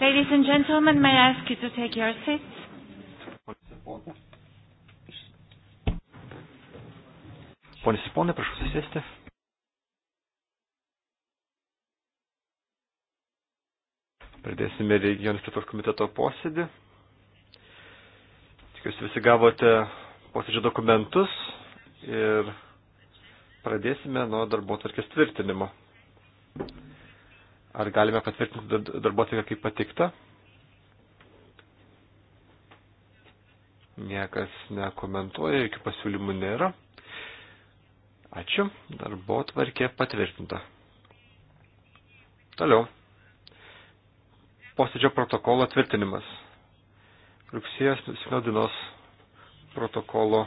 Ladies and gentlemen, may I ask you to take your seats? Ponas ir ponai, prašau susėsti. Pradėsime regionų plėtros komiteto posėdį. Tikiuosi visi gavote posėdžio dokumentus ir pradėsime nuo darbo tvarkės tvirtinimo. Ar galime patvirtinti darbuotoją kaip patikta? Niekas nekomentuoja, jokių pasiūlymų nėra. Ačiū, darbo tvarkė patvirtinta. Toliau. Posėdžio protokolo tvirtinimas. Rugsėjo 7 dienos protokolo,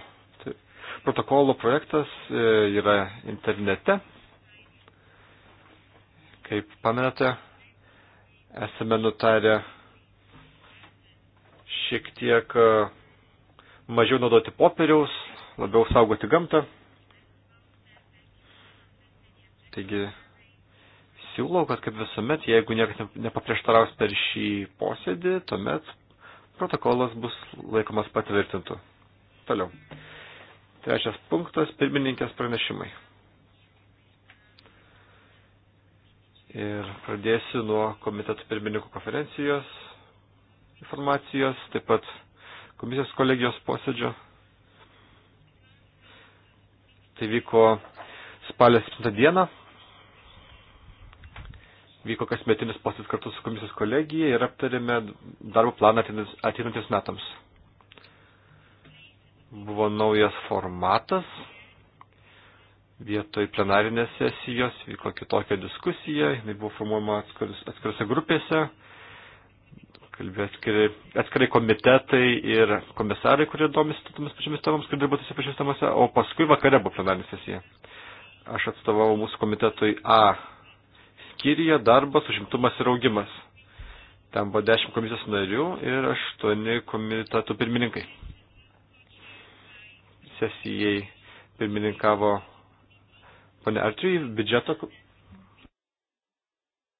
protokolo projektas e, yra internete. Kaip pamenate, esame nutarę šiek tiek e, mažiau naudoti popieriaus, labiau saugoti gamtą. Taigi, siūlau, kad kaip visuomet, jeigu niekas nepaprieštaraus per šį posėdį, tuomet protokolas bus laikomas patvirtintų. Toliau. Trečias punktas - pirmininkės pranešimai. Ir pradėsiu nuo komitetų pirmininkų konferencijos informacijos, taip pat komisijos kolegijos posėdžio. Tai vyko spalio 7 dieną. Vyko kasmetinis posėdis kartu su komisijos kolegija ir aptarėme darbo planą ateinantis metams. Buvo naujas formatas vietoj plenarinės sesijos vyko kitokia diskusija, jinai buvo formuojama atskirose grupėse, kalbėjo atskirai, atskirai komitetai ir komisarai, kurie domisi tomis pačiamis temomis, kurie dirbo tose pačiamis temose, o paskui vakare buvo plenarinė sesija. Aš atstovavau mūsų komitetui A skyriuje darbas, užimtumas ir augimas. Ten buvo 10 komisijos narių ir 8 komitetų pirmininkai. Sesijai pirmininkavo Pone Artrijai, biudžeto...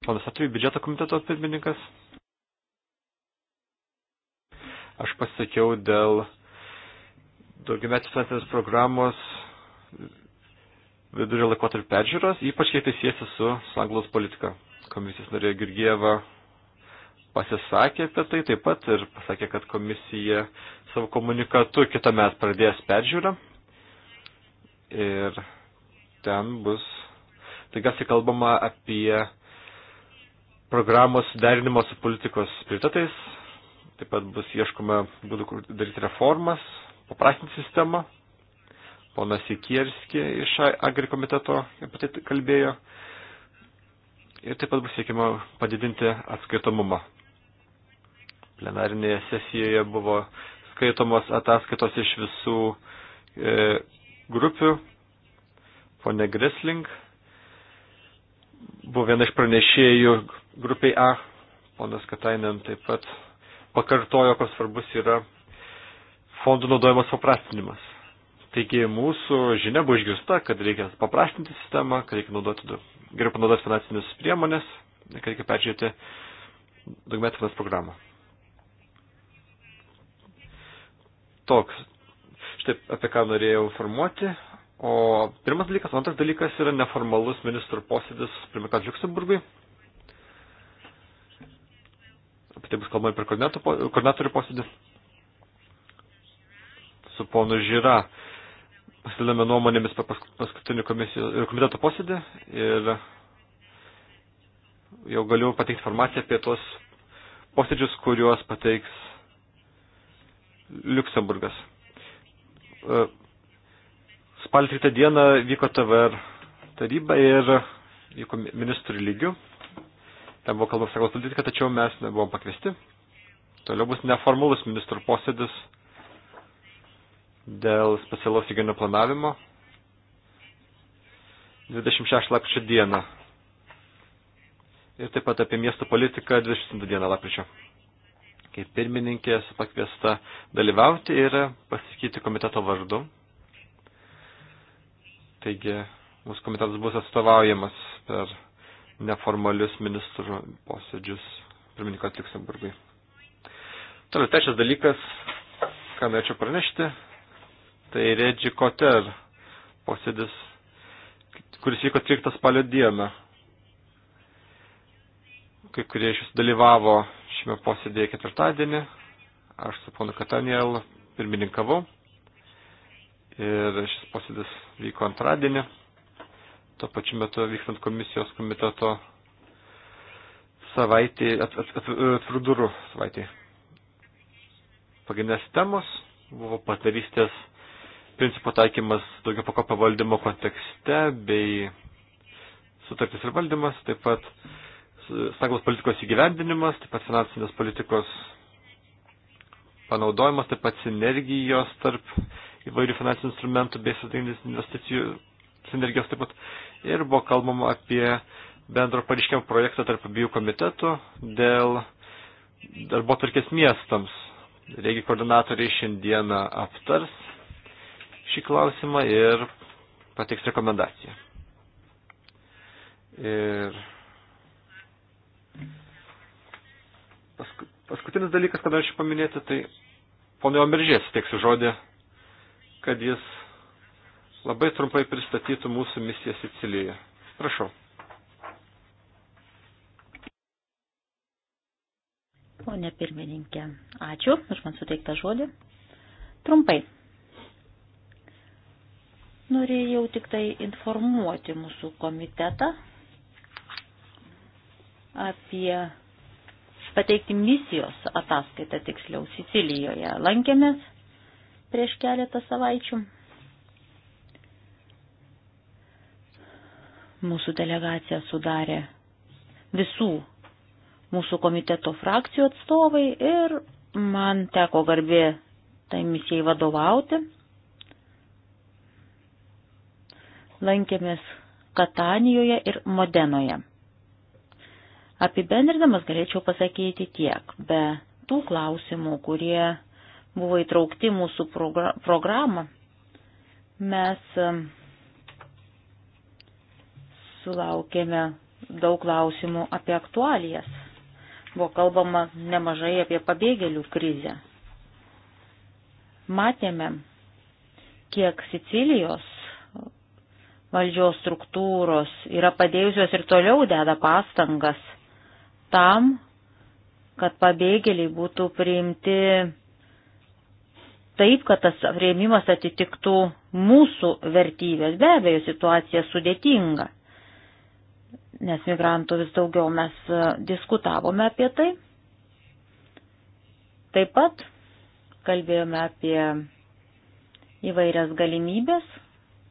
Ponas Artrijai, biudžeto komiteto pirmininkas. Aš pasakiau dėl daugiametės finansinės programos vidurio laikotarpio peržiūros, ypač kaip jis tai siesi su sanglos politika. Komisijos narė Girgieva pasisakė apie tai taip pat ir pasakė, kad komisija savo komunikatu kitą mes pradės peržiūrą. Ir ten bus, tikriausiai kalbama apie programos derinimo su politikos prioritetais, taip pat bus ieškoma būdų daryti reformas, paprastinti sistemą. Ponas Ikierski iš Agri komiteto apie tai kalbėjo. Ir taip pat bus siekima padidinti atskaitomumą. Plenarinėje sesijoje buvo skaitomos ataskaitos iš visų e, grupių, Pone Gresling buvo viena iš pranešėjų grupiai A. Ponas Katainen taip pat pakartojo, kad svarbus yra fondų naudojimas paprastinimas. Taigi mūsų žinia buvo išgirsta, kad reikia paprastinti sistemą, kad reikia naudoti, geriau panaudoti finansinės priemonės, kad reikia peržiūrėti daugmetinės programą. Toks. Štai apie ką norėjau informuoti. O pirmas dalykas, o antras dalykas yra neformalus ministrų posėdis primikant Liuksemburgui. Apie tai bus kalbama per koordinatorių posėdį. Su ponu Žyra pasidalėme nuomonėmis per paskutinį komiteto posėdį ir jau galiu pateikti informaciją apie tos posėdžius, kuriuos pateiks Liuksemburgas e, Spalio 3 dieną vyko TVR taryba ir vyko ministrų lygių. Ten buvo kalbama sakos politika, tačiau mes nebuvom pakviesti. Toliau bus neformalus ministrų posėdis dėl specialaus įgenio planavimo 26 lapkričio dieną. Ir taip pat apie miesto politiką 27 dieną lapkričio. Kaip pirmininkė esu pakviesta dalyvauti ir pasakyti komiteto vardu. Taigi mūsų komitetas bus atstovaujamas per neformalius ministrų posėdžius pirmininkas Luxemburgui. Toliau, trečias dalykas, ką norėčiau pranešti, tai Regi Koter posėdis, kuris vyko 13 spalio dieną. Kai kurie iš jūsų dalyvavo šiame posėdėje ketvirtadienį, aš su ponu Kataniel pirmininkavau ir šis posėdis vyko antradienį. Tuo pačiu metu vykstant komisijos komiteto savaitį, atvirų durų savaitį. Pagrindinės temos buvo patarystės principo taikymas daugia pakopio valdymo kontekste bei sutartis ir valdymas, taip pat sąjungos politikos įgyvendinimas, taip pat finansinės politikos panaudojimas, taip pat sinergijos tarp įvairių finansinių instrumentų bei strateginės investicijų sinergijos taip pat. Ir buvo kalbama apie bendro pareiškimo projektą tarp abiejų komitetų dėl darbo tarkės miestams. Regi koordinatoriai šiandieną aptars šį klausimą ir pateiks rekomendaciją. Ir paskutinis dalykas, ką norėčiau paminėti, tai ponio Omeržės teiksiu žodį kad jis labai trumpai pristatytų mūsų misiją Sicilijoje. Prašau. Pone pirmininkė, ačiū už man suteiktą žodį. Trumpai. Norėjau tik tai informuoti mūsų komitetą apie pateikti misijos ataskaitą tiksliau Sicilijoje. Lankėmės prieš keletą savaičių. Mūsų delegacija sudarė visų mūsų komiteto frakcijų atstovai ir man teko garbė tai misijai vadovauti. Lankėmės Katanijoje ir Modenoje. Apibendrinamas galėčiau pasakyti tiek, be tų klausimų, kurie buvo įtraukti mūsų programą, mes sulaukėme daug klausimų apie aktualijas. Buvo kalbama nemažai apie pabėgėlių krizę. Matėme, kiek Sicilijos valdžios struktūros yra padėjusios ir toliau deda pastangas tam, kad pabėgėliai būtų priimti taip, kad tas rėmimas atitiktų mūsų vertybės. Be abejo, situacija sudėtinga, nes migrantų vis daugiau mes e, diskutavome apie tai. Taip pat kalbėjome apie įvairias galimybės,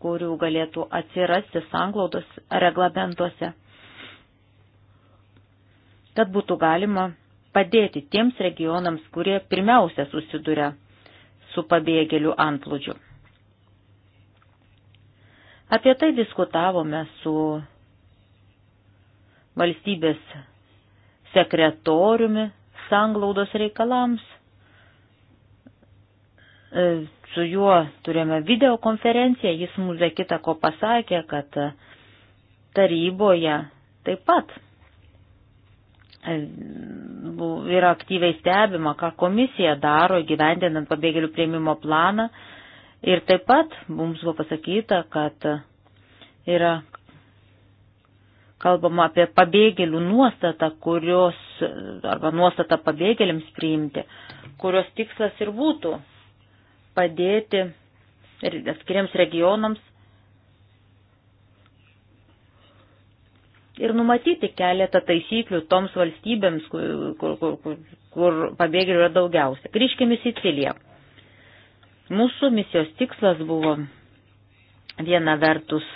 kurių galėtų atsirasti sanglaudos reglamentuose, kad būtų galima padėti tiems regionams, kurie pirmiausia susiduria su pabėgėlių antplūdžiu. Apie tai diskutavome su valstybės sekretoriumi sanglaudos reikalams. E, su juo turėjome videokonferenciją, jis mūsų kitą ko pasakė, kad taryboje taip pat e, Nu, yra aktyviai stebima, ką komisija daro gyvendinant pabėgėlių prieimimo planą. Ir taip pat mums buvo pasakyta, kad yra kalbama apie pabėgėlių nuostatą, kurios, arba nuostatą pabėgėliams priimti, kurios tikslas ir būtų padėti atskiriams regionams ir numatyti keletą taisyklių toms valstybėms, kur, kur, kur, kur, kur pabėgėlių yra daugiausia. Grįžkime į Siciliją. Mūsų misijos tikslas buvo viena vertus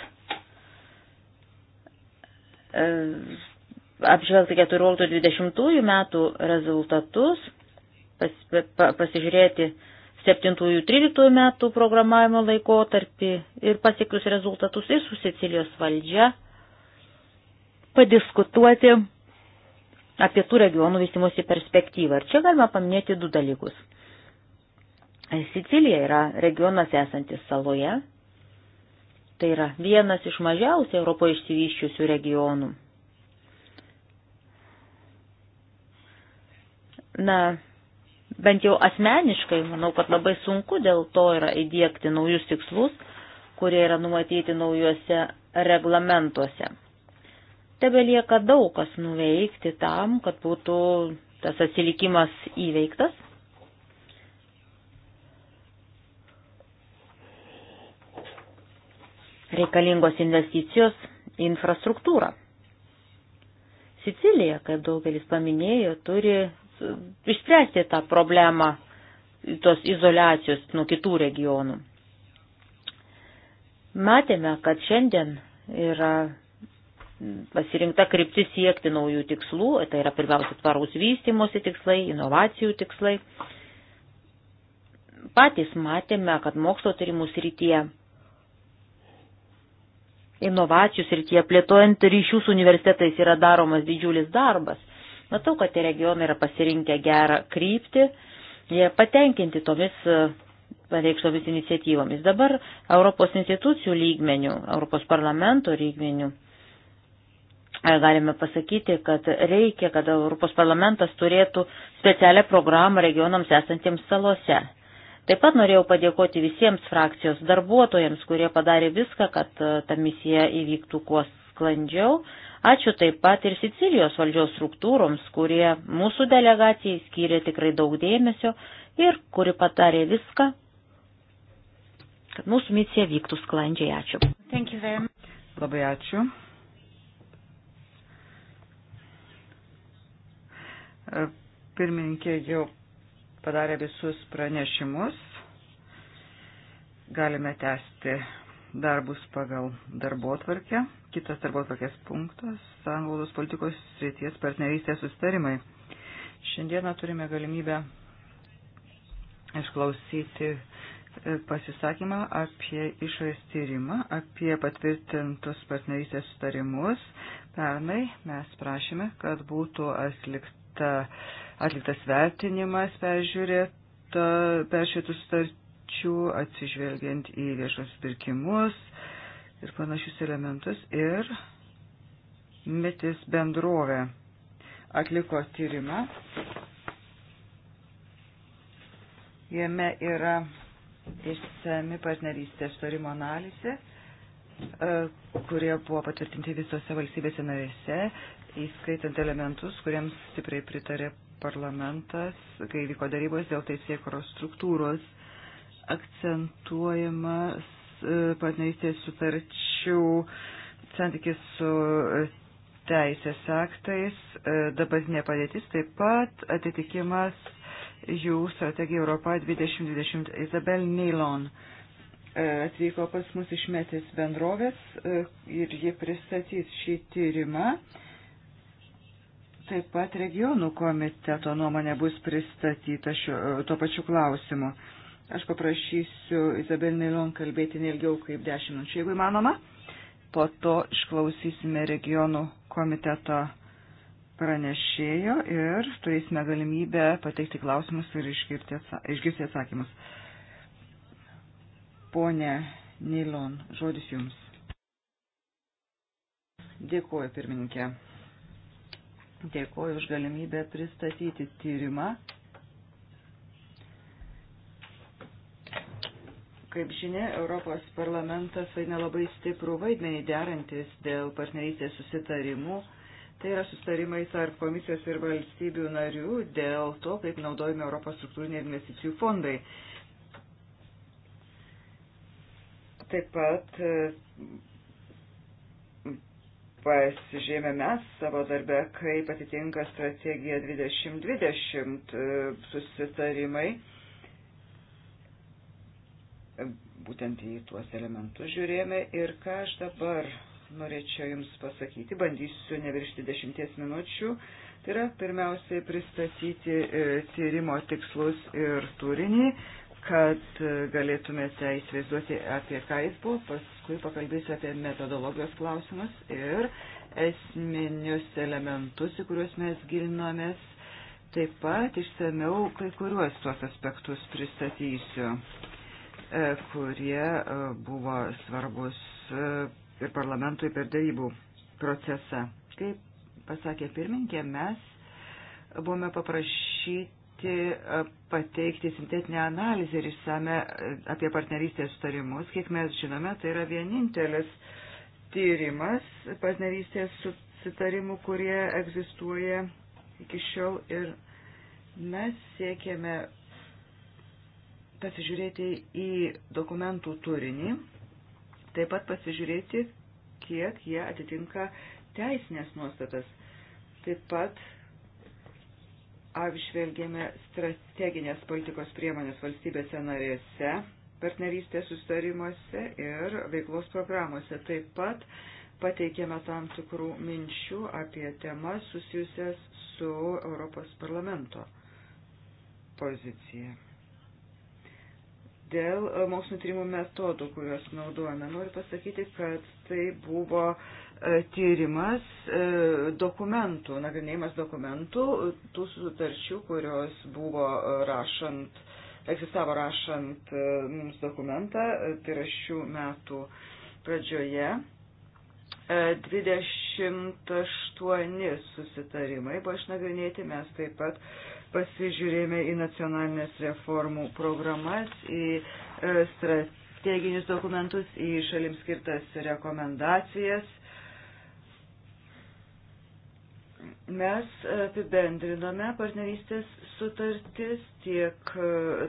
e, apžvelgti 14-20 metų rezultatus, pas, pa, pasižiūrėti 7-13 metų programavimo laikotarpį ir pasiektus rezultatus ir su Sicilijos valdžia padiskutuoti apie tų regionų vystimosi perspektyvą. Ir čia galima paminėti du dalykus. Sicilija yra regionas esantis saloje, tai yra vienas iš mažiausiai Europoje išsivyščiusių regionų. Na, bent jau asmeniškai, manau, kad labai sunku dėl to yra įdėkti naujus tikslus, kurie yra numatyti naujuose reglamentuose. Tebe lieka daug kas nuveikti tam, kad būtų tas atsilikimas įveiktas. Reikalingos investicijos į infrastruktūrą. Sicilija, kaip daugelis paminėjo, turi išspręsti tą problemą tos izolacijos nuo kitų regionų. Matėme, kad šiandien yra pasirinkta krypti siekti naujų tikslų, tai yra pirmiausia tvaraus vystimosi tikslai, inovacijų tikslai. Patys matėme, kad mokslo tyrimų srityje, inovacijų srityje, plėtojant ryšių su universitetais yra daromas didžiulis darbas. Matau, kad tie regionai yra pasirinkę gerą kryptį, jie patenkinti tomis pareikštomis iniciatyvomis. Dabar Europos institucijų lygmenių, Europos parlamento lygmenių E, galime pasakyti, kad reikia, kad Europos parlamentas turėtų specialią programą regionams esantiems salose. Taip pat norėjau padėkoti visiems frakcijos darbuotojams, kurie padarė viską, kad e, ta misija įvyktų kuo sklandžiau. Ačiū taip pat ir Sicilijos valdžios struktūroms, kurie mūsų delegacijai skyrė tikrai daug dėmesio ir kuri patarė viską, kad mūsų misija vyktų sklandžiai. Ačiū. Labai ačiū. E, pirmininkė jau padarė visus pranešimus. Galime tęsti darbus pagal darbo tvarkę. Kitas darbo tvarkės punktas - sąnaudos politikos srities partnerystės sustarimai. Šiandieną turime galimybę išklausyti e, pasisakymą apie išorės tyrimą, apie patvirtintus partnerystės sustarimus. Pernai mes prašėme, kad būtų atliks, kartą atliktas vertinimas peržiūrėtų sutarčių, atsižvelgiant į viešos pirkimus ir panašius elementus. Ir metis bendrovė atliko tyrimą. Jame yra išsami partnerystės tarimo analizė e, kurie buvo patvirtinti visose valstybėse narėse įskaitant elementus, kuriems stipriai pritarė parlamentas, kai vyko darybos dėl teisėkuros struktūros, akcentuojamas e, partnerystės sutarčių santykis su teisės aktais, e, dabartinė padėtis taip pat atitikimas jų strategija Europa 2020. Izabel Neilon e, atvyko pas mus iš metės bendrovės ir ji pristatys šį tyrimą. Taip pat regionų komiteto nuomonė bus pristatyta šiuo, tuo pačiu klausimu. Aš paprašysiu Izabel Milon kalbėti nelgiau kaip 10 minučių, jeigu įmanoma. Po to išklausysime regionų komiteto pranešėjo ir turėsime galimybę pateikti klausimus ir išgirsti atsakymus. Pone Nilon, žodis Jums. Dėkuoju, pirmininkė. Dėkuoju už galimybę pristatyti tyrimą. Kaip žinia, Europos parlamentas vaidina labai stiprų vaidmenį derantis dėl partnerystės susitarimų. Tai yra susitarimai tarp komisijos ir valstybių narių dėl to, kaip naudojami Europos struktūriniai investicijų fondai. Taip pat pasižiūrėjome mes savo darbę, kaip atitinka strategija 2020 e, susitarimai. Būtent į tuos elementus žiūrėjome ir ką aš dabar norėčiau Jums pasakyti, bandysiu neviršti dešimties minučių. Tai yra pirmiausiai pristatyti e, tyrimo tikslus ir turinį kad e, galėtumėte įsivaizduoti, apie ką jis buvo. Paskui pakalbėsiu apie metodologijos klausimus ir esminius elementus, į kuriuos mes gilinomės. Taip pat išsameu kai kuriuos tuos aspektus pristatysiu, e, kurie e, buvo svarbus ir parlamentui per darybų procesą. Kaip pasakė pirminkė, mes buvome paprašyti siekti e, pateikti sintetinę analizę ir išsame e, apie partnerystės sutarimus. Kiek mes žinome, tai yra vienintelis tyrimas partnerystės sutarimų, kurie egzistuoja iki šiol ir mes siekėme pasižiūrėti į dokumentų turinį, taip pat pasižiūrėti, kiek jie atitinka teisinės nuostatas. Taip pat apžvelgėme strateginės politikos priemonės valstybėse narėse, partnerystės sustarimuose ir veiklos programuose. Taip pat pateikėme tam tikrų minčių apie temas susijusias su Europos parlamento pozicija. Dėl mokslinio tyrimų metodų, kuriuos naudojame, noriu pasakyti, kad tai buvo uh, E, tyrimas e, dokumentų, nagrinėjimas dokumentų, tų sutarčių, kurios buvo rašant, egzistavo rašant e, mums dokumentą, tai yra šių metų pradžioje. 28 susitarimai buvo išnagrinėti, mes taip pat pasižiūrėjome į nacionalinės reformų programas, į strateginius dokumentus, į šalims skirtas rekomendacijas Mes apibendrinome partnerystės sutartis tiek e,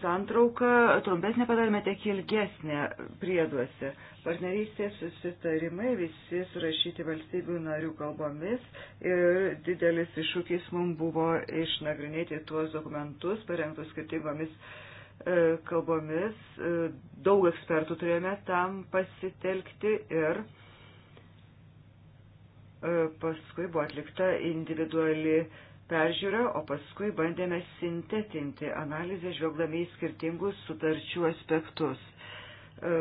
santrauką, trumpesnė padarėme, tiek ilgesnė prieduose. Partnerystės susitarimai visi surašyti valstybių narių kalbomis ir didelis iššūkis mums buvo išnagrinėti tuos dokumentus parengtus skirtingomis e, kalbomis. E, daug ekspertų turėjome tam pasitelkti ir E, paskui buvo atlikta individuali peržiūra, o paskui bandėme sintetinti analizę žvelgdami į skirtingus sutarčių aspektus. E,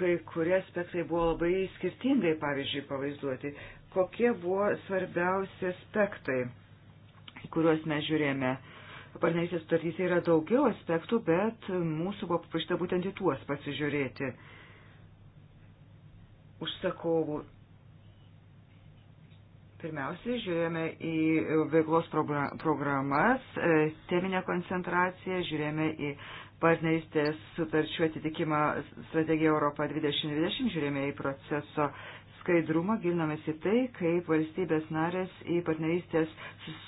kai kurie aspektai buvo labai skirtingai, pavyzdžiui, pavaizduoti. Kokie buvo svarbiausi aspektai, kuriuos mes žiūrėjome? Partnerystės sutartyse yra daugiau aspektų, bet mūsų buvo paprašyta būtent į tuos pasižiūrėti. Užsakovų Pirmiausiai žiūrėjome į veiklos programas, e, teminę koncentraciją, žiūrėjome į partnerystės sutarčių atitikimą strategiją Europą 2020, žiūrėjome į proceso skaidrumą, gilinomės į tai, kaip valstybės narės į partnerystės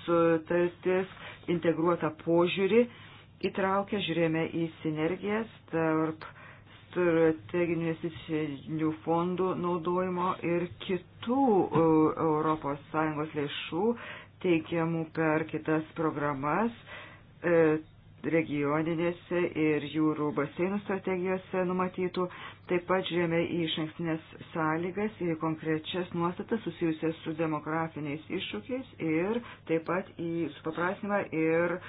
sutartis integruotą požiūrį įtraukia, žiūrėjome į sinergijas tarp strateginių investicinių fondų naudojimo ir kitų ES lėšų teikiamų per kitas programas e, regioninėse ir jūrų baseinų strategijose numatytų. Taip pat žiūrėjome į išankstinės sąlygas, į konkrečias nuostatas susijusias su demografiniais iššūkiais ir taip pat į supaprastinimą ir uh,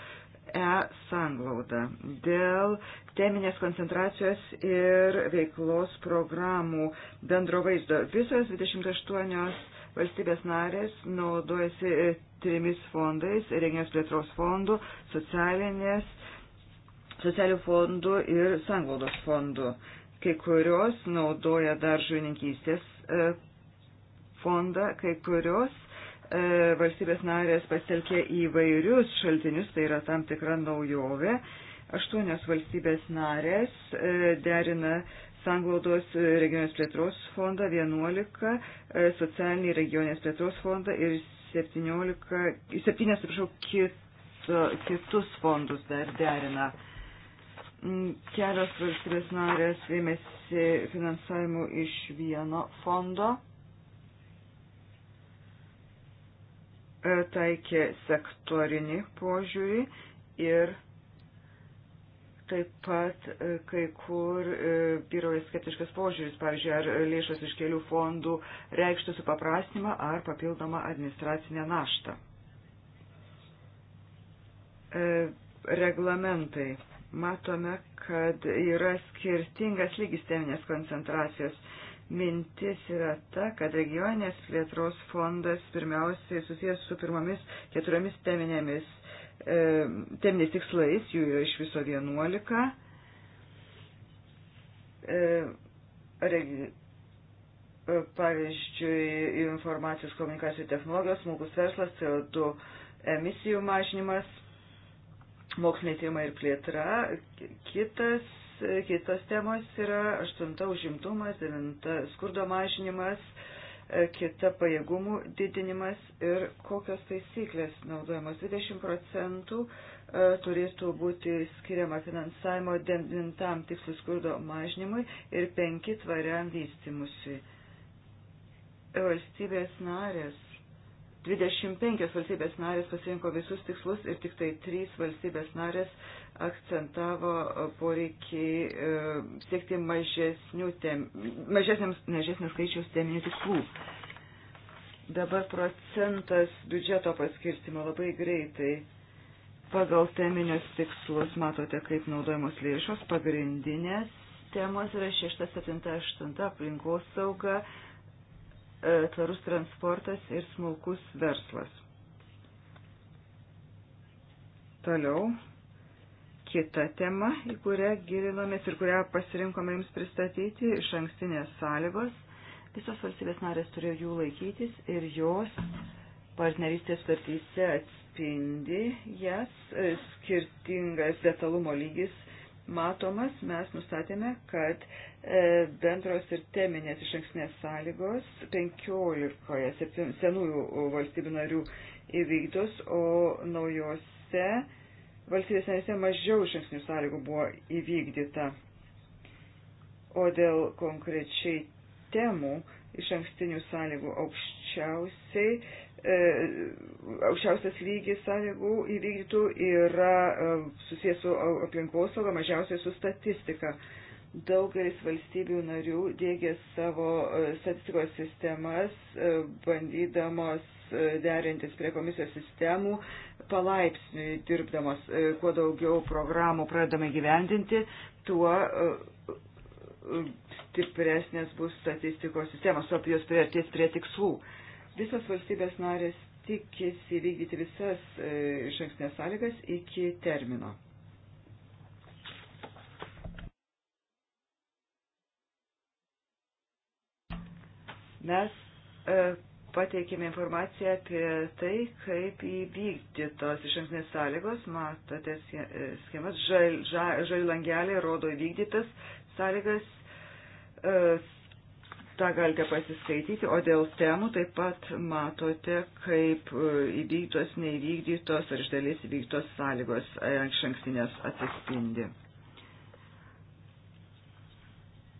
e-sanglauda dėl teminės koncentracijos ir veiklos programų bendro vaizdo. Visos 28 valstybės narės naudojasi e, trimis fondais - Rengios plėtros fondų, socialinės, socialių fondų ir sanglaudos fondų. Kai kurios naudoja dar žuvininkystės e, fondą, kai kurios E, valstybės narės pasitelkė įvairius šaltinius, tai yra tam tikra naujovė. Aštuonios valstybės narės e, derina Sanglaudos regionės plėtros fondą 11, e, socialinį regionės plėtros fondą ir 17, 7 atsiprašau, kit, kitus fondus dar derina. Mm, kelios valstybės narės ėmėsi finansavimų iš vieno fondo E, taikė sektorinį požiūrį ir taip pat e, kai kur vyroja e, skeptiškas požiūris, pavyzdžiui, ar lėšas iš kelių fondų reikštų supaprastinimą ar papildomą administracinę naštą. Reglamentai. Matome, kad yra skirtingas lygis teminės koncentracijos mintis yra ta, kad regioninės plėtros fondas pirmiausiai susijęs su pirmomis keturiomis teminėmis, e, teminiais tikslais, jų yra iš viso vienuolika. E, regi, e, pavyzdžiui, informacijos komunikacijų technologijos, smulkus verslas, CO2 emisijų mažinimas, moksliniai tyrimai ir plėtra, kitas kitos temos yra aštunta užimtumas, devinta skurdo mažinimas, kita pajėgumų didinimas ir kokios taisyklės naudojamos. 20 procentų e, turėtų būti skiriama finansavimo devintam tikslui skurdo mažinimui ir 5 tvariam vystimusi. Valstybės narės 25 valstybės narės pasirinko visus tikslus ir tik tai 3 valstybės narės akcentavo poreikį e, siekti tem, mažesnio skaičiaus teminių tikslų. Dabar procentas biudžeto paskirstimo labai greitai. Pagal teminius tikslus matote, kaip naudojamos lėšos. Pagrindinės temos yra 6, 7, 8 aplinkos sauga, e, tvarus transportas ir smulkus verslas. Toliau kita tema, į kurią gilinomės ir kurią pasirinkome jums pristatyti iš ankstinės sąlygos. Visos valstybės narės turėjo jų laikytis ir jos partnerystės sutartyse atspindi jas. Skirtingas detalumo lygis matomas. Mes nustatėme, kad e, bendros ir teminės iš ankstinės sąlygos 15 senųjų valstybių narių įvykdos, o naujose valstybės narėse mažiau žingsnių sąlygų buvo įvykdyta. O dėl konkrečiai temų iš ankstinių sąlygų aukščiausiai, e, aukščiausias lygis sąlygų įvykdytų yra e, susijęs su aplinkosauga, mažiausiai su statistika. Daugelis valstybių narių dėgė savo e, statistikos sistemas, e, bandydamos e, derintis prie komisijos sistemų, palaipsniui dirbdamas, e, kuo daugiau programų pradame gyvendinti, tuo e, e, stipresnės bus statistikos sistemos, o jos priartės prie tikslų. Visos valstybės narės tikisi vykdyti visas iš anksnės sąlygas iki termino. Mes pateikėme informaciją apie tai, kaip įvykdytos iš ankstinės sąlygos, matote e, schemas, žali ža, žal langeliai rodo įvykdytas sąlygas, e, tą galite pasiskaityti, o dėl temų taip pat matote, kaip e, įvykdytos, neįvykdytos ar iš dalies įvykdytos sąlygos e, iš ankstinės atsispindi.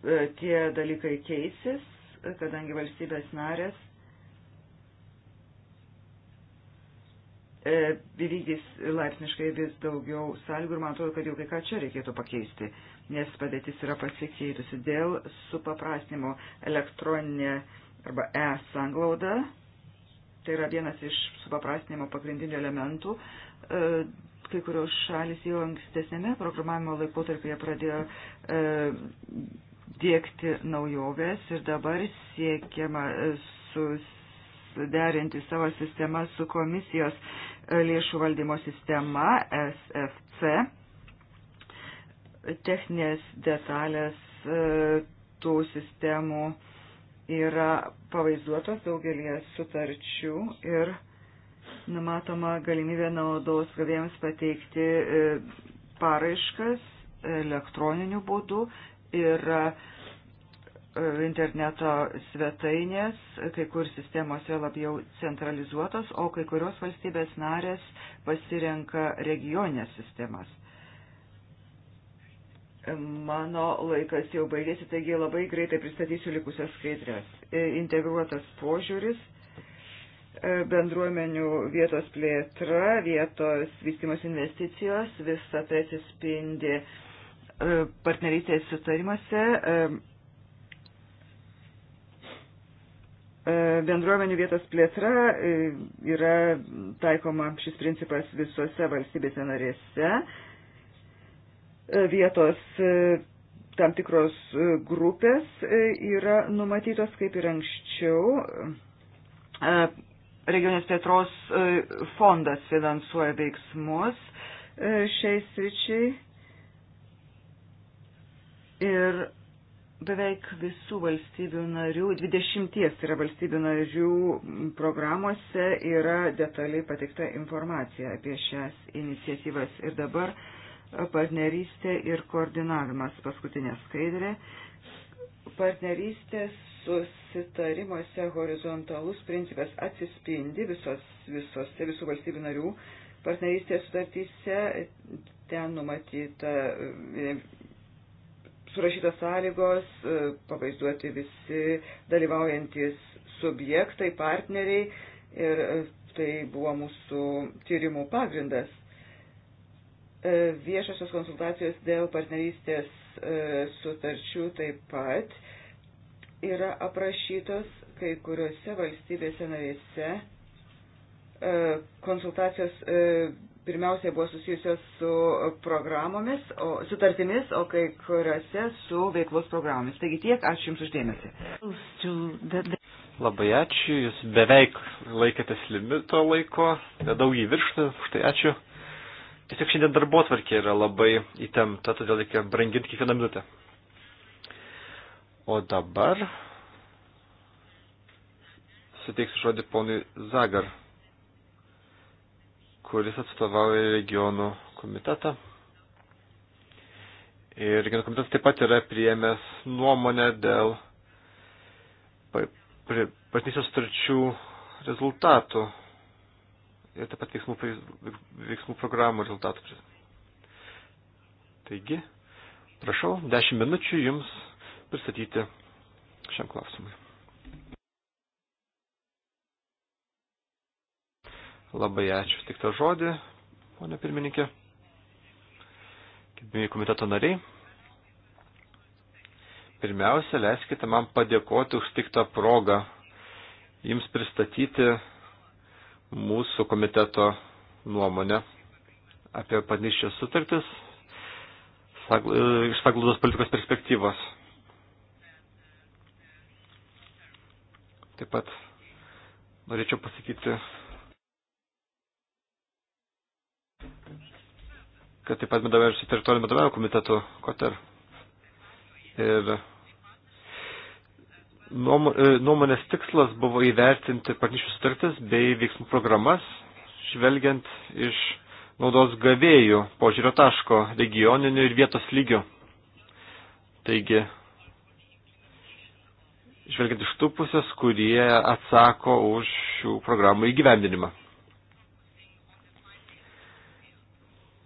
E, tie dalykai keisis, kadangi valstybės narės lygis e, laipsniškai vis daugiau sąlygų ir man atrodo, kad jau kai ką čia reikėtų pakeisti, nes padėtis yra pasikeitusi dėl supaprastinimo elektroninė arba e-sanglauda. Tai yra vienas iš supaprastinimo pagrindinių elementų. E, kai kurios šalis jau ankstesnėme programavimo laikotarpyje pradėjo e, dėkti naujoves ir dabar siekiama e, sus derinti savo sistemą su komisijos lėšų valdymo sistema SFC. Techninės detalės e, tų sistemų yra pavaizduotos daugelį sutarčių ir numatoma galimybė naudos gavėjams pateikti e, paraiškas elektroniniu būdu ir interneto svetainės, kai kur sistemos yra labiau centralizuotos, o kai kurios valstybės narės pasirenka regioninės sistemas. Mano laikas jau baigėsi, taigi labai greitai pristatysiu likusias skaidrės. E, integruotas požiūris, e, bendruomenių vietos plėtra, vietos vystimos investicijos, visą tai atsispindi e, partnerystės sutarimuose E, bendruomenių vietos plėtra e, yra taikoma šis principas visose valstybėse narėse. E, vietos tam tikros grupės yra numatytos kaip ir anksčiau. Regionės plėtros fondas finansuoja veiksmus šiais ryčiai. Ir beveik visų valstybių narių, 20 yra valstybių narių programuose yra detaliai pateikta informacija apie šias iniciatyvas. Ir dabar partnerystė ir koordinavimas paskutinė skaidrė. Partnerystės susitarimuose horizontalus principas atsispindi visos, visose visų valstybių narių partnerystės sutartyse. Ten numatyta surašytos sąlygos, e, pavaizduoti visi dalyvaujantis subjektai, partneriai ir e, tai buvo mūsų tyrimų pagrindas. E, viešosios konsultacijos dėl partnerystės sutarčių taip pat yra aprašytos kai kuriuose valstybėse narėse konsultacijos pirmiausiai buvo susijusios su programomis, o, sutartimis, o kai kuriuose su veiklos programomis. Taigi tiek, ačiū Jums uždėmesi. Labai ačiū, Jūs beveik laikėtės limito laiko, nedaug jį virštų, štai ačiū. Tiesiog šiandien darbo tvarkė yra labai įtempta, todėl reikia branginti kiekvieną minutę. O dabar suteiksiu žodį ponui Zagar kuris atstovauja regionų komitetą. Ir regionų komitetas taip pat yra priėmęs nuomonę dėl partnerystės sutarčių rezultatų ir taip pat veiksmų, veiksmų programų rezultatų. Taigi, prašau, 10 minučių jums pristatyti šiam klausimui. Labai ačiū tik tą žodį, ponė pirmininkė. Gerbėjai komiteto nariai. Pirmiausia, leiskite man padėkoti už tik tą progą jums pristatyti mūsų komiteto nuomonę apie padniščios sutartis iš saglaudos politikos perspektyvos. Taip pat norėčiau pasakyti kad taip pat bendravėjau ir su teritoriniu bendravėjimo komitetu Koter. Ir e, nuomonės tikslas buvo įvertinti partnerysčių sutartis bei veiksmų programas, žvelgiant iš naudos gavėjų požiūrio taško regioniniu ir vietos lygiu. Taigi, žvelgiant iš tų pusės, kurie atsako už šių programų įgyvendinimą.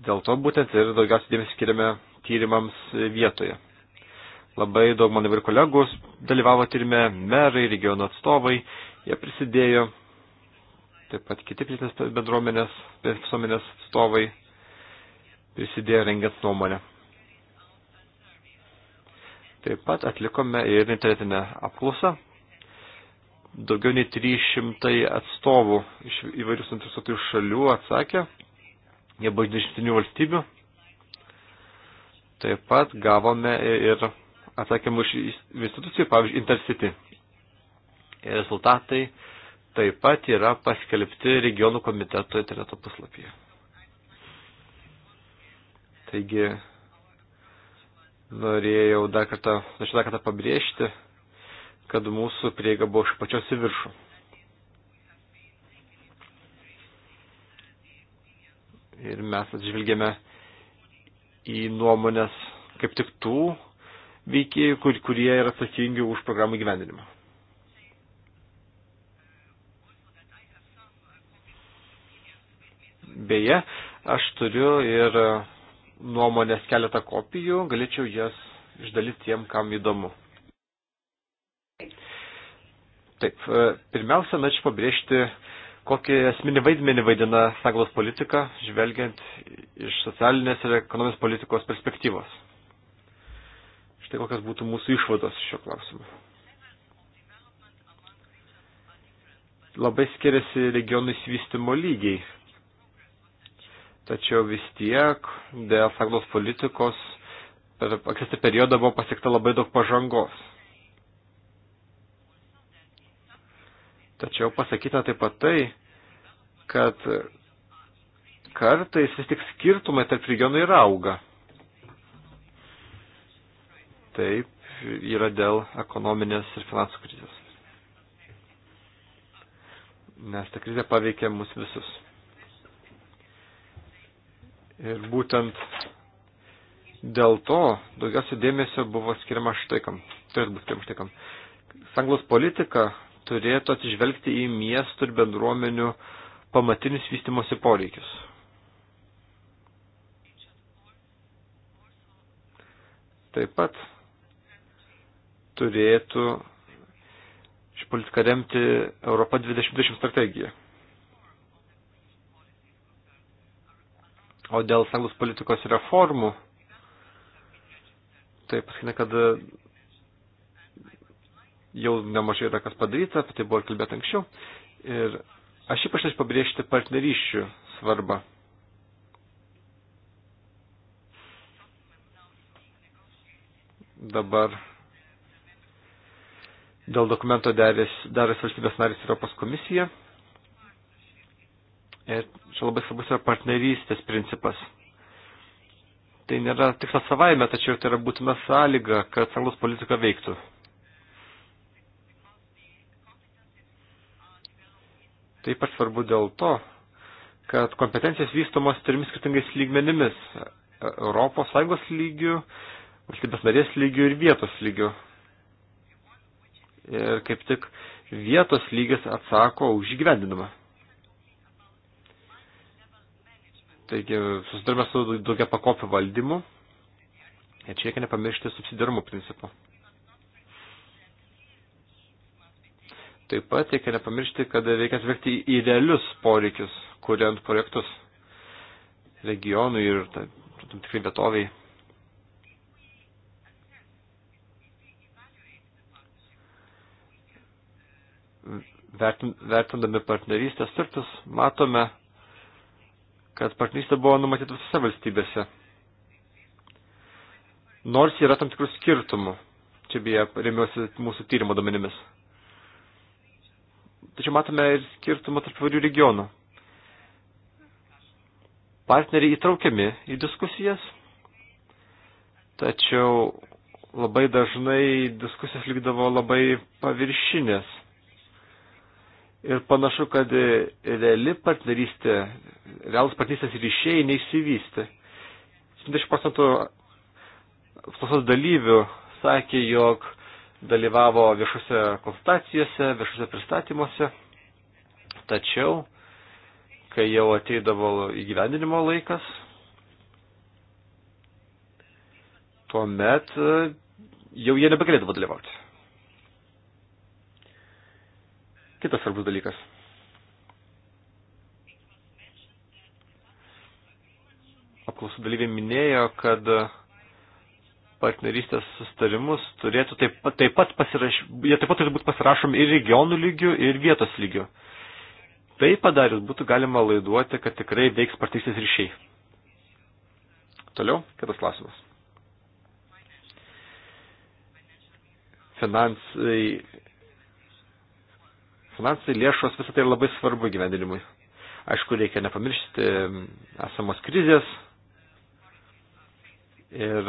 Dėl to būtent ir daugiausiai dėmesį skiriame tyrimams vietoje. Labai daug mano ir kolegų dalyvavo tyrime, merai, regiono atstovai, jie prisidėjo, taip pat kiti pilietinės bendruomenės, visuomenės atstovai prisidėjo rengiant nuomonę. Taip pat atlikome ir internetinę apklausą. Daugiau nei 300 atstovų iš įvairių suinteresuotųjų šalių atsakė, nebuvo iš 27 valstybių. Taip pat gavome ir atsakymų iš institucijų, pavyzdžiui, Intercity. Ir rezultatai taip pat yra paskelbti regionų komiteto interneto puslapyje. Taigi, norėjau dar kartą, dar kartą pabrėžti, kad mūsų prieiga buvo iš pačios į viršų. ir mes atžvilgėme į nuomonės kaip tik tų veikėjų, kur, kurie yra atsakingi už programų gyvendinimą. Beje, aš turiu ir nuomonės keletą kopijų, galėčiau jas išdalyti tiem, kam įdomu. Taip, e, pirmiausia, norėčiau pabrėžti kokį esminį vaidmenį vaidina sąjungos politika, žvelgiant iš socialinės ir ekonominės politikos perspektyvos. Štai kokios būtų mūsų išvados šio klausimu. Labai skiriasi regionų įsivystimo lygiai. Tačiau vis tiek dėl sąjungos politikos per ankstesnį periodą buvo pasiekta labai daug pažangos. Tačiau pasakyta taip pat tai, kad kartais vis tik skirtumai tarp regionų ir auga. Taip yra dėl ekonominės ir finansų krizės. Nes ta krizė paveikė mus visus. Ir būtent dėl to daugiausia dėmesio buvo skiriama štai kam. Turėtų būti skiriama štai kam. Sanglos politika turėtų atsižvelgti į miestų ir bendruomenių pamatinius vystimosi poreikius. Taip pat turėtų ši politika remti Europą 2020 strategiją. O dėl sąjungos politikos reformų, taip pasakina, kad jau nemažai yra kas padaryta, apie tai buvo kalbėta anksčiau. Ir aš ypač norėčiau pabrėžti partnerysčių svarbą. Dabar dėl dokumento darės valstybės narys Europos komisija. Ir čia labai svarbus yra partnerystės principas. Tai nėra tikslas savaime, tačiau tai yra būtina sąlyga, kad sąjungos politika veiktų. Taip pat svarbu dėl to, kad kompetencijos vystomos trimis skirtingais lygmenimis - Europos Sąjungos lygių, valstybės narės lygių ir vietos lygių. Ir kaip tik vietos lygis atsako už įgyvendinimą. Taigi, susidurime su daugia pakopio valdymu. Ir čia reikia nepamiršti subsidiarumo principo. Taip pat reikia nepamiršti, kad reikia atsvegti į realius poreikius, kuriant projektus regionui ir tam tikrai vietoviai. Vertindami partnerystės turtus, matome, kad partnerystė buvo numatyta visose valstybėse. Nors yra tam tikrų skirtumų. Čia beje remiuosi mūsų tyrimo domenimis tačiau matome ir skirtumą tarp įvairių regionų. Partneriai įtraukiami į diskusijas, tačiau labai dažnai diskusijos likdavo labai paviršinės. Ir panašu, kad reali partnerystė, realus partnerystės ryšiai neišsivystė. 70 procentų apklausos dalyvių sakė, jog dalyvavo viešose konsultacijose, viešose pristatymuose, tačiau, kai jau ateidavo įgyvendinimo laikas, tuomet e, jau jie nebegalėdavo dalyvauti. Kitas svarbus dalykas. Apklausų dalyviai minėjo, kad partnerystės sustarimus turėtų taip, taip pat pasiraš... jie taip pat turi būti pasirašomi ir regionų lygių, ir vietos lygių. Tai padarius būtų galima laiduoti, kad tikrai veiks partnerystės ryšiai. Toliau, kitas klausimas. Finansai, finansai lėšos, visą tai labai svarbu gyvendinimui. Aišku, reikia nepamiršti esamos krizės ir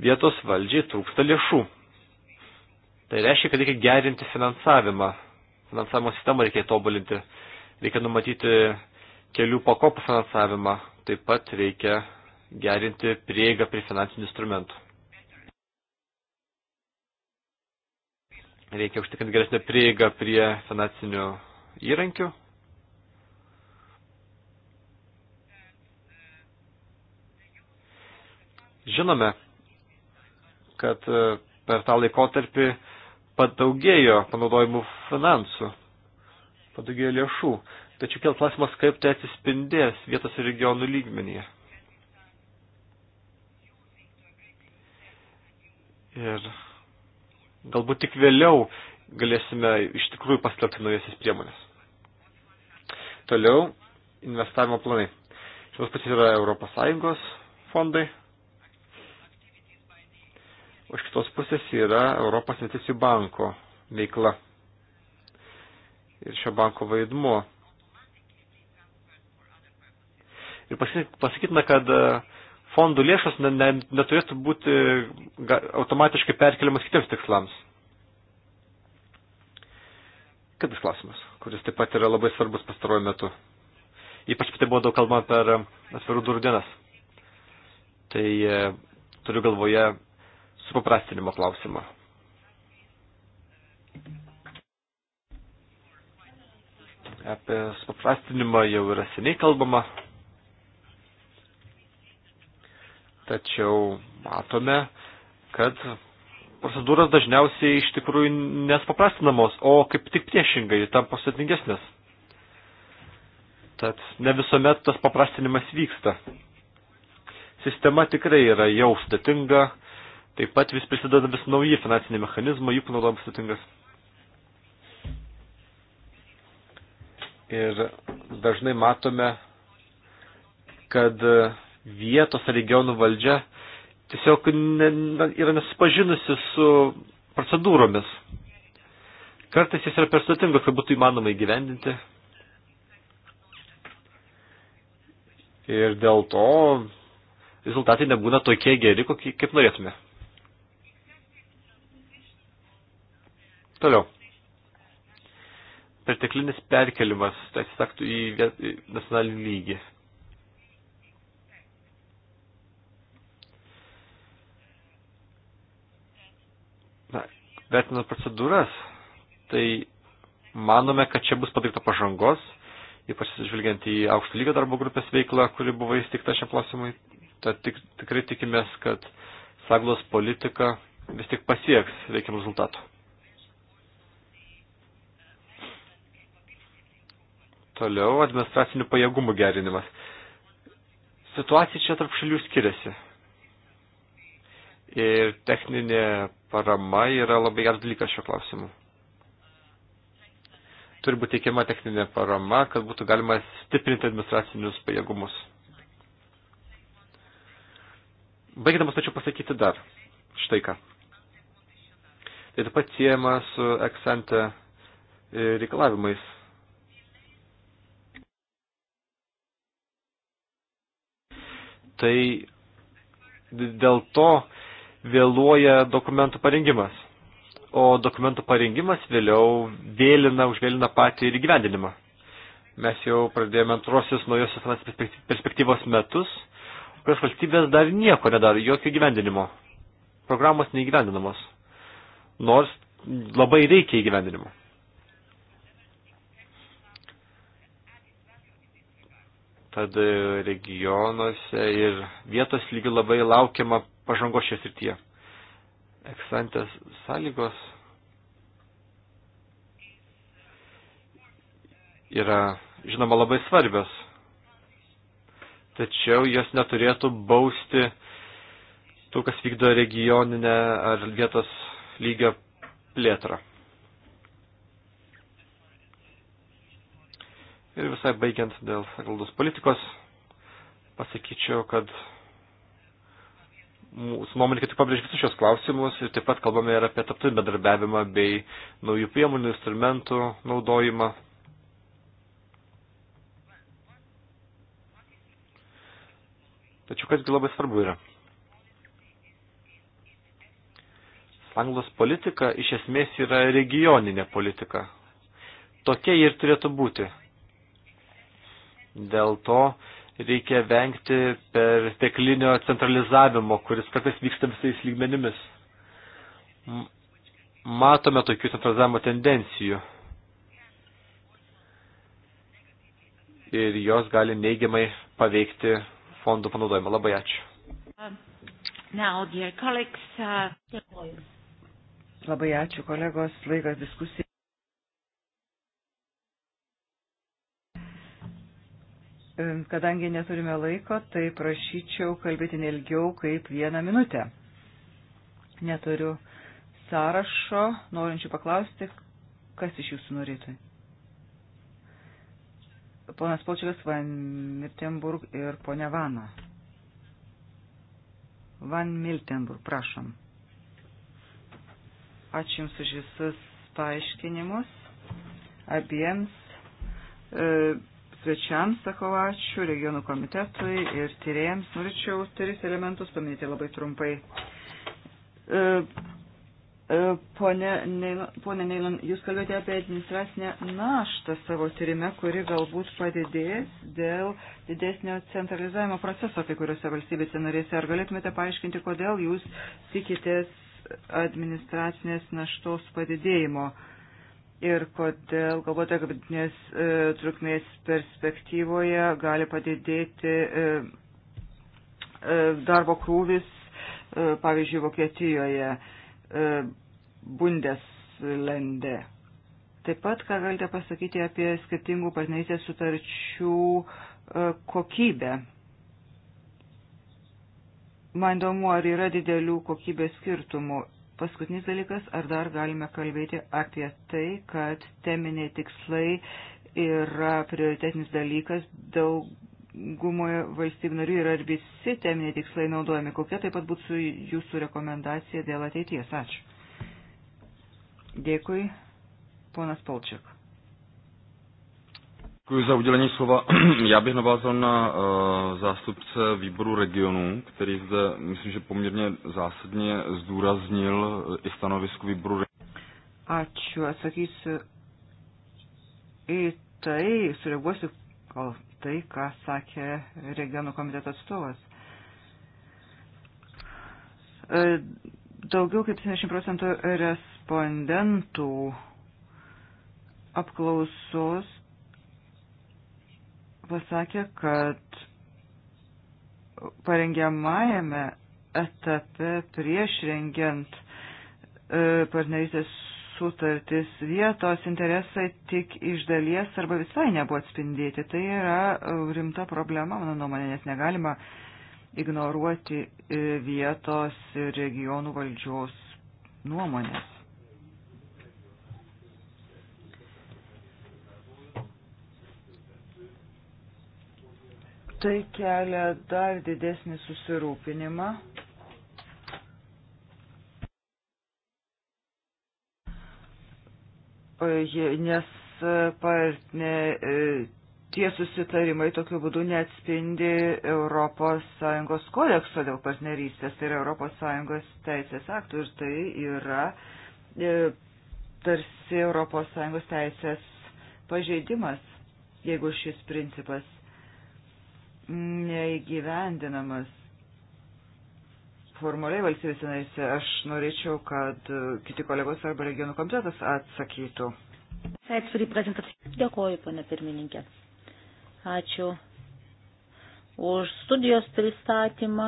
vietos valdžiai trūksta lėšų. Tai reiškia, kad reikia gerinti finansavimą. Finansavimo sistemą reikia tobulinti. Reikia numatyti kelių pakopų finansavimą. Taip pat reikia gerinti prieigą prie finansinių instrumentų. Reikia užtikrinti geresnę prieigą prie finansinių įrankių, Žinome, kad e, per tą laikotarpį padaugėjo panaudojimų finansų, padaugėjo lėšų. Tačiau kėl klausimas, kaip tai atsispindės vietos ir regionų lygmenyje. Ir galbūt tik vėliau galėsime iš tikrųjų paskelbti naujasis priemonės. Toliau investavimo planai. Šios pačios yra Europos Sąjungos fondai, o iš kitos pusės yra Europos investicijų banko veikla ir šio banko vaidmuo. Ir pasakytume, kad e, fondų lėšos ne, ne, neturėtų būti e, automatiškai perkeliamas kitiems tikslams. Kitas klausimas, kuris taip pat yra labai svarbus pastaruoju metu. Ypač tai buvo daug kalbama per e, atvirų durų dienas. Tai turiu galvoje supaprastinimo klausimą. Apie supaprastinimą jau yra seniai kalbama, tačiau matome, kad procedūros dažniausiai iš tikrųjų nespaprastinamos, o kaip tik priešingai tampa sudėtingesnės. Tad ne visuomet tas paprastinimas vyksta. Sistema tikrai yra jau sudėtinga, Taip pat vis prisideda vis nauji finansiniai mechanizmai, jų panaudojimas sutingas. Ir dažnai matome, kad vietos ar regionų valdžia tiesiog ne, yra nesupažinusi su procedūromis. Kartais jis yra per sudėtingas, kad būtų įmanoma įgyvendinti. Ir dėl to rezultatai nebūna tokie geri, kokie, kaip norėtume. Toliau. Perteklinis perkelimas, tai saktų, į, viet, į nacionalinį lygį. Na, vertinant procedūras, tai manome, kad čia bus padaryta pažangos, ypač žvelgiant į aukšto lygio darbo grupės veiklą, kuri buvo įsteigta šiam klausimui. Tad tik, tikrai tikimės, kad saglos politika vis tik pasieks reikiamų rezultatų. Toliau administracinių pajėgumų gerinimas. Situacija čia tarp šalių skiriasi. Ir techninė parama yra labai geras dalykas šio klausimu. Turi būti teikiama techninė parama, kad būtų galima stiprinti administracinius pajėgumus. Baigdamas tačiau pasakyti dar štai ką. Tai taip pat siejama su eksante reikalavimais tai dėl to vėluoja dokumentų parengimas. O dokumentų parengimas vėliau vėlina, užvėlina patį ir gyvendinimą. Mes jau pradėjome antrosios naujosios finansinės perspektyvos metus, kurios valstybės dar nieko nedaro, jokio gyvendinimo. Programos neįgyvendinamos. Nors labai reikia įgyvendinimo. Tad e, regionuose ir vietos lygių labai laukiama pažangos šios rytyje. Eksantės sąlygos yra, žinoma, labai svarbios. Tačiau jos neturėtų bausti tų, kas vykdo regioninę ar vietos lygio plėtrą. Ir visai baigiant dėl sakaldos politikos, pasakyčiau, kad mūsų nuomonė kaip tik pabrėžia visus šios klausimus ir taip pat kalbame ir apie taptinį bendarbiavimą bei naujų priemonių, instrumentų naudojimą. Tačiau kasgi labai svarbu yra. Anglos politika iš esmės yra regioninė politika. Tokia ji ir turėtų būti Dėl to reikia vengti per teklinio centralizavimo, kuris kartais vyksta visais lygmenimis. Matome tokių centralizavimo tendencijų. Ir jos gali neigiamai paveikti fondų panaudojimą. Labai ačiū. Now, dear colleagues, uh, Labai ačiū, kolegos. Laikas diskusijai. Kadangi neturime laiko, tai prašyčiau kalbėti nelgiau kaip vieną minutę. Neturiu sąrašo, norinčių paklausti, kas iš jūsų norėtų. Ponas Polčiakas Van Miltenburg ir ponia Vana. Van Miltenburg, prašom. Ačiū Jums už visus paaiškinimus abiems. E, svečiams, sakau ačiū, regionų komitetui ir tyrėjams. Norėčiau tris elementus paminėti labai trumpai. E, e, pone Neilon, jūs kalbėjote apie administracinę naštą savo tyrime, kuri galbūt padidės dėl didesnio centralizavimo proceso kai kuriuose valstybėse norėse. Ar galėtumėte paaiškinti, kodėl jūs tikitės administracinės naštos padidėjimo? Uh, ir kodėl, galbūt, vidutinės e, trukmės perspektyvoje gali padidėti e, e, darbo krūvis, e, pavyzdžiui, Vokietijoje, e, Bundeslande. Taip pat, ką galite pasakyti apie skirtingų partnerystės sutarčių e, kokybę. Man įdomu, ar yra didelių kokybės skirtumų Paskutinis dalykas, ar dar galime kalbėti apie tai, kad teminiai tikslai yra prioritetinis dalykas daugumoje valstybių narių ir ar visi teminiai tikslai naudojami. Kokia taip pat būtų jūsų rekomendacija dėl ateities? Ačiū. Dėkui, ponas Polčiak. Děkuji za udělení slova. Já bych navázal na uh, zástupce výboru regionů, který zde, myslím, že poměrně zásadně zdůraznil eh, i stanovisku výboru regionů. Ačiū, atsakysiu į tai, sureaguosiu gal tai, ką sakė regionų komiteto atstovas. E, daugiau kaip 70 procentų respondentų apklausos pasakė, kad parengiamajame etape prieš rengiant e, partnerystės sutartis vietos interesai tik iš dalies arba visai nebuvo atspindėti. Tai yra e, rimta problema, mano nuomonė, nes negalima ignoruoti e, vietos ir regionų valdžios nuomonės. Tai kelia dar didesnį susirūpinimą. Nes e, partne, e, tie susitarimai tokiu būdu neatspindi ES kodekso dėl partnerystės, tai yra ES teisės aktų ir tai yra e, tarsi ES teisės pažeidimas, jeigu šis principas neįgyvendinamas formaliai valstybės narėse. Aš norėčiau, kad kiti kolegos arba regionų komitetas atsakytų. Dėkuoju, ponė pirmininkė. Ačiū už studijos pristatymą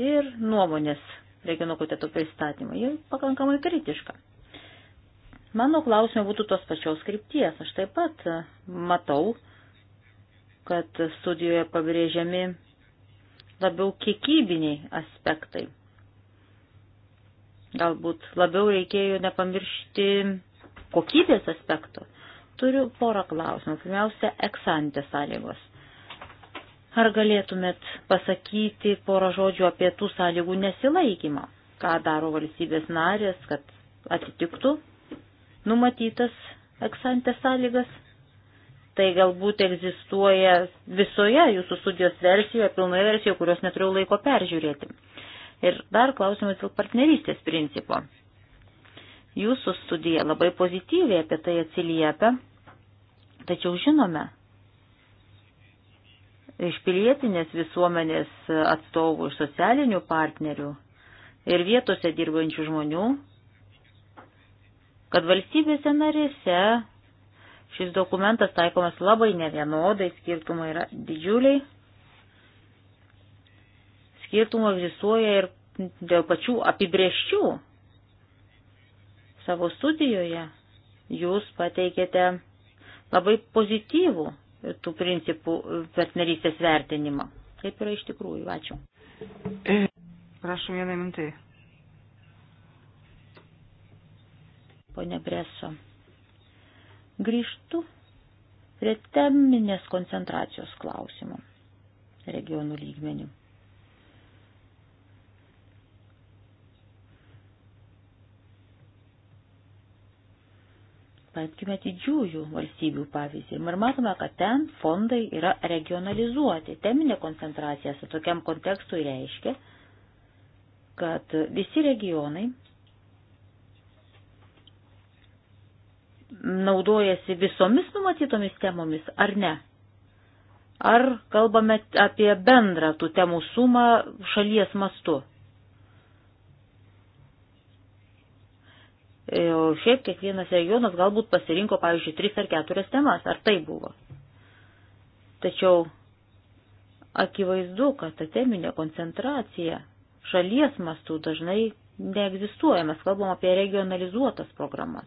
ir nuomonės regionų komiteto pristatymą. Ji pakankamai kritiška. Mano klausimai būtų tos pačios krypties. Aš taip pat matau, kad studijoje pabrėžiami labiau kiekybiniai aspektai. Galbūt labiau reikėjo nepamiršti kokybės aspekto. Turiu porą klausimų. Pirmiausia, eksantės sąlygos. Ar galėtumėt pasakyti porą žodžių apie tų sąlygų nesilaikymą? Ką daro valstybės narės, kad atitiktų numatytas eksantės sąlygas? tai galbūt egzistuoja visoje jūsų studijos versijoje, pilnoje versijoje, kurios neturėjau laiko peržiūrėti. Ir dar klausimas dėl partnerystės principo. Jūsų studija labai pozityviai apie tai atsiliepia, tačiau žinome iš pilietinės visuomenės atstovų, iš socialinių partnerių ir vietose dirbančių žmonių, kad valstybėse narėse Šis dokumentas taikomas labai nevienodai, skirtumai yra didžiuliai. Skirtumų egzistuoja ir dėl pačių apibrieščių. Savo studijoje jūs pateikėte labai pozityvų tų principų partnerystės vertinimą. Taip yra iš tikrųjų. Ačiū. Prašom vieną mintai. Pone Breso. Grįžtu prie teminės koncentracijos klausimų regionų lygmenių. paimkime didžiųjų valstybių pavyzdį. Ir matome, kad ten fondai yra regionalizuoti. Teminė koncentracija su tokiam kontekstui reiškia, kad visi regionai naudojasi visomis numatytomis temomis ar ne? Ar kalbame apie bendrą tų temų sumą šalies mastu? E, o šiaip kiekvienas regionas galbūt pasirinko, pavyzdžiui, tris ar keturias temas, ar tai buvo. Tačiau akivaizdu, kad ta teminė koncentracija šalies mastų dažnai neegzistuoja, mes kalbam apie regionalizuotas programas.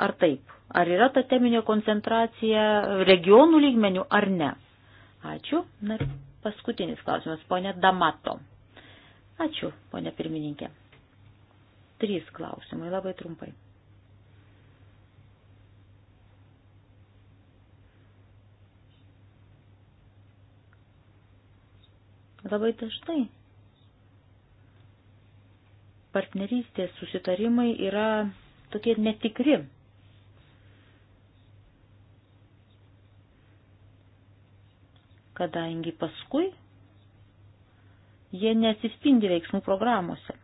Ar taip? Ar yra ta teminė koncentracija regionų lygmenių ar ne? Ačiū. Na ir paskutinis klausimas, ponė Damato. Ačiū, ponė pirmininkė. Trys klausimai, labai trumpai. Labai dažnai partnerystės susitarimai yra tokie netikri kadangi paskui jie nesispindi veiksmų programuose.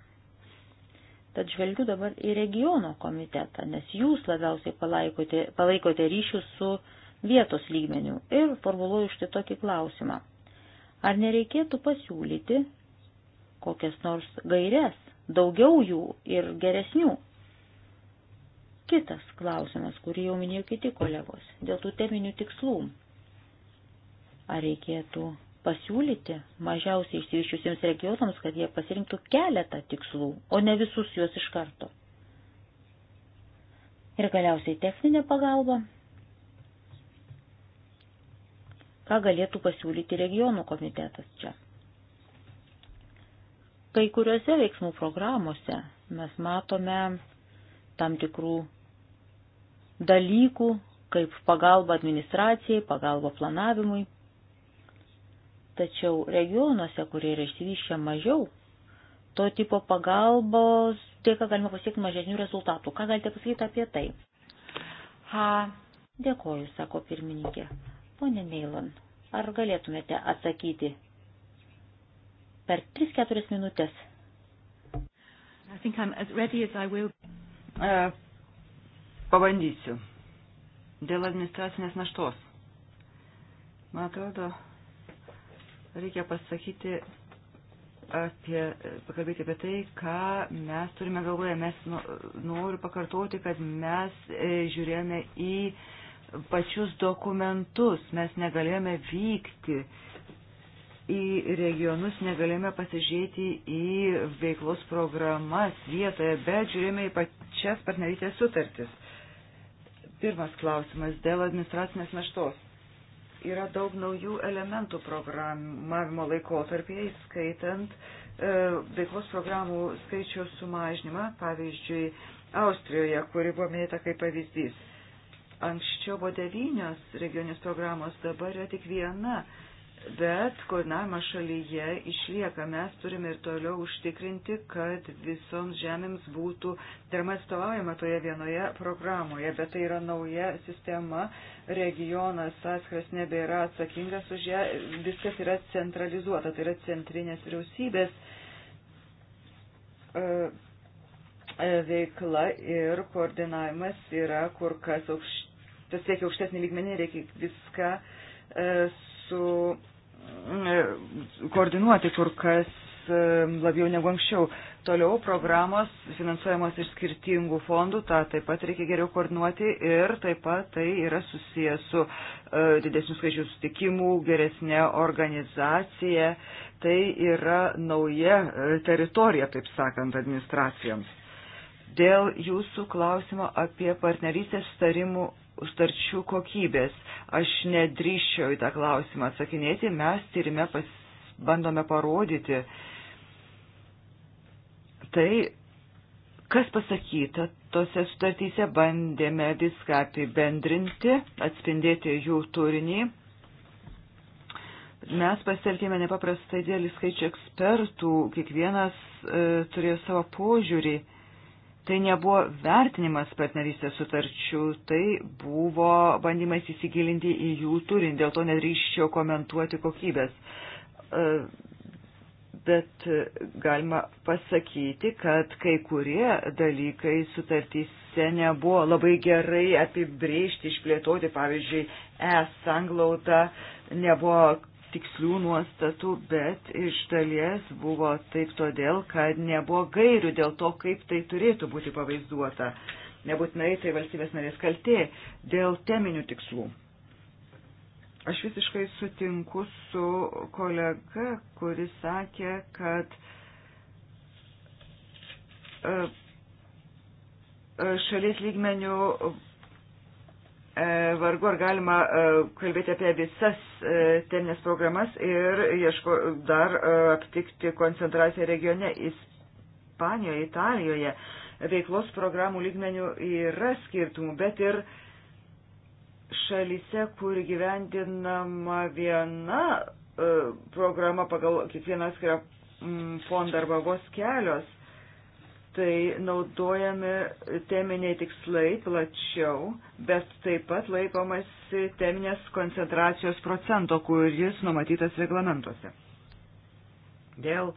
Tad žvelgiu dabar į regiono komitetą, nes jūs labiausiai palaikote, palaikote ryšius su vietos lygmeniu ir formuluoju štai tokį klausimą. Ar nereikėtų pasiūlyti kokias nors gairias, daugiau jų ir geresnių? Kitas klausimas, kurį jau minėjo kiti kolegos, dėl tų teminių tikslų Ar reikėtų pasiūlyti mažiausiai išsivyščiusiems regionams, kad jie pasirinktų keletą tikslų, o ne visus juos iš karto. Ir galiausiai techninė pagalba. Ką galėtų pasiūlyti regionų komitetas čia? Kai kuriuose veiksmų programuose mes matome tam tikrų dalykų, kaip pagalba administracijai, pagalba planavimui, Tačiau regionuose, kurie yra išsivyškę mažiau, to tipo pagalbos dėka galima pasiekti mažesnių rezultatų. Ką galite pasakyti apie tai? Ha, dėkoju, sako pirmininkė. Pone Meilon, ar galėtumėte atsakyti per 3-4 minutės? I think I'm as ready as I will. Uh, pabandysiu. Dėl administracinės naštos. Man atrodo, reikia pasakyti apie, pakalbėti apie tai, ką mes turime galvoje. Mes nu, noriu pakartoti, kad mes e, žiūrėjome į pačius dokumentus, mes negalėjome vykti į regionus, negalėjome pasižiūrėti į veiklos programas vietoje, bet žiūrėjome į pačias partnerystės sutartis. Pirmas klausimas dėl administracinės naštos yra daug naujų elementų programavimo laikotarpyje, įskaitant e, veiklos programų skaičiaus sumažinimą, pavyzdžiui, Austrijoje, kuri buvo minėta kaip pavyzdys. Anksčiau buvo devynios regioninės programos, dabar yra tik viena bet koordinavimas šalyje išlieka. Mes turime ir toliau užtikrinti, kad visoms žemėms būtų terma atstovaujama toje vienoje programoje, bet tai yra nauja sistema, regionas atskiras nebėra atsakingas už ją, viskas yra centralizuota, tai yra centrinės vyriausybės e, e, veikla ir koordinavimas yra kur kas aukštas, siekia aukštesnį lygmenį, reikia viską e, su E, koordinuoti kur kas e, labiau negu anksčiau. Toliau programos finansuojamos iš skirtingų fondų, tą taip pat reikia geriau koordinuoti ir taip pat tai yra susijęs su uh, e, didesniu skaičiu sutikimų, geresnė organizacija. Tai yra nauja teritorija, taip sakant, administracijoms. Dėl jūsų klausimo apie partnerystės starimų starčių kokybės. Aš nedryščiau į tą klausimą atsakinėti, mes tyrime pas, bandome parodyti tai, kas pasakyta tose sutartyse, bandėme viską apibendrinti, atspindėti jų turinį. Mes pasitelkėme nepaprastai dėlį skaičių ekspertų, kiekvienas e, turėjo savo požiūrį. E, Tai nebuvo vertinimas partnerystės sutarčių, tai buvo bandymas įsigilinti į jų turinį, dėl to nedrįščiau komentuoti kokybės. E, bet galima pasakyti, kad kai kurie dalykai sutartyse nebuvo labai gerai apibrėžti, išplėtoti, pavyzdžiui, e-sanglauta nebuvo tikslių nuostatų, bet iš dalies buvo taip todėl, kad nebuvo gairių dėl to, kaip tai turėtų būti pavaizduota. Nebūtinai tai valstybės narės kaltė dėl teminių tikslų. Aš visiškai sutinku su kolega, kuris sakė, kad e, e, šalies lygmenių E, vargu ar galima e, kalbėti apie visas e, teminės programas ir ieško dar aptikti koncentraciją regione Ispanijoje, Italijoje. Veiklos programų lygmenių yra skirtumų, bet ir šalyse, kur gyvendinama viena programa pagal kiekvieną atskirą fondą arba vos kelios tai naudojami teminiai tikslai plačiau, bet taip pat laikomasi teminės koncentracijos procento, kuris numatytas reglamentuose. Dėl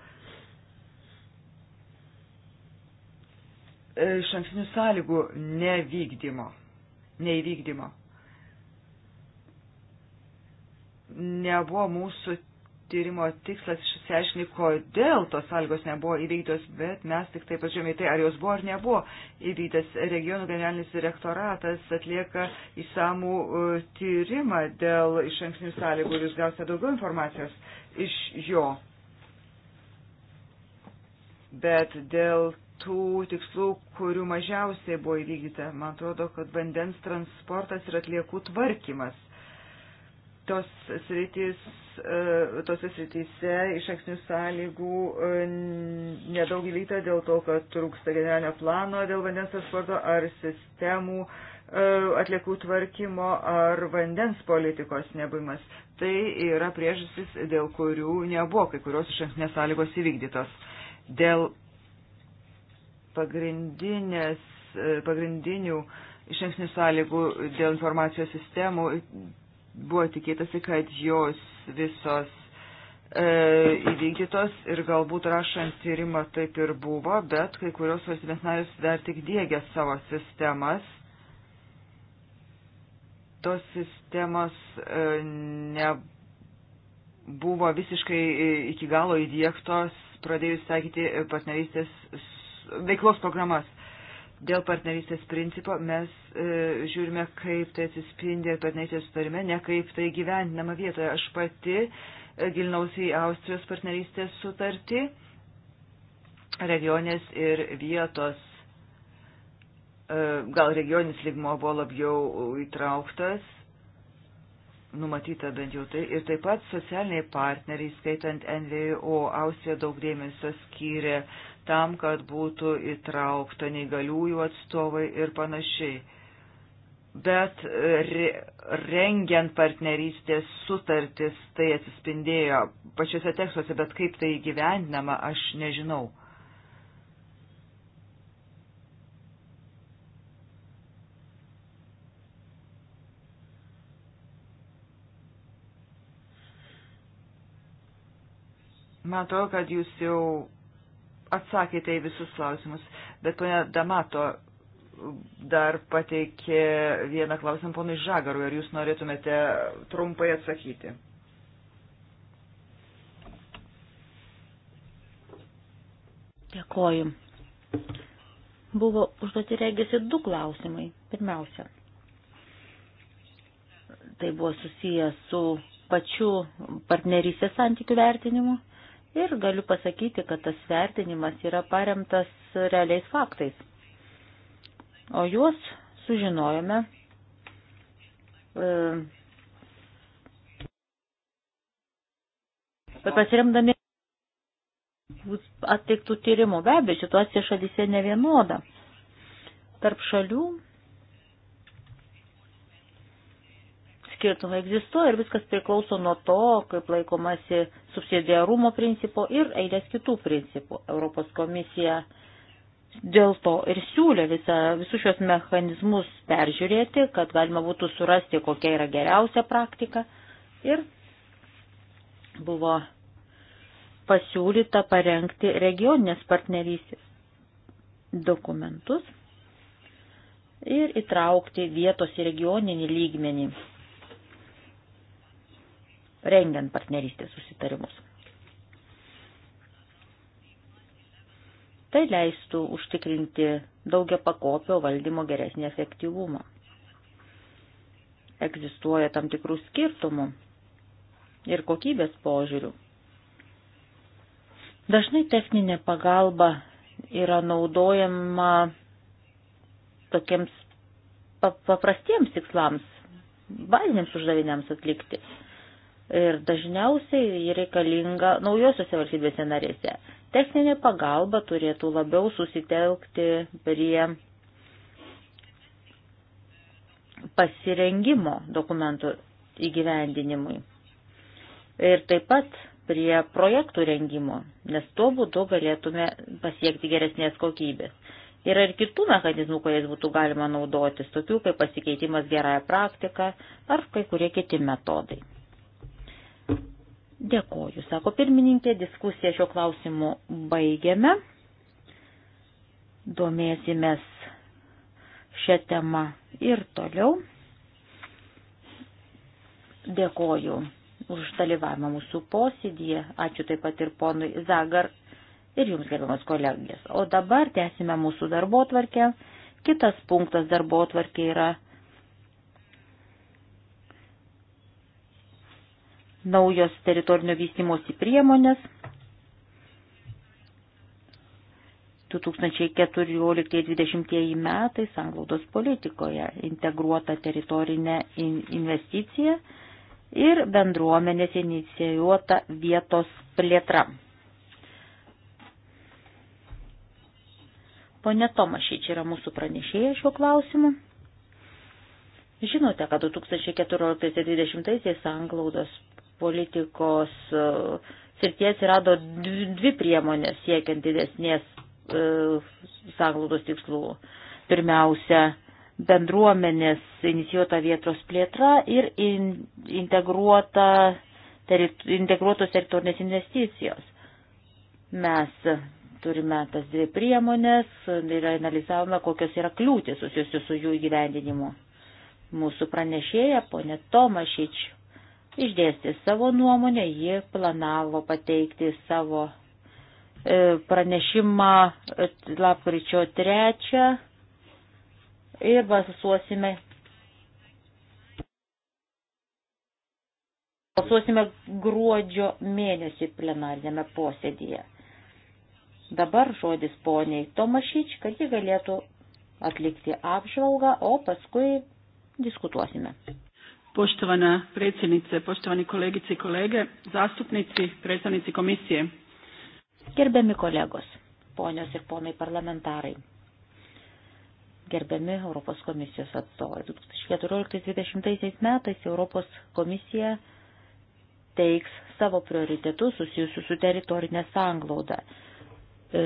e, iš ankstinių sąlygų nevykdymo, neįvykdymo. Nebuvo mūsų tyrimo tikslas išsiaiškinti, kodėl tos sąlygos nebuvo įvykdytos, bet mes tik taip pažiūrėjome į tai, ar jos buvo ar nebuvo įvykdytas. Regionų generalinis direktoratas atlieka įsamų e, tyrimą dėl iš ankstinių sąlygų ir jūs gausite daugiau informacijos iš jo. Bet dėl tų tikslų, kurių mažiausiai buvo įvykdyta, man atrodo, kad vandens transportas ir atliekų tvarkymas tos sritys, e, tose srityse iš aksnių sąlygų e, nedaug įvykta dėl to, kad trūksta generalinio plano dėl vandens transporto ar sistemų e, atliekų tvarkymo ar vandens politikos nebuvimas. Tai yra priežastis, dėl kurių nebuvo kai kurios iš anksnės sąlygos įvykdytos. Dėl pagrindinės, pagrindinių iš anksnių sąlygų dėl informacijos sistemų buvo tikėtasi, kad jos visos e, įvykdytos ir galbūt rašant tyrimą taip ir buvo, bet kai kurios valstybės narės dar tik dėgia savo sistemas. Tos sistemos e, nebuvo visiškai e, iki galo įdėktos, pradėjus taikyti e, partnerystės veiklos programas dėl partnerystės principo mes e, žiūrime, kaip tai atsispindi ir partnerystės sutarime, ne kaip tai gyvendinama vietoje. Aš pati e, gilinausi į Austrijos partnerystės sutartį, regionės ir vietos, e, gal regionis lygmo buvo labiau įtrauktas, numatyta bent jau tai, ir taip pat socialiniai partneriai, skaitant NVO, Austrija daug dėmesio skyrė e, tam, kad būtų įtraukta neįgaliųjų atstovai ir panašiai. Bet re, rengiant partnerystės sutartis tai atsispindėjo pačiuose tekstuose, bet kaip tai įgyvendinama, aš nežinau. Man atrodo, kad jūs jau atsakėte į visus klausimus, bet ponia Damato dar pateikė vieną klausimą ponui Žagarui, ar jūs norėtumėte trumpai atsakyti? Dėkoju. Buvo užduoti regėsi du klausimai. Pirmiausia, tai buvo susijęs su pačiu partnerystės santykių vertinimu ir galiu pasakyti, kad tas vertinimas yra paremtas realiais faktais. O juos sužinojome e, pasiremdami atliktų tyrimų. Be abejo, situacija šalyse nevienoda. Tarp šalių skirtumai egzistuoja ir viskas priklauso nuo to, kaip laikomasi subsidiarumo principo ir eilės kitų principų. Europos komisija dėl to ir siūlė visa, visus šios mechanizmus peržiūrėti, kad galima būtų surasti, kokia yra geriausia praktika. Ir buvo pasiūlyta parengti regioninės partnerystės dokumentus ir įtraukti vietos į regioninį lygmenį rengiant partnerystės susitarimus. Tai leistų užtikrinti daugia pakopio valdymo geresnį efektyvumą. Egzistuoja tam tikrų skirtumų ir kokybės požiūrių. Dažnai techninė pagalba yra naudojama tokiems paprastiems tikslams, baziniams uždaviniams atlikti ir dažniausiai ji reikalinga naujosiuose valstybėse narėse. Techninė pagalba turėtų labiau susitelkti prie pasirengimo dokumentų įgyvendinimui ir taip pat prie projektų rengimo, nes tuo būdu galėtume pasiekti geresnės kokybės. Yra ir kitų mechanizmų, kuriais būtų galima naudotis, tokių kaip pasikeitimas gerąją praktiką ar kai kurie kiti metodai. Dėkoju, sako pirmininkė, diskusiją šio klausimu baigiame. Domėsimės šią temą ir toliau. Dėkoju už dalyvavimą mūsų posėdėje. Ačiū taip pat ir ponui Zagar ir jums, gerbiamas kolegės. O dabar tęsime mūsų darbo tvarkę. Kitas punktas darbo tvarkė yra naujos teritorinio vystimosi priemonės 2014-2020 metai sanglaudos politikoje integruota teritorinė investicija ir bendruomenės inicijuota vietos plėtra. Pone Tomašyč yra mūsų pranešėja šiuo klausimu. Žinote, kad 2014-2020 sanglaudos politikos e, srityje atsirado dvi priemonės siekiant didesnės e, sąglaudos tikslų. Pirmiausia, bendruomenės inicijuota vietos plėtra ir in, integruota, teri, integruotos teritorinės investicijos. Mes turime tas dvi priemonės ir analizavome, kokios yra kliūtis susijusios su jų įgyvendinimu. Mūsų pranešėja, ponė Tomašič, išdėstė savo nuomonę, ji planavo pateikti savo e, pranešimą e, lapkričio 3 ir balsuosime. Balsuosime gruodžio mėnesį plenarnėme posėdėje. Dabar žodis poniai Tomašyč, kad ji galėtų atlikti apžvalgą, o paskui diskutuosime. Poštovana predsjednice, poštovani kolegice i kolege, zastupnici, predstavnici komisije. Gerbiami kolegos, ponios ir ponai parlamentarai, gerbiami Europos komisijos atstovai. 2014-2020 metais Europos komisija teiks savo prioritetus susijusius su teritorinė sanglauda. E,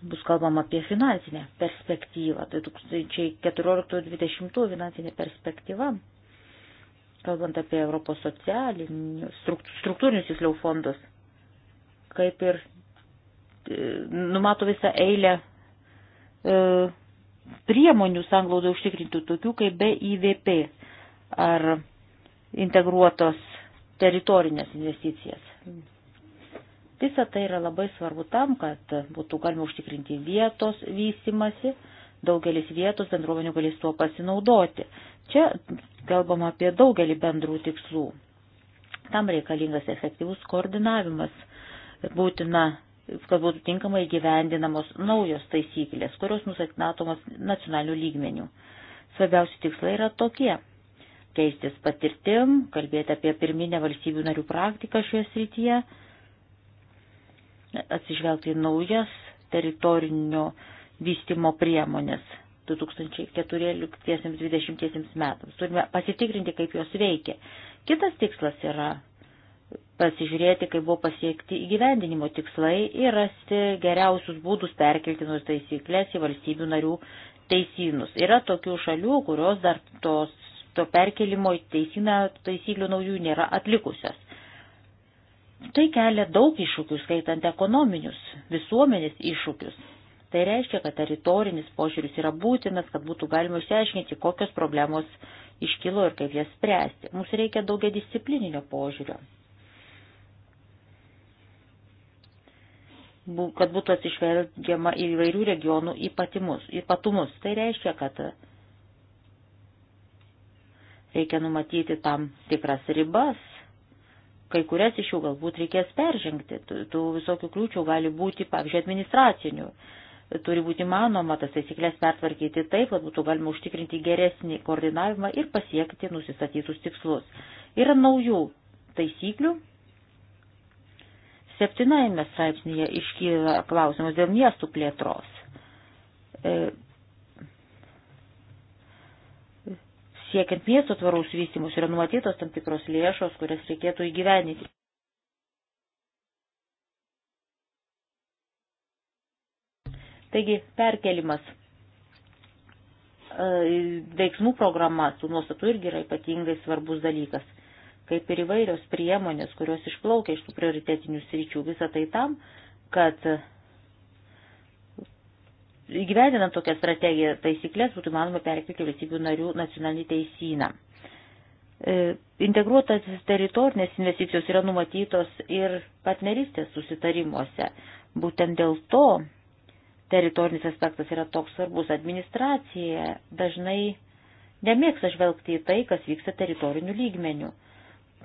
bus kalbama apie finansinę perspektyvą. 2014-2020 finansinė perspektyva kalbant apie Europos socialinius, struktūrinius tiksliau fondus, kaip ir e, numato visą eilę e, priemonių sanglaudai užtikrintų, tokių kaip BIVP ar integruotos teritorinės investicijas. Visa tai yra labai svarbu tam, kad būtų galima užtikrinti vietos vystimasi, daugelis vietos bendruomenių galės tuo pasinaudoti. Čia kalbama apie daugelį bendrų tikslų. Tam reikalingas efektyvus koordinavimas, būtina, kad būtų tinkamai gyvendinamos naujos taisyklės, kurios nusatinatomas nacionalių lygmenių. Svarbiausi tikslai yra tokie - keistis patirtim, kalbėti apie pirminę valstybių narių praktiką šioje srityje, atsižvelgti į naujas teritorinio vystimo priemonės, 2014-2020 metams. Turime pasitikrinti, kaip jos veikia. Kitas tikslas yra pasižiūrėti, kaip buvo pasiekti įgyvendinimo tikslai ir rasti geriausius būdus perkelti nuo taisyklės į valstybių narių teisynus. Yra tokių šalių, kurios dar tos, to perkelimo į teisyną taisyklių naujų nėra atlikusios. Tai kelia daug iššūkių, skaitant ekonominius, visuomenės iššūkius. Tai reiškia, kad teritorinis požiūris yra būtinas, kad būtų galima išsiaiškinti, kokios problemos iškilo ir kaip jas spręsti. Mums reikia daugia disciplininio požiūrio. kad būtų atsižvelgiama į įvairių regionų ypatimus, ypatumus. Tai reiškia, kad reikia numatyti tam tikras ribas, kai kurias iš jų galbūt reikės peržengti. Tų, tų visokių kliūčių gali būti, pavyzdžiui, administracinių turi būti manoma tas taisyklės pertvarkyti taip, kad būtų galima užtikrinti geresnį koordinavimą ir pasiekti nusistatytus tikslus. Yra naujų taisyklių. Septinajame straipsnėje iškyla klausimas dėl miestų plėtros. E, siekiant miesto tvaraus vystimus yra numatytos tam tikros lėšos, kurias reikėtų įgyveninti. Taigi perkelimas e, veiksmų programa su nuostatu irgi yra ypatingai svarbus dalykas, kaip ir įvairios priemonės, kurios išplaukia iš tų prioritetinių sričių, visą tai tam, kad e, įgyvendinant tokią strategiją taisyklės būtų manoma perkelti valstybių narių nacionalinį teisyną. E, integruotas teritorinės investicijos yra numatytos ir partneristės susitarimuose. Būtent dėl to teritorinis aspektas yra toks svarbus. Administracija dažnai nemėgsta žvelgti į tai, kas vyksta teritoriniu lygmeniu.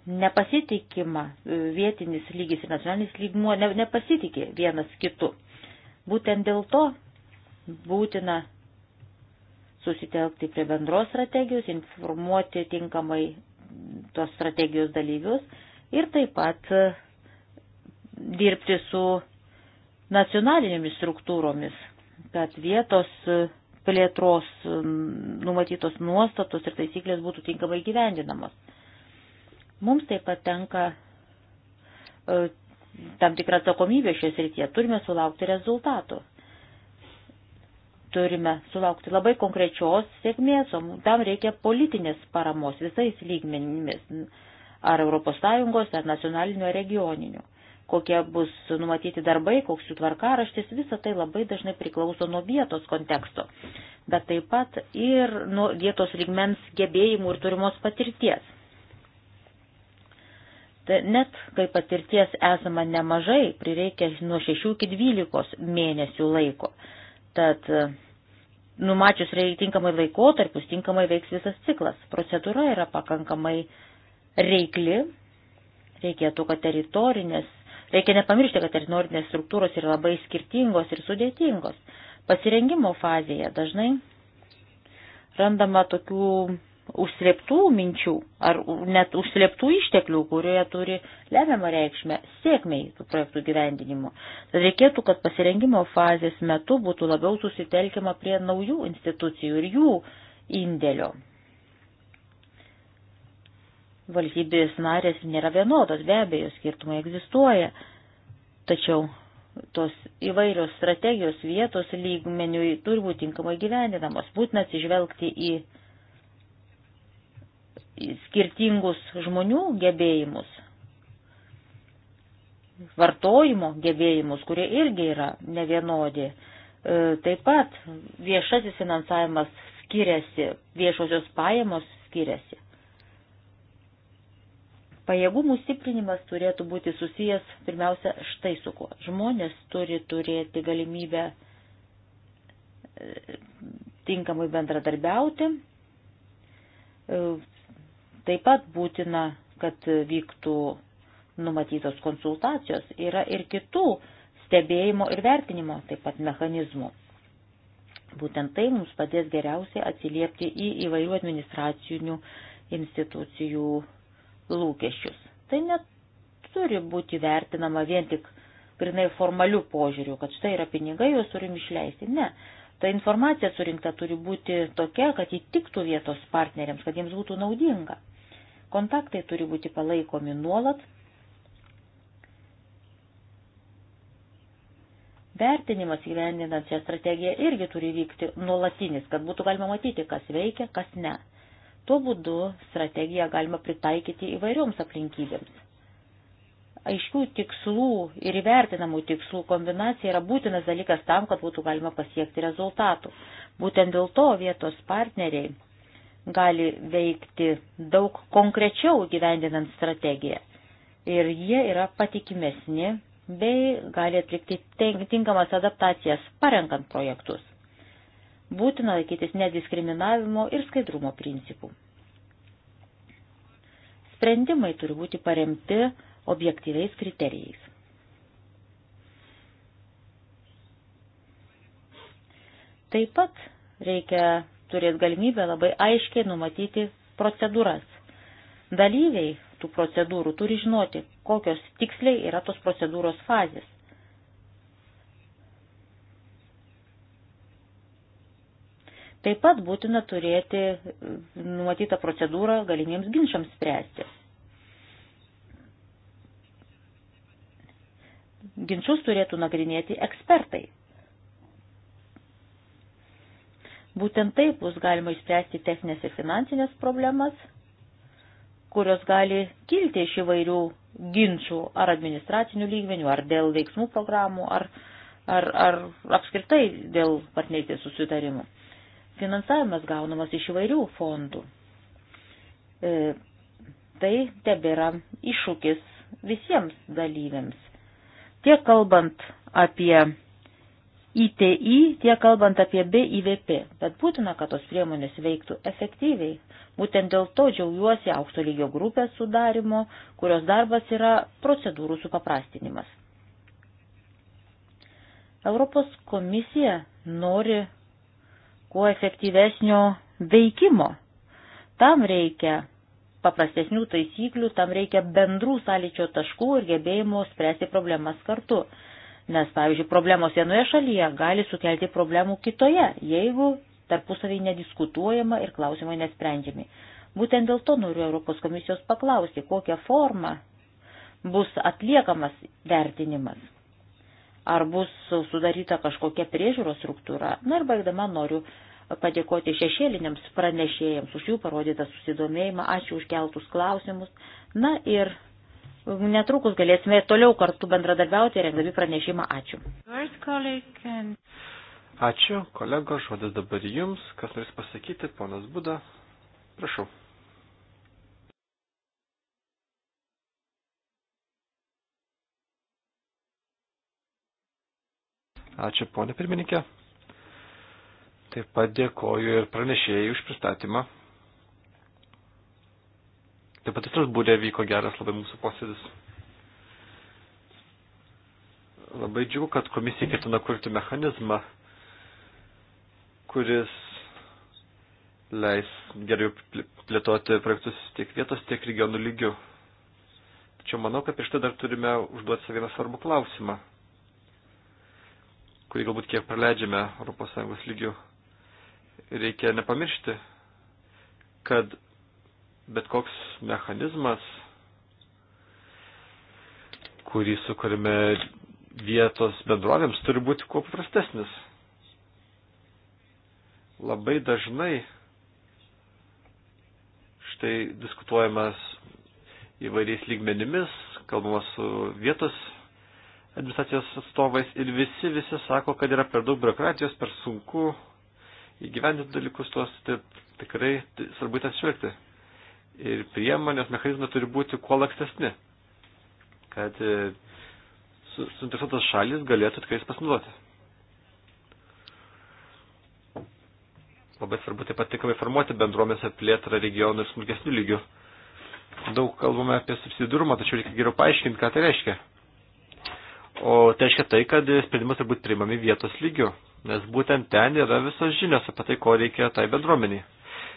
Nepasitikima e, vietinis lygis ir nacionalinis lygmuo, ne, nepasitikė vienas kitu. Būtent dėl to būtina susitelkti prie bendros strategijos, informuoti tinkamai tos strategijos dalyvius ir taip pat e, dirbti su nacionalinėmis struktūromis, kad vietos plėtros numatytos nuostatos ir taisyklės būtų tinkamai gyvendinamos. Mums taip pat tenka e, tam tikrą atsakomybę šioje srityje. Turime sulaukti rezultatų. Turime sulaukti labai konkrečios sėkmės, o tam reikia politinės paramos visais lygmenimis, ar ES, ar nacionaliniu, ar regioniniu kokie bus numatyti darbai, koks jų tvarkaraštis, visa tai labai dažnai priklauso nuo vietos konteksto, bet taip pat ir nuo vietos lygmens gebėjimų ir turimos patirties. Tai net kai patirties esama nemažai, prireikia nuo 6 iki 12 mėnesių laiko. Tad numačius tinkamai laikotarpius, tinkamai veiks visas ciklas. Procedūra yra pakankamai reikli, reikėtų, kad teritorinės Reikia nepamiršti, kad teritorinės struktūros yra labai skirtingos ir sudėtingos. Pasirengimo fazėje dažnai randama tokių užslėptų minčių ar net užslėptų išteklių, kurie turi lemiamą reikšmę sėkmiai tų projektų gyvendinimo. Tad reikėtų, kad pasirengimo fazės metu būtų labiau susitelkima prie naujų institucijų ir jų indėlio valstybės narės nėra vienodos, be abejo, skirtumai egzistuoja, tačiau tos įvairios strategijos vietos lygmenių turi būti tinkamai gyvendinamos, būtina atsižvelgti į skirtingus žmonių gebėjimus, vartojimo gebėjimus, kurie irgi yra nevienodi. E, taip pat viešasis finansavimas skiriasi, viešosios pajamos skiriasi. Pajėgumų stiprinimas turėtų būti susijęs pirmiausia štai su kuo. Žmonės turi turėti galimybę e, tinkamai bendradarbiauti. E, taip pat būtina, kad vyktų numatytos konsultacijos. Yra ir kitų stebėjimo ir vertinimo taip pat mechanizmų. Būtent tai mums padės geriausiai atsiliepti į įvairių administracinių institucijų lūkesčius. Tai neturi būti vertinama vien tik grinai formalių požiūrių, kad štai yra pinigai, juos turim išleisti. Ne. Ta informacija surinkta turi būti tokia, kad ji tiktų vietos partneriams, kad jiems būtų naudinga. Kontaktai turi būti palaikomi nuolat. Vertinimas įvendinant šią strategiją irgi turi vykti nuolatinis, kad būtų galima matyti, kas veikia, kas ne. Tuo būdu strategiją galima pritaikyti įvairioms aplinkybėms. Aiškių tikslų ir įvertinamų tikslų kombinacija yra būtinas dalykas tam, kad būtų galima pasiekti rezultatų. Būtent dėl to vietos partneriai gali veikti daug konkrečiau gyvendinant strategiją. Ir jie yra patikimesni bei gali atlikti tinkamas adaptacijas parenkant projektus būtina laikytis nediskriminavimo ir skaidrumo principų. Sprendimai turi būti paremti objektyviais kriterijais. Taip pat reikia turėti galimybę labai aiškiai numatyti procedūras. Dalyviai tų procedūrų turi žinoti, kokios tiksliai yra tos procedūros fazės. Taip pat būtina turėti numatytą procedūrą galimiems ginčiams spręsti. Ginčius turėtų nagrinėti ekspertai. Būtent taip bus galima išspręsti techninės ir finansinės problemas, kurios gali kilti iš įvairių ginčių ar administracinių lygmenių, ar dėl veiksmų programų, ar, ar, ar apskritai dėl partnerystės susitarimų. Finansavimas gaunamas iš įvairių fondų. E, tai tebėra iššūkis visiems dalyviams. Tiek kalbant apie ITI, tiek kalbant apie BIVP, bet būtina, kad tos priemonės veiktų efektyviai. Būtent dėl to džiaugiuosi aukšto lygio grupės sudarimo, kurios darbas yra procedūrų supaprastinimas. Europos komisija nori kuo efektyvesnio veikimo. Tam reikia paprastesnių taisyklių, tam reikia bendrų sąlyčio taškų ir gebėjimų spręsti problemas kartu. Nes, pavyzdžiui, problemos vienoje šalyje gali sukelti problemų kitoje, jeigu tarpusavį nediskutuojama ir klausimai nesprendžiami. Būtent dėl to noriu Europos komisijos paklausti, kokią formą bus atliekamas vertinimas ar bus sudaryta kažkokia priežiūros struktūra. Na ir baigdama noriu padėkoti šešėliniams pranešėjams už jų parodytą susidomėjimą, ačiū už keltus klausimus. Na ir netrukus galėsime toliau kartu bendradarbiauti, rengdami pranešimą. Ačiū. Ačiū, kolego, žodis dabar jums. Kas norės pasakyti, ponas Buda, prašau. Ačiū, ponė pirmininkė. Taip pat dėkoju ir pranešėjai už pristatymą. Taip pat Strasbūrė vyko geras labai mūsų posėdis. Labai džiugu, kad komisija ketina kurti mechanizmą, kuris leis geriau plėtoti projektus tiek vietos, tiek regionų lygių. Tačiau manau, kad prieš tai dar turime užduoti savieną svarbų klausimą kurį galbūt kiek praleidžiame ES lygių, reikia nepamiršti, kad bet koks mechanizmas, kurį sukūrime vietos bendrovėms, turi būti kuo paprastesnis. Labai dažnai štai diskutuojamas įvairiais lygmenimis, kalbama su vietos administracijos atstovais ir visi, visi sako, kad yra per daug biurokratijos, per sunku įgyvendinti dalykus tuos, taip tikrai tai svarbu atsižvelgti. Ir priemonės mechanizmai turi būti kuo lankstesni, kad e, su, suinteresuotas šalis galėtų tikrai pasinaudoti. Labai svarbu taip pat tikamai formuoti bendruomės plėtrą regionų ir smulkesnių lygių. Daug kalbame apie subsidurumą, tačiau reikia geriau paaiškinti, ką tai reiškia. O tai reiškia tai, kad sprendimas turi būti priimami vietos lygiu, nes būtent ten yra visos žinios apie tai, ko reikia tai bendruomeniai.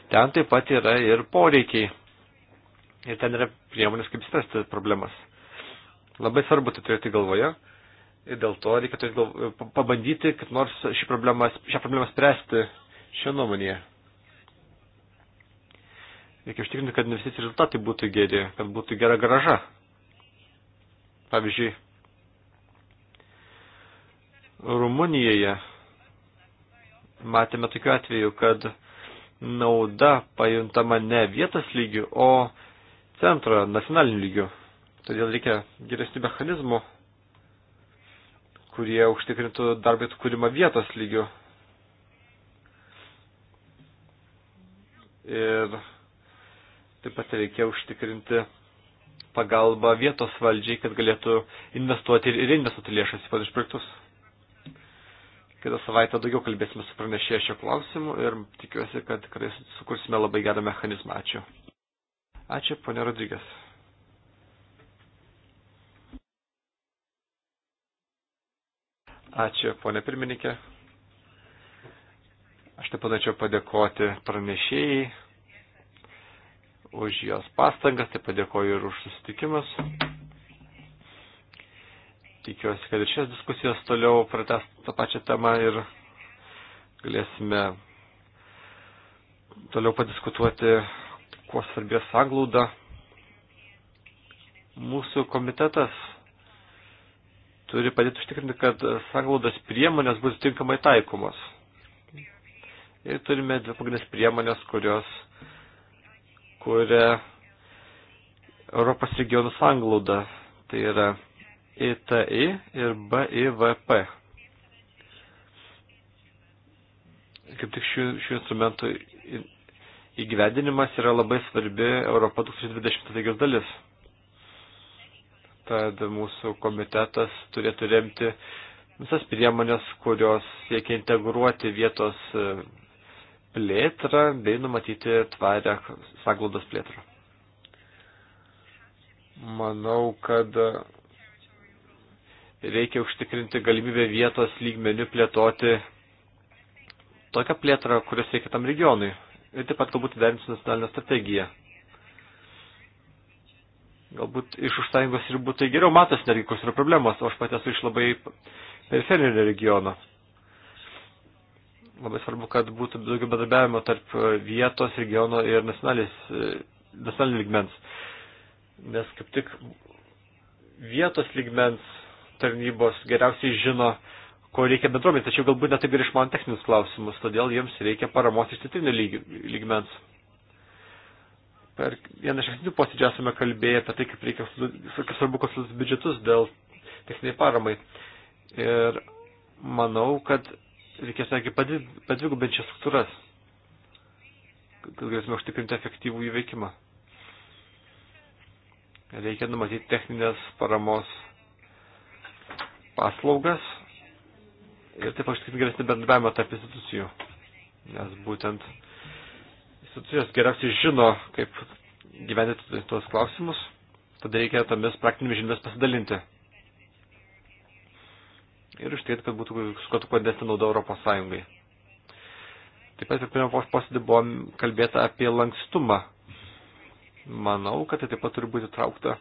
Ten taip pat yra ir poreikiai. Ir ten yra priemonės, kaip spręsti problemas. Labai svarbu tai turėti galvoje. Ir dėl to reikia galvo, pabandyti, kad nors šį problemą, šią problemą spręsti šią nuomonėje. Reikia užtikrinti, kad investicijų rezultatai būtų geri, kad būtų gera graža. Pavyzdžiui, Rumunijoje matėme tokiu atveju, kad nauda pajuntama ne vietos lygių, o centro, nacionalinių lygių. Todėl reikia geresnių mechanizmų, kurie užtikrintų darbą kūrimą vietos lygių. Ir taip pat reikia užtikrinti pagalbą vietos valdžiai, kad galėtų investuoti ir investuoti lėšas į panašius projektus. Kitą savaitę daugiau kalbėsime su pranešėja šio klausimu ir tikiuosi, kad tikrai sukursime labai gerą mechanizmą. Ačiū. Ačiū, ponė Rodrygės. Ačiū, ponė pirmininkė. Aš taip panačiau padėkoti pranešėjai už jos pastangas, taip padėkoju ir už susitikimus. Tikiuosi, kad ir šias diskusijas toliau prates tą pačią temą ir galėsime toliau padiskutuoti, kuo svarbės sąglauda. Mūsų komitetas turi padėti užtikrinti, kad sąglaudos priemonės būtų tinkamai taikomos. Ir turime dvi pagrindinės priemonės, kurios kuria Europos regionų sąglauda. Tai yra BITI ir BIVP. Kaip tik šių, šių instrumentų įgyvedinimas yra labai svarbi Europa 2020 strategijos dalis. Tad mūsų komitetas turėtų remti visas priemonės, kurios siekia integruoti vietos e, plėtrą bei numatyti tvarę saglaudos plėtrą. Manau, kad reikia užtikrinti galimybę vietos lygmenių plėtoti tokią plėtrą, kurios reikia tam regionui. Ir taip pat galbūt derinti su nacionalinė strategija. Galbūt iš užsąjungos ribų tai geriau matos netgi, kokios yra problemos, o aš pat esu iš labai periferinio regiono. Labai svarbu, kad būtų daugiau bendradarbiavimo tarp vietos, regiono ir nacionalinio lygmens. Nes kaip tik vietos lygmens tarnybos geriausiai žino, ko reikia bendruomenė, tačiau galbūt netaip ir išman techninius klausimus, todėl jiems reikia paramos iš titrinio lygmens. Per vieną iš ankstinių posėdžių esame kalbėję apie tai, kaip reikia, kaip svarbu konsultuoti biudžetus dėl techniniai paramai. Ir manau, kad reikės netgi padvigubinčias struktūras, kad galėsime užtikrinti efektyvų įveikimą. Reikia numatyti techninės paramos paslaugas ir taip užtikrinti geresnį bendravimą tarp institucijų. Nes būtent institucijos geriausiai žino, kaip gyventi tuos klausimus, tada reikia tomis praktinėmis žiniomis pasidalinti. Ir užtikrinti, kad būtų skotų kodėsti nauda Europos Sąjungai. Taip pat per pirmą posėdį buvo kalbėta apie lankstumą. Manau, kad tai taip pat turi būti traukta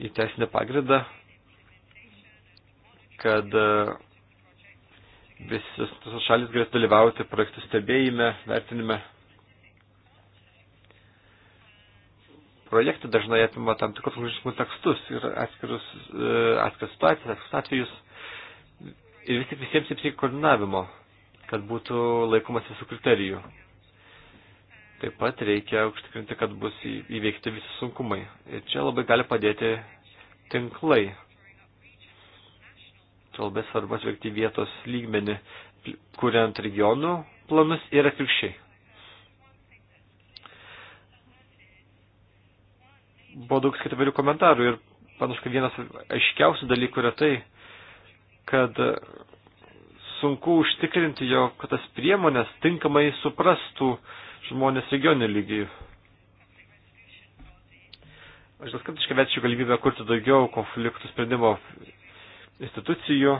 į teisinę pagrindą kad e, visos šalis galėtų dalyvauti projektų stebėjime, vertinime. Projektai dažnai apima tam tikrus logiškus tekstus ir atskirus, e, atskiras situacijas, atskirus atvejus. Ir vis tik visiems apsikia koordinavimo, kad būtų laikomas visų kriterijų. Taip pat reikia užtikrinti, kad bus įveikti visi sunkumai. Ir čia labai gali padėti tinklai labai svarbu atvykti vietos lygmenį, kuriant regionų planus ir atvirkščiai. Buvo daug skirtavarių komentarų ir panašu, kad vienas aiškiausių dalykų yra tai, kad sunku užtikrinti, jog tas priemonės tinkamai suprastų žmonės regionių lygiai. Aš daskatiškai večiu galimybę kurti daugiau konfliktų sprendimo institucijų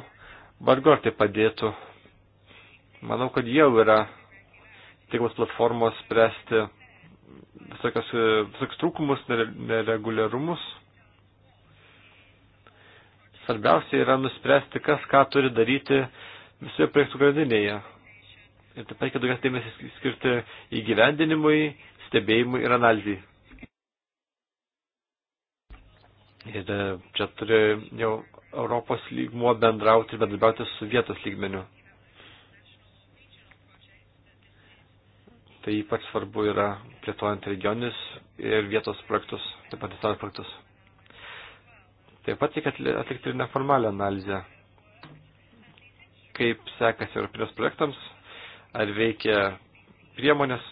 vargortai padėtų. Manau, kad jau yra tikros platformos spręsti visokios, visokios trūkumus, nereguliarumus. Svarbiausia yra nuspręsti, kas ką turi daryti visoje projektų grandinėje. Ir taip pat, kad daugiausiai dėmesį skirti įgyvendinimui, stebėjimui ir analizai. Ir e, čia turi jau Europos lygmuo bendrauti ir bendrauti su vietos lygmeniu. Tai ypač svarbu yra plėtojant regionis ir vietos projektus, taip pat istorijos projektus. Taip pat reikia atlikti ir neformalią analizę. Kaip sekasi europinės projektams, ar veikia priemonės.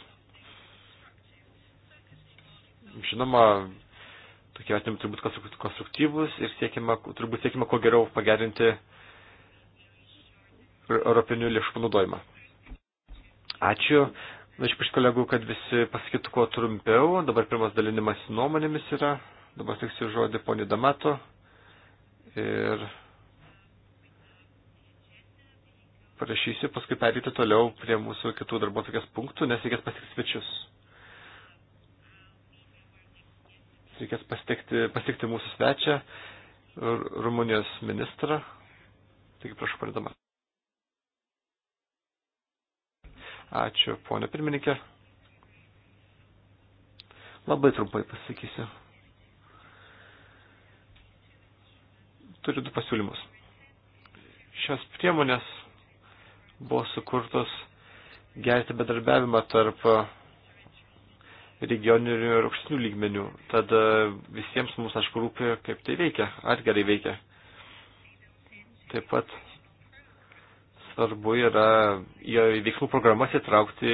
Žinoma, tokie atvejai turbūt konstruktyvus ir siekima, turbūt siekima kuo geriau pagerinti europinių lėšų panaudojimą. Ačiū. Norėčiau iš kolegų, kad visi pasakytų kuo trumpiau. Dabar pirmas dalinimas nuomonėmis yra. Dabar tiksiu žodį poni Damato. Ir parašysiu, paskui perėti toliau prie mūsų kitų darbo tokias punktų, nes reikės pasitikti svečius. reikės pasitikti, pasitikti mūsų svečią, Rumunijos ministrą. Taigi, prašau, pradama. Ačiū, ponė pirmininkė. Labai trumpai pasakysiu. Turiu du pasiūlymus. Šios priemonės buvo sukurtos gerti bedarbiavimą tarp regioninių ir aukštesnių lygmenių. Tad e, visiems mums, aišku, rūpi, kaip tai veikia, ar gerai veikia. Taip pat svarbu yra į veiksmų programas įtraukti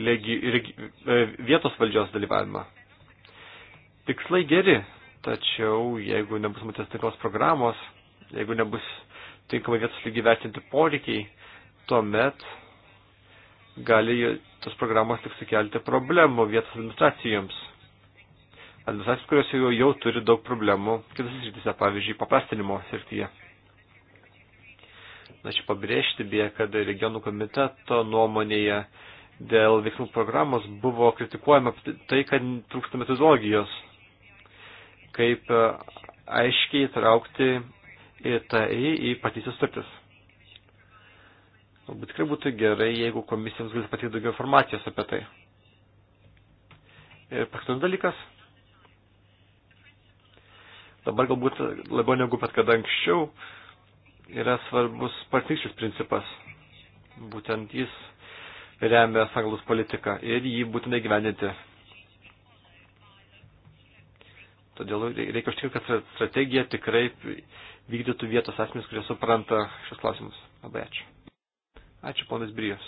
legi, regi, e, vietos valdžios dalyvavimą. Tikslai geri, tačiau jeigu nebus matęs tinklos programos, jeigu nebus tinkamai vietos lygiai vertinti poreikiai, tuomet gali tos programos tik sukelti problemų vietos administracijoms. Administracijos, kurios jau, jau turi daug problemų kitose srityse, pavyzdžiui, paprastinimo srityje. Norėčiau pabrėžti, beje, kad regionų komiteto nuomonėje dėl veiksmų programos buvo kritikuojama tai, kad trūksta metodologijos, kaip aiškiai traukti į tai į patysios sutartis. Galbūt tikrai būtų gerai, jeigu komisijoms galėtų pateikti daugiau informacijos apie tai. Ir paskutinis dalykas. Dabar galbūt labiau negu pat kada anksčiau yra svarbus partnerystės principas. Būtent jis remia sanglus politiką ir jį būtinai gyveninti. Todėl reikia užtikrinti, kad strategija tikrai vykdytų vietos asmenys, kurie supranta šios klausimus. Labai ačiū. Ačiū, ponas Brijos.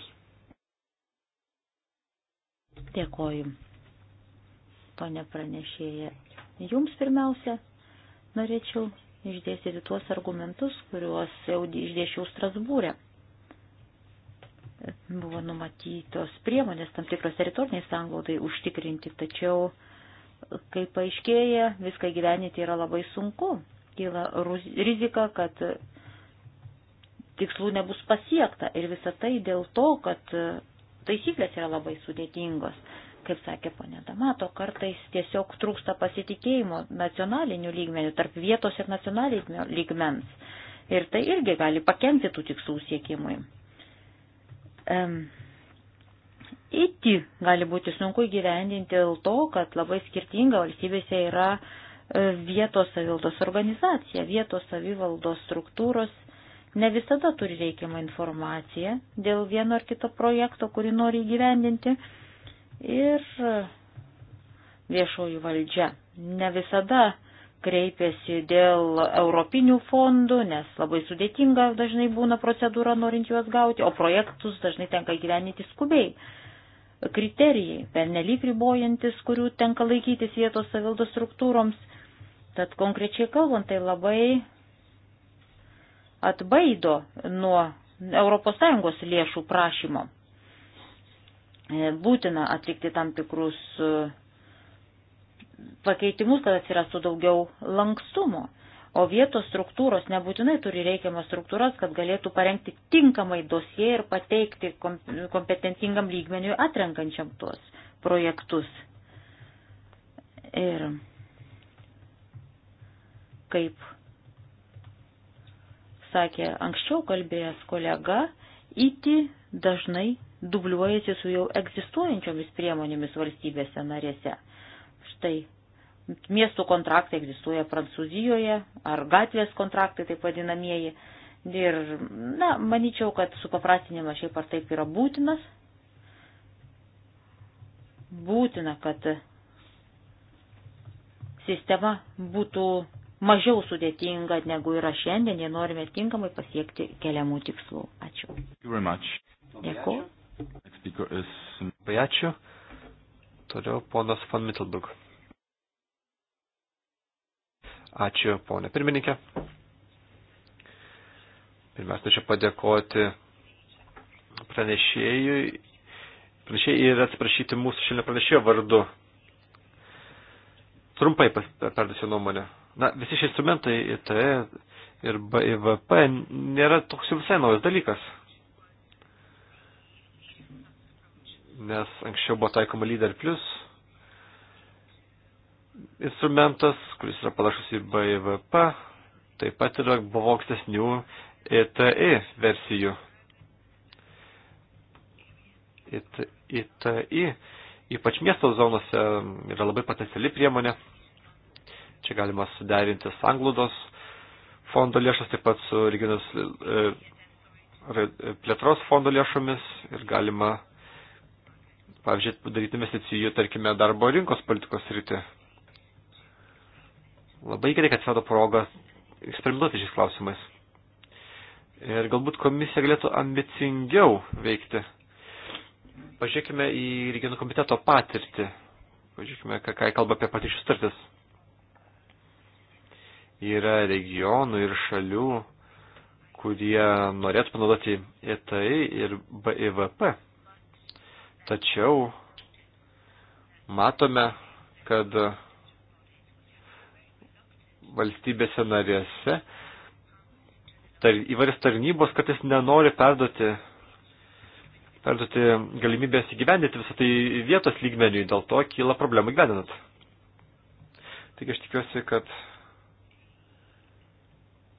Dėkoju, ponė pranešėja. Jums pirmiausia, norėčiau išdėstyti tuos argumentus, kuriuos jau išdėšiau Strasbūrė. Buvo numatytos priemonės tam tikros teritoriniai sanglaudai užtikrinti, tačiau, kaip paaiškėja, viską gyveninti yra labai sunku. Kyla rizika, kad tikslų nebus pasiekta. Ir visa tai dėl to, kad e, taisyklės yra labai sudėtingos. Kaip sakė ponė Damato, kartais tiesiog trūksta pasitikėjimo nacionalinių lygmenių, tarp vietos ir nacionalinio lygmens. Ir tai irgi gali pakengti tų tikslų siekimui. Um, Įti gali būti sunku įgyvendinti dėl to, kad labai skirtinga valstybėse yra e, vietos savivaldos organizacija, vietos savivaldos struktūros ne visada turi reikiamą informaciją dėl vieno ar kito projekto, kurį nori įgyvendinti. Ir viešoji valdžia ne visada kreipiasi dėl europinių fondų, nes labai sudėtinga dažnai būna procedūra norint juos gauti, o projektus dažnai tenka įgyveninti skubiai. Kriterijai, pernelyg ribojantis, kurių tenka laikytis vietos savildos struktūroms. Tad konkrečiai kalbant, tai labai atbaido nuo ES lėšų prašymo. E, būtina atlikti tam tikrus e, pakeitimus, kad atsirastų daugiau lankstumo, o vietos struktūros nebūtinai turi reikiamas struktūras, kad galėtų parengti tinkamai dosie ir pateikti kompetentingam lygmeniui atrenkančiam tuos projektus. Ir kaip sakė anksčiau kalbėjęs kolega, įti dažnai dubliuojasi su jau egzistuojančiomis priemonėmis valstybėse narėse. Štai miestų kontraktai egzistuoja Prancūzijoje, ar gatvės kontraktai taip vadinamieji. Ir, na, manyčiau, kad supaprastinimas šiaip ar taip yra būtinas. Būtina, kad sistema būtų mažiau sudėtinga negu yra šiandien, jei norime tinkamai pasiekti keliamų tikslų. Ačiū. Dėkuoju. Labai ačiū. Toliau ponas von Mittelburg. Ačiū, ponė pirmininkė. Pirmiausia, norėčiau padėkoti pranešėjui pranešėjai ir atsiprašyti mūsų šiandien pranešėjo vardu. Trumpai perduosiu nuomonę. Na, visi šie instrumentai IT e ir BIVP nėra toks jau visai naujas dalykas. Nes anksčiau buvo taikoma Leader Plus instrumentas, kuris yra panašus į BIVP, taip pat yra buvo ankstesnių ITI e versijų. IT, ITI, e, ypač miesto zonose, yra labai potenciali priemonė. Čia galima suderinti sanglūdos fondo lėšas taip pat su regionos e, plėtros fondo lėšomis ir galima, pavyzdžiui, padaryti investicijų, tarkime, darbo rinkos politikos rytį. Labai gerai, kad atsirado proga eksperimentuoti šiais klausimais. Ir galbūt komisija galėtų ambicingiau veikti. Pažiūrėkime į regionų komiteto patirtį. Pažiūrėkime, ką, ką kalba apie patį šis tartis yra regionų ir šalių, kurie norėtų panaudoti ETI ir BIVP. E Tačiau matome, kad valstybėse narėse tar, įvairias tarnybos kartais nenori perduoti, perduoti galimybės įgyvendinti visą tai vietos lygmeniui, dėl to kyla problemų gyvendinant. Taigi aš tikiuosi, kad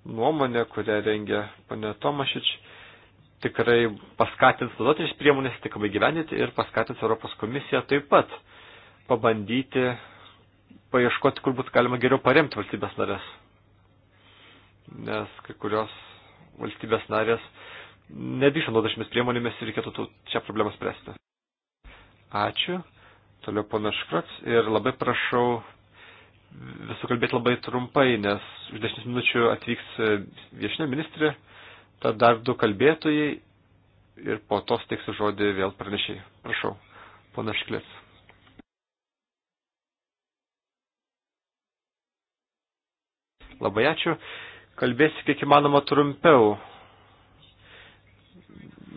nuomonė, kurią rengia pane Tomašič, tikrai paskatins nuolatinės priemonės tikrai gyvendyti ir paskatins Europos komisiją taip pat pabandyti paieškoti, kur būtų galima geriau paremti valstybės narės. Nes kai kurios valstybės narės nedrįšo nuolatinėmis priemonėmis ir reikėtų čia problemą spręsti. Ačiū. Toliau ponas Škrots ir labai prašau visų kalbėti labai trumpai, nes už 10 minučių atvyks viešinė ministrė, tad dar du kalbėtojai ir po to steiksiu žodį vėl pranešiai. Prašau, pana Šklės. Labai ačiū. Kalbėsiu kiek įmanoma trumpiau.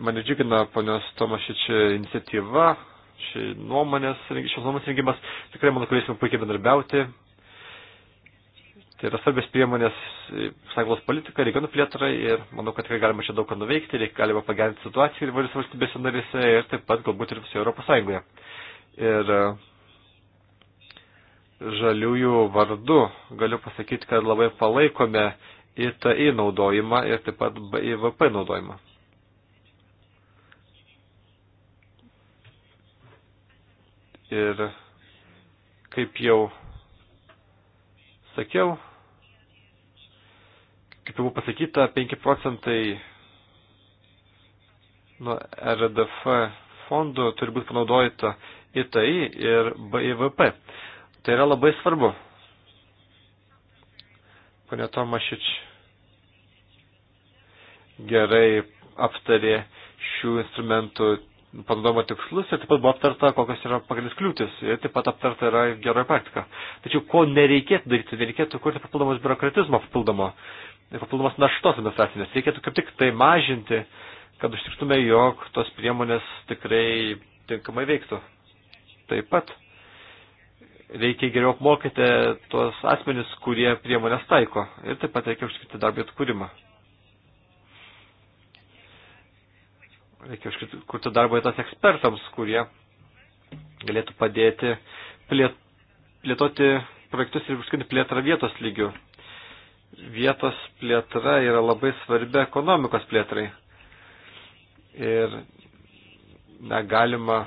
Mane džiugina ponios Tomašič iniciatyva, ši nuomonės, šios nuomonės rengimas. Tikrai, manau, galėsime puikiai bendarbiauti Tai yra svarbios priemonės e, sąjungos politika, regionų plėtrai ir manau, kad tikrai galima čia daug ką nuveikti, reik, galima pagerinti situaciją įvairiose valstybėse narise ir taip pat galbūt ir visoje Europos Sąjungoje. Ir e, žaliųjų vardu galiu pasakyti, kad labai palaikome ITI naudojimą ir taip pat IVP naudojimą. Ir kaip jau sakiau, kaip jau pasakyta, 5 procentai nuo RDF fondų turi būti panaudojta į tai ir BIVP. Tai yra labai svarbu. Pane Tomašič gerai aptarė šių instrumentų paduodama tikslus ir taip pat buvo aptarta, kokios yra pagrindinis kliūtis ir taip pat aptarta yra geroji praktika. Tačiau ko nereikėtų daryti, tai nereikėtų kurti papildomos biurokratizmo papildomo ir papildomos naštos administracinės. Reikėtų kaip tik tai mažinti, kad užtiktume, jog tos priemonės tikrai tinkamai veiktų. Taip pat reikia geriau apmokyti tuos asmenis, kurie priemonės taiko ir taip pat reikia užtikrinti darbo atkūrimą. reikia kurti darbo vietas ekspertams, kurie galėtų padėti plėt, plėtoti projektus ir užskinti plėtrą vietos lygių. Vietos plėtra yra labai svarbi ekonomikos plėtrai. Ir negalima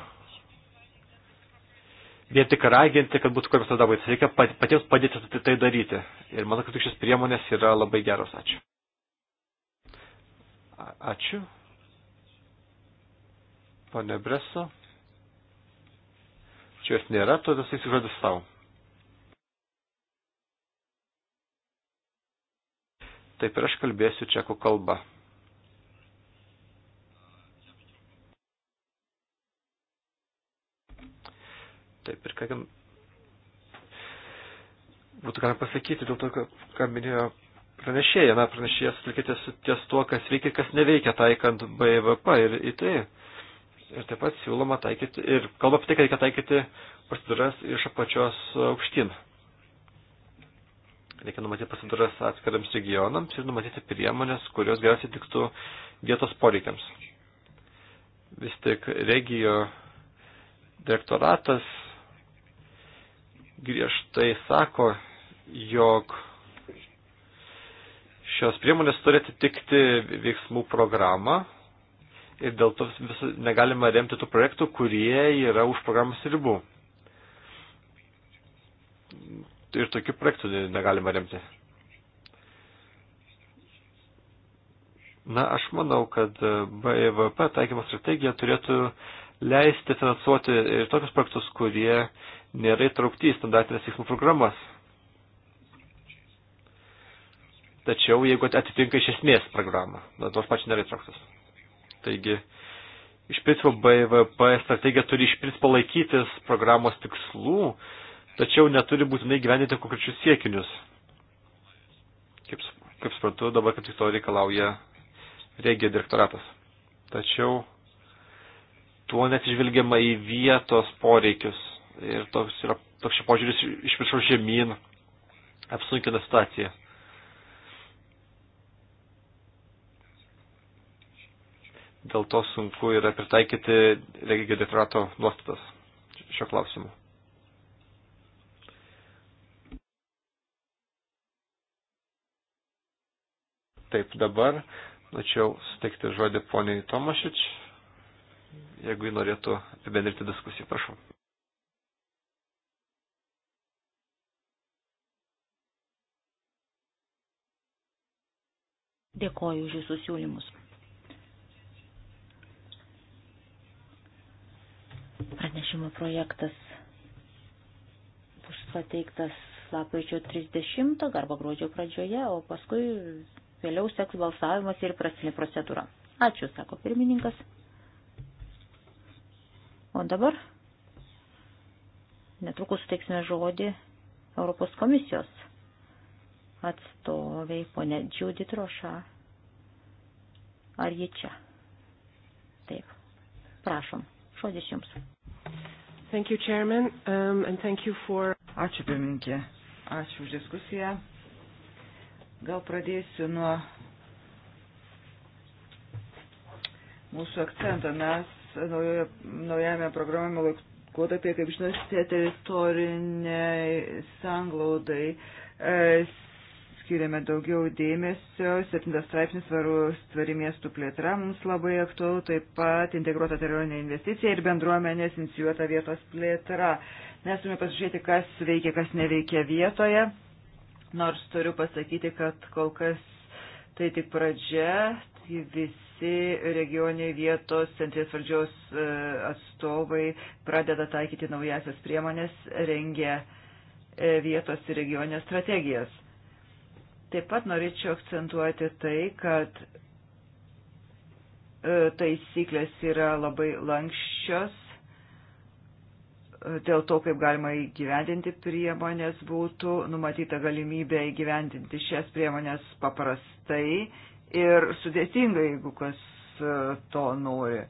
vien tik raginti, kad būtų kuriamas darbo vietas. Reikia patiems padėti tai, tai daryti. Ir manau, kad šis priemonės yra labai geros. Ačiū. Ačiū. Pane Breso. Čia jos nėra, todėl sakysiu žodis savo. Taip ir aš kalbėsiu čekų kalbą. Taip ir ką būtų galima pasakyti dėl to, ką minėjo pranešėja. Na, pranešėjas sutikite su ties tuo, kas veikia, kas neveikia, taikant BVP ir į tai Ir taip pat siūloma taikyti, ir kalba apie tai, kad reikia taikyti procedūras iš apačios aukštyn. Reikia numatyti procedūras atskiriams regionams ir numatyti priemonės, kurios geriausiai tiktų vietos poreikiams. Vis tik regijo direktoratas griežtai sako, jog šios priemonės turi atitikti veiksmų programą ir dėl to vis, negalima remti tų projektų, kurie yra už programos ribų. Ir tokių projektų negalima remti. Na, aš manau, kad e, BVP e taikymo strategija turėtų leisti finansuoti ir tokius projektus, kurie nėra įtraukti į standartinės veiksmų programas. Tačiau, jeigu atitinka iš esmės programą, na, tos pačios nėra įtrauktas. Taigi, iš principo BVP strategija turi iš principo laikytis programos tikslų, tačiau neturi būtinai gyveninti konkrečius siekinius. Kaip, kaip suprantu, dabar kaip tik to reikalauja regija direktoratas. Tačiau tuo nesižvelgiama į vietos poreikius ir toks yra toks šio požiūris iš viršaus žemyn apsunkina situaciją. dėl to sunku yra pritaikyti regio direktorato nuostatas šio klausimu. Taip, dabar norėčiau suteikti žodį poniai Tomašič, jeigu jį norėtų apibendrinti diskusiją, prašau. Dėkoju už jūsų siūlymus. Pranešimo projektas bus pateiktas lapkričio 30 arba gruodžio pradžioje, o paskui vėliau seks balsavimas ir prasinė procedūra. Ačiū, sako pirmininkas. O dabar netrukus suteiksime žodį Europos komisijos atstoviai, ponė Džiūdi Troša. Ar ji čia? Taip. Prašom. Žodis Jums. Thank you, Chairman, um, and thank you for... Ačiū, pirmininkė. Ačiū už diskusiją. Gal pradėsiu nuo mūsų akcentą. Mes naujoje, naujame programavimo laikotarpyje, kaip žinote, teritoriniai sanglaudai e, skiriame daugiau dėmesio. Septintas straipsnis svarus tvari miestų plėtra mums labai aktualu, taip pat integruota teritorinė investicija ir bendruomenės inicijuota vietos plėtra. Mes turime pasižiūrėti, kas veikia, kas neveikia vietoje. Nors turiu pasakyti, kad kol kas tai tik pradžia, tai visi regioniai vietos centrinės valdžios e, atstovai pradeda taikyti naujasias priemonės, rengia e, vietos ir regionės strategijas. Taip pat norėčiau akcentuoti tai, kad e, taisyklės yra labai lankščios, e, dėl to, kaip galima įgyvendinti priemonės, būtų numatyta galimybė įgyvendinti šias priemonės paprastai ir sudėtingai, jeigu kas e, to nori.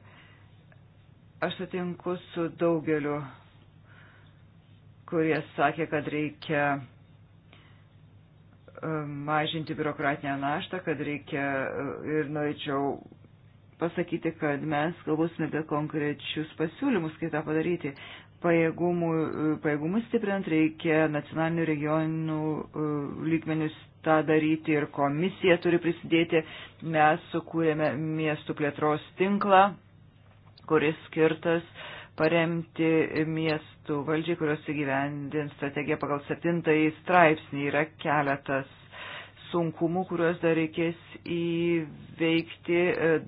Aš sutinku su daugeliu, kurie sakė, kad reikia mažinti biurokratinę naštą, kad reikia e, ir norėčiau pasakyti, kad mes galvosime apie konkrečius pasiūlymus, kaip tą padaryti. Pajėgumų, e, pajėgumus stiprint reikia nacionalinių regionų e, lygmenius tą daryti ir komisija turi prisidėti. Mes sukūrėme miestų plėtros tinklą, kuris skirtas uh, paremti miestų valdžiai, kurios įgyvendins strategiją pagal septintąjį straipsnį. Yra keletas sunkumų, kuriuos dar reikės įveikti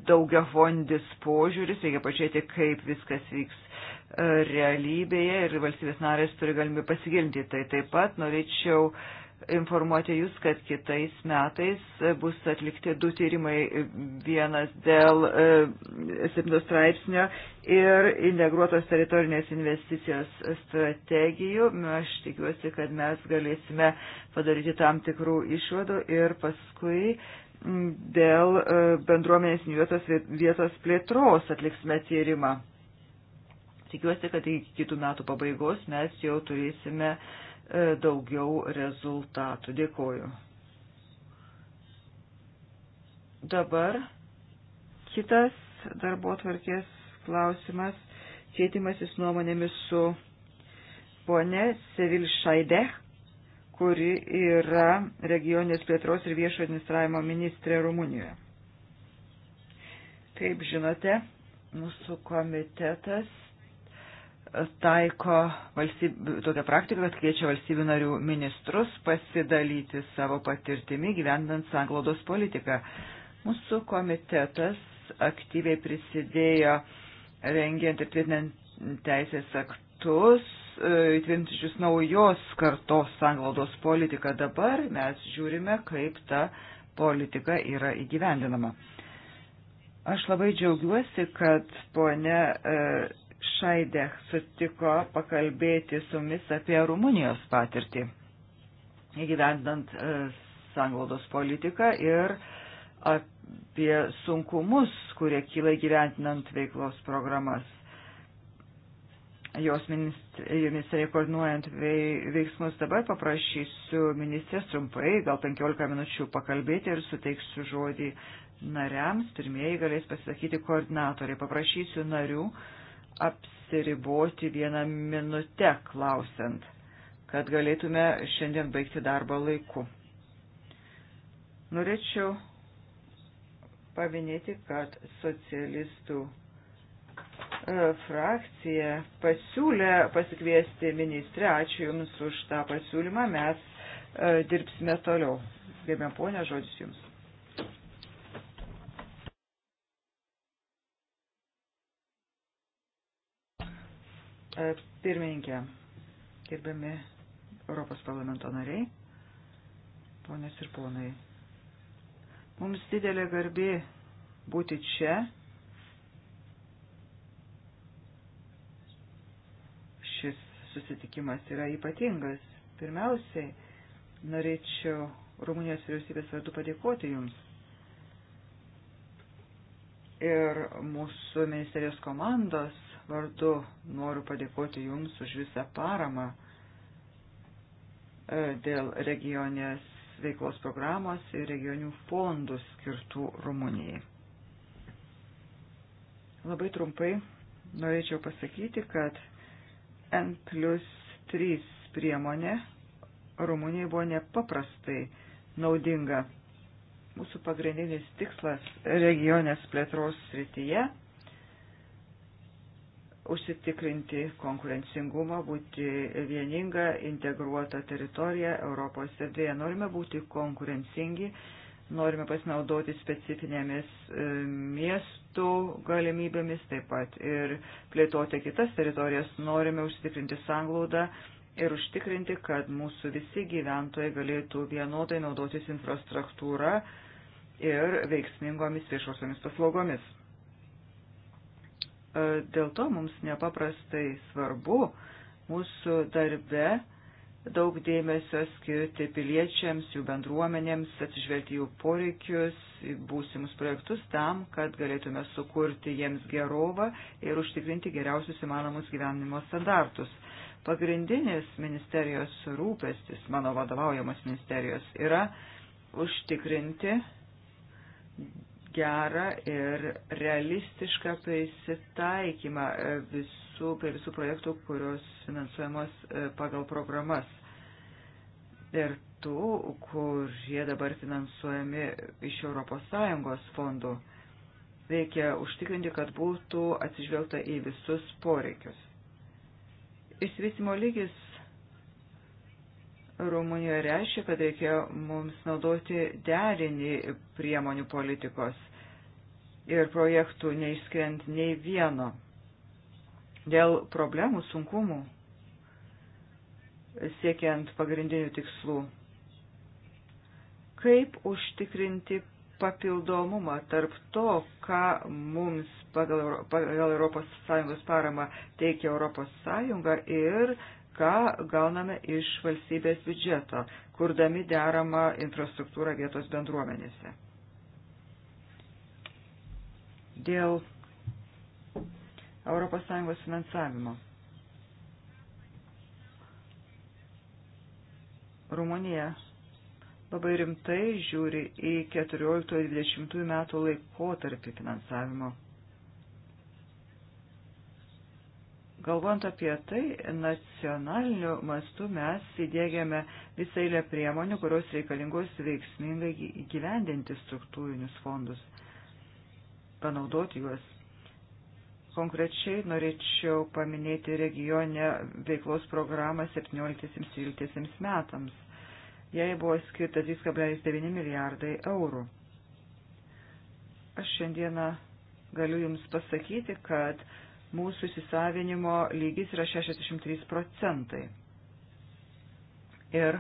daugia fondis požiūris, reikia pažiūrėti, kaip viskas vyks e, realybėje ir valstybės narės turi galimybę pasigilinti. Tai taip pat norėčiau uh, informuoti Jūs, kad kitais metais bus atlikti du tyrimai, vienas dėl 7 e, straipsnio ir integruotos teritorinės investicijos strategijų. Aš tikiuosi, kad mes galėsime padaryti tam tikrų išvadų ir paskui dėl e, bendruomenės vietos, vietos plėtros atliksime tyrimą. Tikiuosi, kad iki kitų metų pabaigos mes jau turėsime uh, E, daugiau rezultatų. Dėkoju. Dabar kitas darbo tvarkės klausimas - keitimasis nuomonėmis su ponė Sevil Šaide, kuri yra regioninės plėtros ir viešo administravimo ministrė Rumunijoje. Kaip žinote, mūsų komitetas taiko valstyb, tokią praktiką, kad kviečia valstybių narių ministrus pasidalyti savo patirtimi gyvendant sanglaudos politiką. Mūsų komitetas aktyviai prisidėjo rengiant ir tvirtinant teisės aktus, e, įtvirtinčius naujos kartos sanglaudos politiką. Dabar mes žiūrime, kaip ta politika yra įgyvendinama. Aš labai džiaugiuosi, kad ponia e, Šaidech sutiko pakalbėti su mumis apie Rumunijos patirtį, įgyvendant e, sanglaudos politiką ir apie sunkumus, kurie kyla įgyvendinant veiklos programas. Jos ministrė koordinuojant veiksmus dabar paprašysiu ministrės trumpai, gal 15 minučių pakalbėti ir suteiksiu žodį nariams. Pirmieji galės pasisakyti koordinatoriai. Paprašysiu narių uh, apsiriboti vieną minutę klausiant, kad galėtume šiandien baigti darbą laiku. Norėčiau paminėti, kad socialistų e, frakcija pasiūlė pasikviesti ministrę. Ačiū Jums už tą pasiūlymą. Mes e, dirbsime toliau. Gerbėm ponę, žodis Jums. E, pirmininkė, gerbiami Europos parlamento nariai, ponės ir ponai, mums didelė garbė būti čia. Šis susitikimas yra ypatingas. Pirmiausiai, norėčiau Rumunijos vyriausybės vardu padėkoti Jums ir mūsų ministerijos komandos vardu noriu padėkoti Jums už visą paramą e, dėl regionės veiklos programos ir regionių fondų skirtų Rumunijai. Labai trumpai norėčiau pasakyti, kad N plus 3 priemonė Rumunijai buvo nepaprastai naudinga. Mūsų pagrindinis tikslas regionės plėtros srityje užsitikrinti konkurencingumą, būti vieninga, integruota teritorija Europos erdvėje. Norime būti konkurencingi, norime pasinaudoti specifinėmis e, miestų galimybėmis taip pat ir plėtoti kitas teritorijas, norime užsitikrinti sanglaudą ir užtikrinti, kad mūsų visi gyventojai galėtų vienodai naudotis infrastruktūra ir veiksmingomis viešosiomis paslaugomis. Dėl to mums nepaprastai svarbu mūsų darbe daug dėmesio skirti piliečiams, jų bendruomenėms, atsižvelgti jų poreikius, būsimus projektus tam, kad galėtume sukurti jiems gerovą ir užtikrinti geriausius įmanomus gyvenimo standartus. Pagrindinis ministerijos rūpestis, mano vadovaujamos ministerijos, yra užtikrinti gerą ir realistišką prisitaikymą e, visų, prie visų projektų, kurios finansuojamos e, pagal programas. Ir tų, kurie dabar finansuojami iš ES fondų. Reikia užtikrinti, kad būtų atsižvelgta į visus poreikius. Išsivysimo lygis Rumunijoje reiškia, kad reikia mums naudoti derinį priemonių politikos ir projektų neišskiriant nei vieno. Dėl problemų, sunkumų siekiant pagrindinių tikslų. Kaip užtikrinti papildomumą tarp to, ką mums pagal, pagal ES paramą teikia ES ir ką gauname iš valstybės biudžeto, kurdami deramą infrastruktūrą vietos bendruomenėse. Dėl ES finansavimo. Rumunija labai rimtai žiūri į 14-20 metų laikotarpį finansavimo Galvojant apie tai, nacionaliniu mastu mes įdėgiame visą eilę priemonių, kurios reikalingos veiksmingai gyvendinti struktūrinius fondus, panaudoti juos. Konkrečiai norėčiau paminėti regionę veiklos programą 17-13 metams. Jai buvo skirta 3,9 milijardai eurų. Aš šiandieną galiu Jums pasakyti, kad mūsų įsisavinimo lygis yra 63 procentai. Ir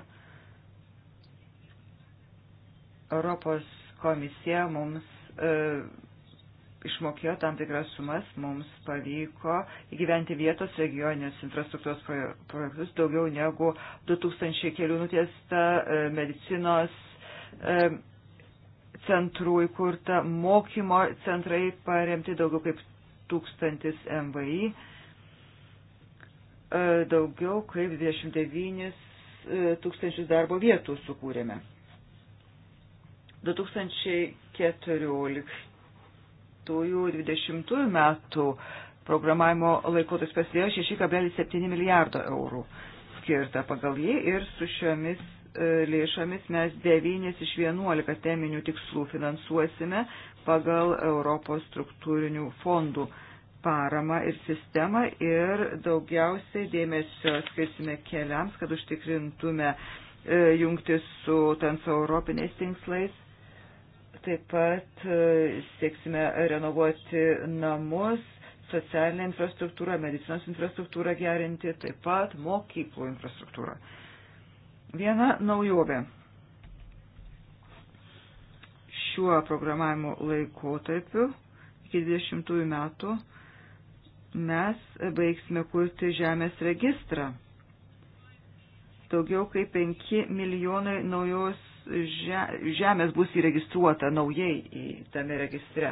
Europos komisija mums e, išmokėjo tam tikras sumas, mums pavyko įgyventi vietos regioninės infrastruktūros projektus daugiau negu 2000 kelių nutiesta e, medicinos e, centrų įkurta, mokymo centrai paremti daugiau kaip tūkstantis MVI, e, daugiau kaip 29 e, tūkstančius darbo vietų sukūrėme. 2014-2020 metų programavimo laikotarpis prasidėjo 6,7 milijardo eurų skirta pagal jį ir su šiomis e, lėšomis mes 9 iš 11 teminių tikslų finansuosime, pagal Europos struktūrinių fondų paramą ir sistemą ir daugiausiai dėmesio skirsime keliams, kad užtikrintume e, jungtis su transeuropiniais tinklais. Taip pat e, sieksime renovuoti namus, socialinę infrastruktūrą, medicinos infrastruktūrą gerinti, taip pat mokyklų infrastruktūrą. Viena naujovė šiuo programavimo laikotarpiu iki 20 metų mes baigsime kurti žemės registrą. Daugiau kaip 5 milijonai naujos žemės bus įregistruota naujai į tame registre.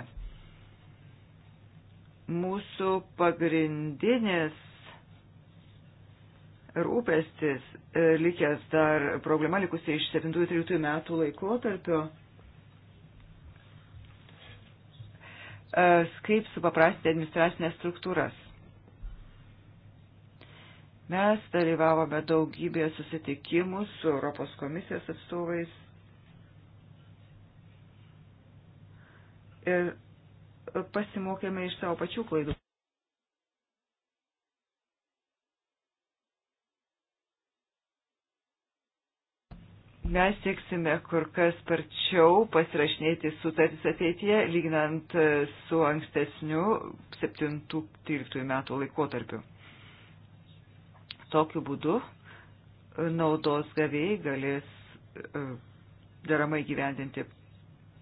Mūsų pagrindinės rūpestis e, likęs dar problema likusi iš 7-13 metų laikotarpio E, kaip supaprasti administracinės struktūras. Mes dalyvavome daugybėje susitikimų su Europos komisijos atstovais ir pasimokėme iš savo pačių klaidų. Mes sieksime kur kas sparčiau pasirašinėti sutartis ateityje, lyginant e, su ankstesniu 7-13 metų laikotarpiu. Tokiu būdu e, naudos gavėjai galės e, deramai gyvendinti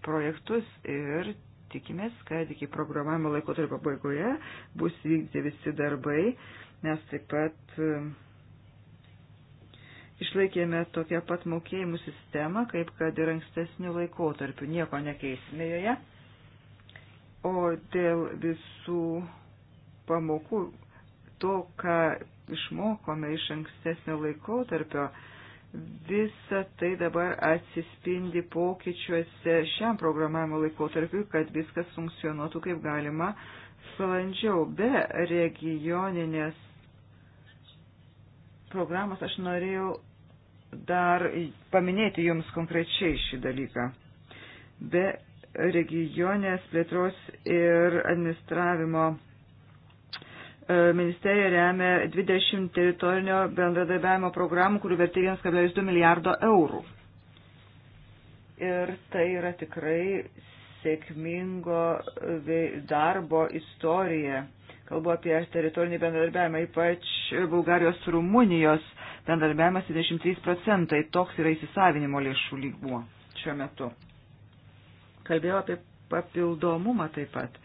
projektus ir tikimės, kad iki programavimo laikotarpio pabaigoje bus vykdyti visi darbai. Mes taip pat Išlaikėme tokią pat mokėjimų sistemą, kaip kad ir ankstesnių laikotarpių. Nieko nekeisime joje. O dėl visų pamokų, to, ką išmokome iš ankstesnio laikotarpio, visa tai dabar atsispindi pokyčiuose šiam programavimo laikotarpiu, kad viskas funkcionuotų kaip galima sklandžiau. Be regioninės programos aš norėjau dar paminėti jums konkrečiai šį dalyką. Be regionės plėtros ir administravimo e, ministerija remia 20 teritorinio bendradarbiavimo programų, kurių vertė 1,2 milijardo eurų. Ir tai yra tikrai sėkmingo e, darbo istorija. Kalbu apie teritorinį bendradarbiavimą, ypač Bulgarijos Rumunijos bendarbiavimas 23 procentai. Toks yra įsisavinimo lėšų lygmuo šiuo metu. Kalbėjau apie papildomumą taip pat.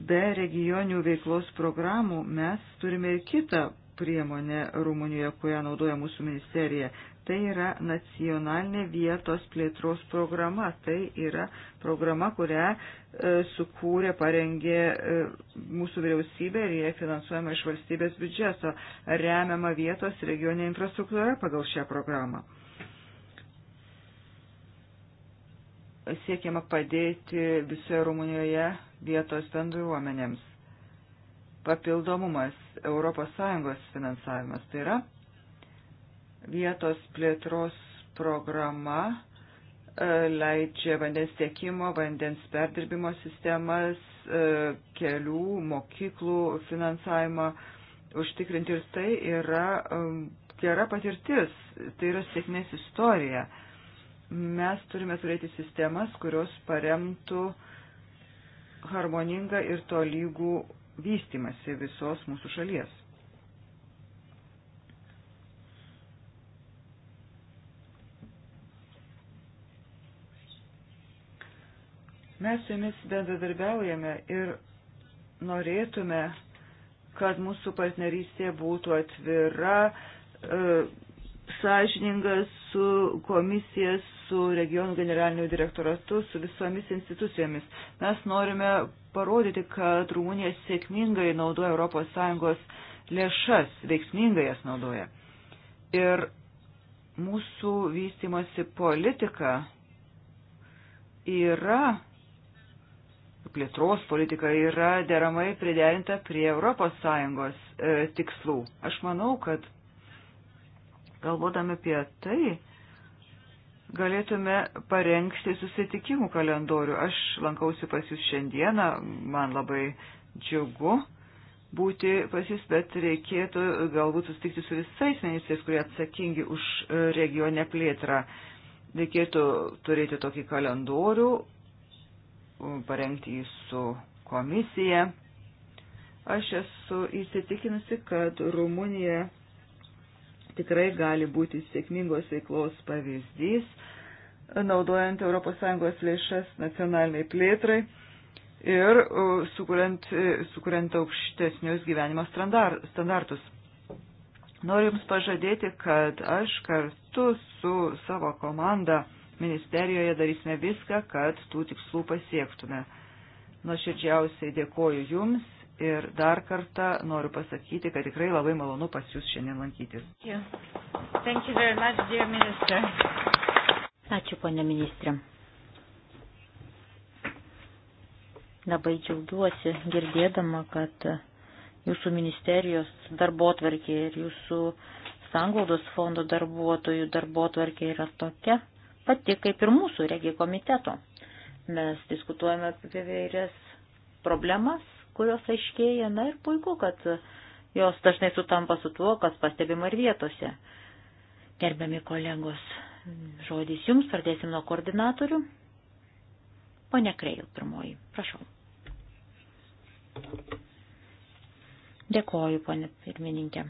Be regionių veiklos programų mes turime ir kitą priemonę Rumunijoje, kurią naudoja mūsų ministerija. Tai yra nacionalinė vietos plėtros programa. Tai yra programa, kurią e, sukūrė, parengė e, mūsų vyriausybė ir jie finansuojama iš valstybės biudžeto, remiama vietos regioninė infrastruktūra pagal šią programą. Siekiama padėti visoje Rumunijoje vietos bendruomenėms. Papildomumas ES finansavimas tai yra Vietos plėtros programa e, leidžia vandens tiekimo, vandens perdirbimo sistemas, e, kelių, mokyklų finansavimą užtikrinti ir tai yra um, gera patirtis, tai yra sėkmės istorija. Mes turime turėti sistemas, kurios paremtų harmoningą ir tolygų vystimasi visos mūsų šalies. Mes su jumis bendradarbiaujame ir norėtume, kad mūsų partnerystė būtų atvira, e, sąžininga su komisija, su regionų generaliniu direktoratu, su visomis institucijomis. Mes norime parodyti, kad Rumunija sėkmingai naudoja ES lėšas, veiksmingai jas naudoja. Ir mūsų vystimosi politika yra plėtros politika yra deramai priderinta prie ES e, tikslų. Aš manau, kad galvodami apie tai, galėtume parengti susitikimų kalendorių. Aš lankausi pas jūs šiandieną, man labai džiugu būti pas jūs, bet reikėtų galbūt susitikti su visais ministrais, kurie atsakingi už e, regionę plėtrą. Reikėtų turėti tokį kalendorių, parengti jį su komisija. Aš esu įsitikinusi, kad Rumunija tikrai gali būti sėkmingos veiklos pavyzdys, naudojant ES lėšas nacionaliniai plėtrai ir sukuriant, sukuriant aukštesnius gyvenimo standartus. Noriu Jums pažadėti, kad aš kartu su savo komanda ministerijoje darysime viską, kad tų tikslų pasiektume. Nuoširdžiausiai dėkoju Jums ir dar kartą noriu pasakyti, kad tikrai labai malonu pas Jūs šiandien lankytis. Thank you very much, dear minister. Ačiū, ponė ministrė. Labai džiaugiuosi girdėdama, kad jūsų ministerijos darbo tvarkė ir jūsų sanglaudos fondo darbuotojų darbo tvarkė yra tokia, pati kaip ir mūsų regijų komiteto. Mes diskutuojame apie vairias problemas, kurios aiškėja, na ir puiku, kad jos dažnai sutampa su tuo, kas pastebima ir vietose. Gerbiami kolegos, žodis jums, pradėsim nuo koordinatorių. Pone Kreil, pirmoji, prašau. Dėkoju, ponė pirmininkė.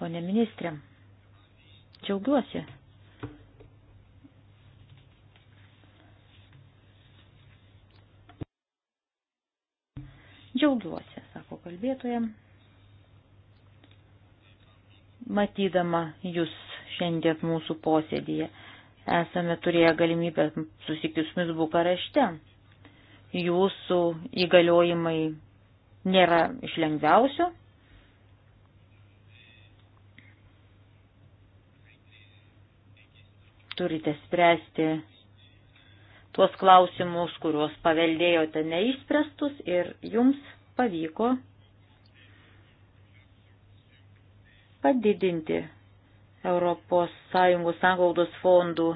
Pone ministrė, džiaugiuosi, Džiaugiuosi, sako kalbėtoja, matydama jūs šiandien mūsų posėdėje. Esame turėję galimybę susikius mis Bukarešte. Jūsų įgaliojimai nėra iš lengviausių. Turite spręsti tuos klausimus, kuriuos paveldėjote neišspręstus ir jums pavyko padidinti ES sąnaudos fondų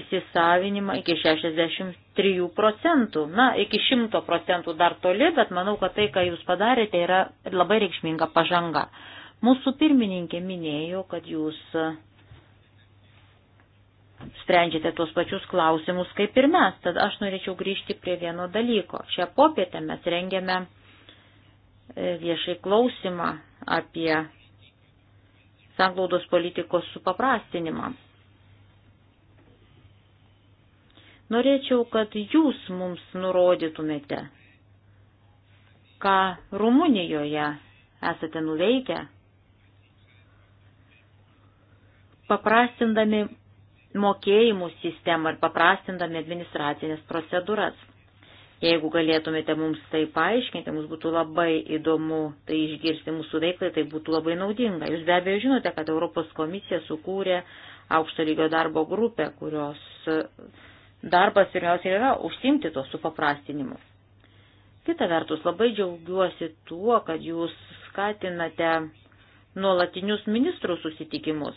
įsisavinimą iki 63 procentų. Na, iki 100 procentų dar toli, bet manau, kad tai, ką jūs padarėte, yra labai reikšminga pažanga. Mūsų pirmininkė minėjo, kad jūs sprendžiate tuos pačius klausimus kaip ir mes. Tad aš norėčiau grįžti prie vieno dalyko. Šią popietę mes rengiame e, viešai klausimą apie sanglaudos politikos supaprastinimą. Norėčiau, kad jūs mums nurodytumėte, ką Rumunijoje esate nuveikę, paprastindami mokėjimų sistemą ir paprastindami administracinės procedūras. Jeigu galėtumėte mums tai paaiškinti, mums būtų labai įdomu tai išgirsti mūsų veiklai, tai būtų labai naudinga. Jūs be abejo žinote, kad Europos komisija sukūrė aukšto lygio darbo grupę, kurios e, darbas pirmiausia yra užsimti to supaprastinimu. Kita vertus, labai džiaugiuosi tuo, kad jūs skatinate nuolatinius ministrų susitikimus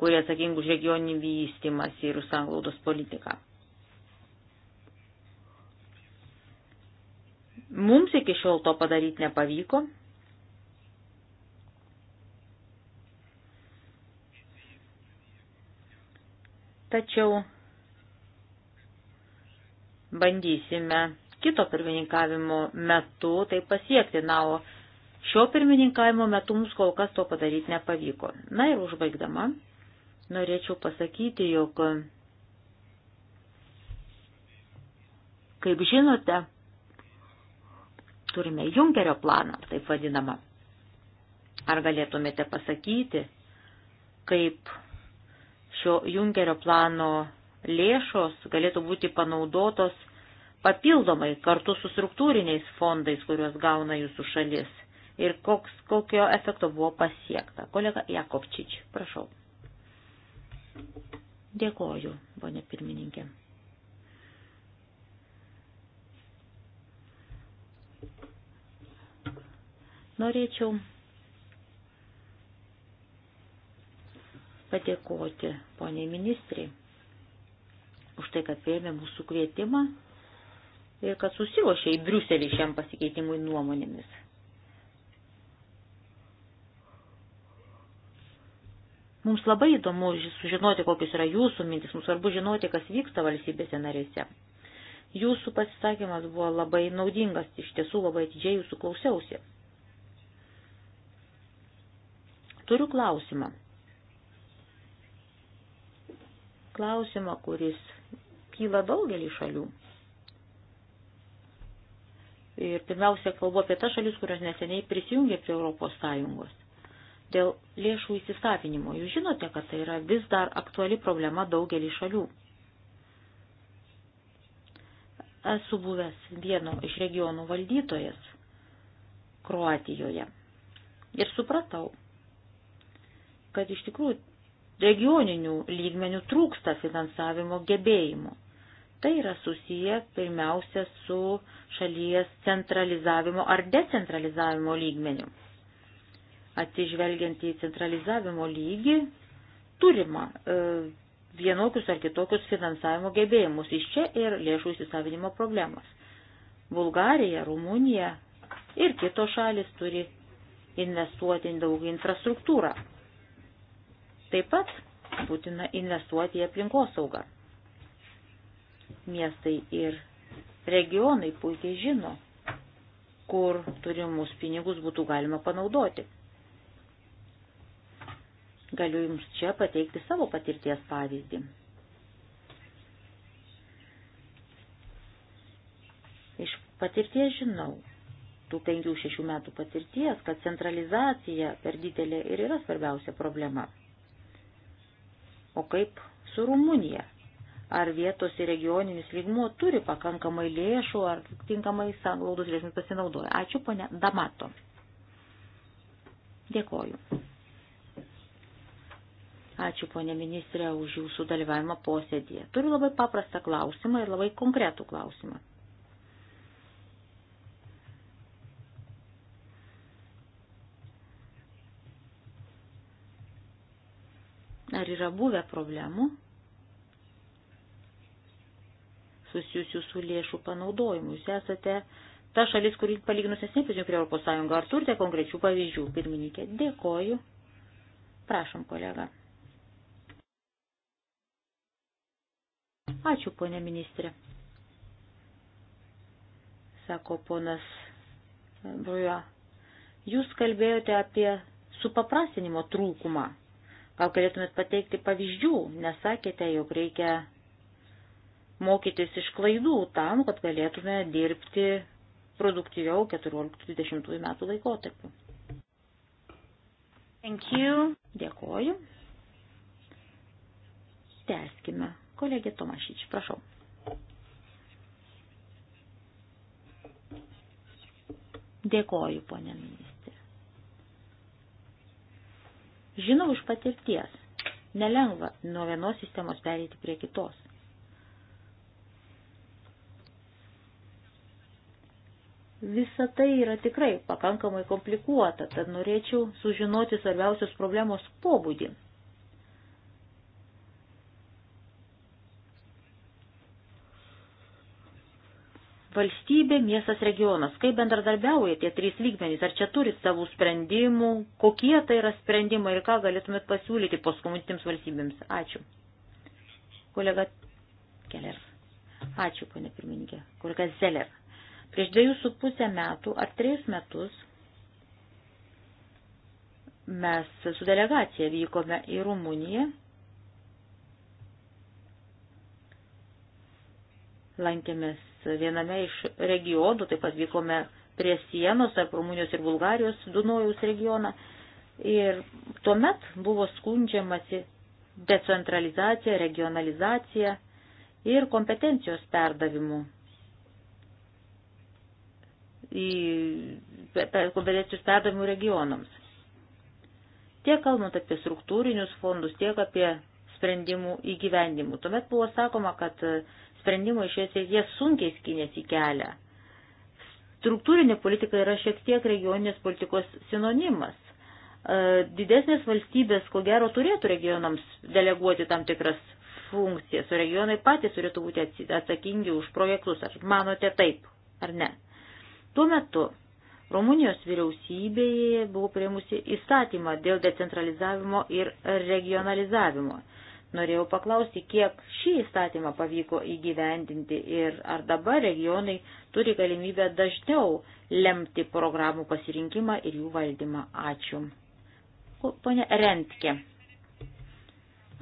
kurie atsakingi už regioninį vystimas ir sanglaudos politiką. Mums iki šiol to padaryti nepavyko. Tačiau bandysime kito pirmininkavimo metu tai pasiekti. Na, o šio pirmininkavimo metu mums kol kas to padaryti nepavyko. Na ir užbaigdama, norėčiau pasakyti, jog, kaip žinote, turime Junkerio planą, taip vadinamą. Ar galėtumėte pasakyti, kaip šio Junkerio plano lėšos galėtų būti panaudotos papildomai kartu su struktūriniais fondais, kuriuos gauna jūsų šalis? Ir koks, kokio efekto buvo pasiekta? Kolega Jakovčič, prašau. Dėkoju, ponė pirmininkė. Norėčiau padėkoti poniai ministrai už tai, kad priėmė mūsų kvietimą ir kad susiuošė į Briuselį šiam pasikeitimui nuomonėmis. Mums labai įdomu sužinoti, kokius yra jūsų mintis, mums svarbu žinoti, kas vyksta valstybėse narėse. Jūsų pasisakymas buvo labai naudingas, iš tiesų labai atidžiai jūsų klausiausi. Turiu klausimą. Klausimą, kuris kyla daugelį šalių. Ir pirmiausia, kalbu apie tas šalis, kurios neseniai prisijungė prie Europos Sąjungos dėl lėšų įsisavinimo. Jūs žinote, kad tai yra vis dar aktuali problema daugelį šalių. Esu buvęs vieno iš regionų valdytojas Kroatijoje ir supratau, kad iš tikrųjų regioninių lygmenių trūksta finansavimo gebėjimų. Tai yra susiję pirmiausia su šalies centralizavimo ar decentralizavimo lygmeniu atsižvelgiant į centralizavimo lygį, turima e, vienokius ar kitokius finansavimo gebėjimus. Iš čia ir lėšų įsisavinimo problemas. Bulgarija, Rumunija ir kitos šalis turi investuoti daug į infrastruktūrą. Taip pat būtina investuoti į aplinkosaugą. Miestai ir regionai puikiai žino, kur turimus pinigus būtų galima panaudoti. Galiu Jums čia pateikti savo patirties pavyzdį. Iš patirties žinau, tų penkių šešių metų patirties, kad centralizacija per didelė ir yra svarbiausia problema. O kaip su Rumunija? Ar vietos ir regioninis lygmuo turi pakankamai lėšų, ar tinkamai sanglaudos lėšomis pasinaudoja? Ačiū, ponė Damato. Dėkoju. Ačiū, ponė ministrė, už jūsų dalyvavimą posėdėje. Turiu labai paprastą klausimą ir labai konkretų klausimą. Ar yra buvę problemų susijusių su lėšų panaudojimu? Jūs esate ta šalis, kuri palyginus nesneprisijungia prie Europos Sąjungą. Ar turite konkrečių pavyzdžių, pirmininkė? Dėkoju. Prašom, kolega. Ačiū, ponė ministrė. Sako ponas Brujo. Jūs kalbėjote apie supaprastinimo trūkumą. Gal galėtumėt pateikti pavyzdžių, nesakėte, jog reikia mokytis iš klaidų tam, kad galėtume dirbti produktyviau 14-20 metų laikotarpiu. Thank you. Dėkoju. Teskime Kolegė Tomašyč, prašau. Dėkoju, ponė ministrė. Žinau iš patirties, nelengva nuo vienos sistemos pereiti prie kitos. Visa tai yra tikrai pakankamai komplikuota, tad norėčiau sužinoti svarbiausios problemos pobūdį. valstybė, miestas, regionas, kaip bendradarbiauja tie trys lygmenys, ar čia turit savų sprendimų, kokie tai yra sprendimai ir ką galėtumėt pasiūlyti poskomunitinėms valstybėms. Ačiū. Kolega Keller. Ačiū, ponė pirmininkė. Kolega Zeller. Prieš dviejų su pusę metų ar trejus metus mes su delegacija vykome į Rumuniją lankėmės viename iš regionų, taip pat vykome prie sienos tarp Rumunijos ir Bulgarijos Dunojaus regioną. Ir tuomet buvo skundžiamasi decentralizacija, regionalizacija ir kompetencijos perdavimu. Į kompetencijos perdavimu regionams. Tiek kalbant apie struktūrinius fondus, tiek apie sprendimų įgyvendimų. Tuomet buvo sakoma, kad sprendimai šioje srityje sunkiai skinėsi kelią. Struktūrinė politika yra šiek tiek regioninės politikos sinonimas. E, didesnės valstybės, ko gero, turėtų regionams deleguoti tam tikras funkcijas, o regionai patys turėtų būti atsakingi už projektus. Ar manote taip, ar ne? Tuo metu Rumunijos vyriausybėje buvo prieimusi įstatymą dėl decentralizavimo ir regionalizavimo. Norėjau paklausti, kiek šį įstatymą pavyko įgyvendinti ir ar dabar regionai turi galimybę dažniau lemti programų pasirinkimą ir jų valdymą. Ačiū. Pone Rentke.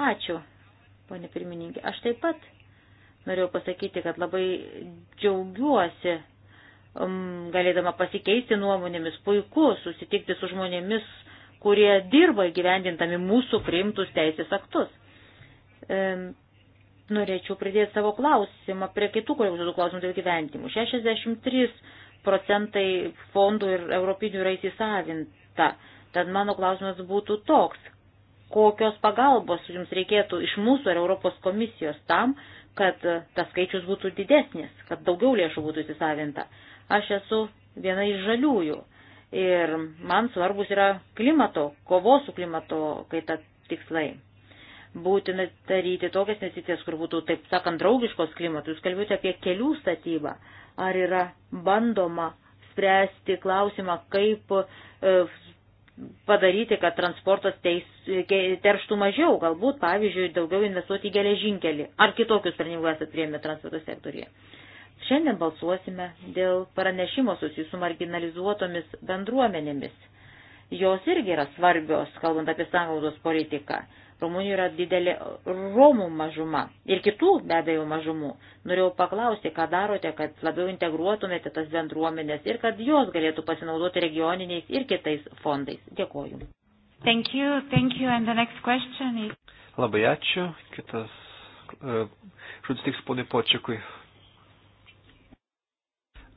Ačiū, pone pirmininkė. Aš taip pat norėjau pasakyti, kad labai džiaugiuosi um, galėdama pasikeisti nuomonėmis, puiku susitikti su žmonėmis, kurie dirba įgyvendintami mūsų priimtus teisės aktus norėčiau pridėti savo klausimą prie kitų kolegų klausimų dėl gyventimų. 63 procentai fondų ir europinių yra įsisavinta. Tad mano klausimas būtų toks, kokios pagalbos jums reikėtų iš mūsų ar Europos komisijos tam, kad tas skaičius būtų didesnis, kad daugiau lėšų būtų įsisavinta. Aš esu viena iš žaliųjų ir man svarbus yra klimato, kovos su klimato kaita tikslai būtina daryti tokias investicijas, kur būtų, taip sakant, draugiškos klimatui. Jūs kalbėjote apie kelių statybą. Ar yra bandoma spręsti klausimą, kaip e, padaryti, kad transportas teis, terštų mažiau, galbūt, pavyzdžiui, daugiau investuoti į geležinkelį ar kitokius sprendimus esate priėmę transporto sektorija. Šiandien balsuosime dėl pranešimo susijusių marginalizuotomis bendruomenėmis. Jos irgi yra svarbios, kalbant apie sąnaudos politiką. Rumunijoje yra didelė Romų mažuma ir kitų be abejo mažumų. Norėjau paklausti, ką darote, kad labiau integruotumėte tas bendruomenės ir kad jos galėtų pasinaudoti regioniniais ir kitais fondais. Dėkoju. Thank you, thank you. And the next question is... Labai ačiū. Kitas uh, žodis tiks ponui Počiakui.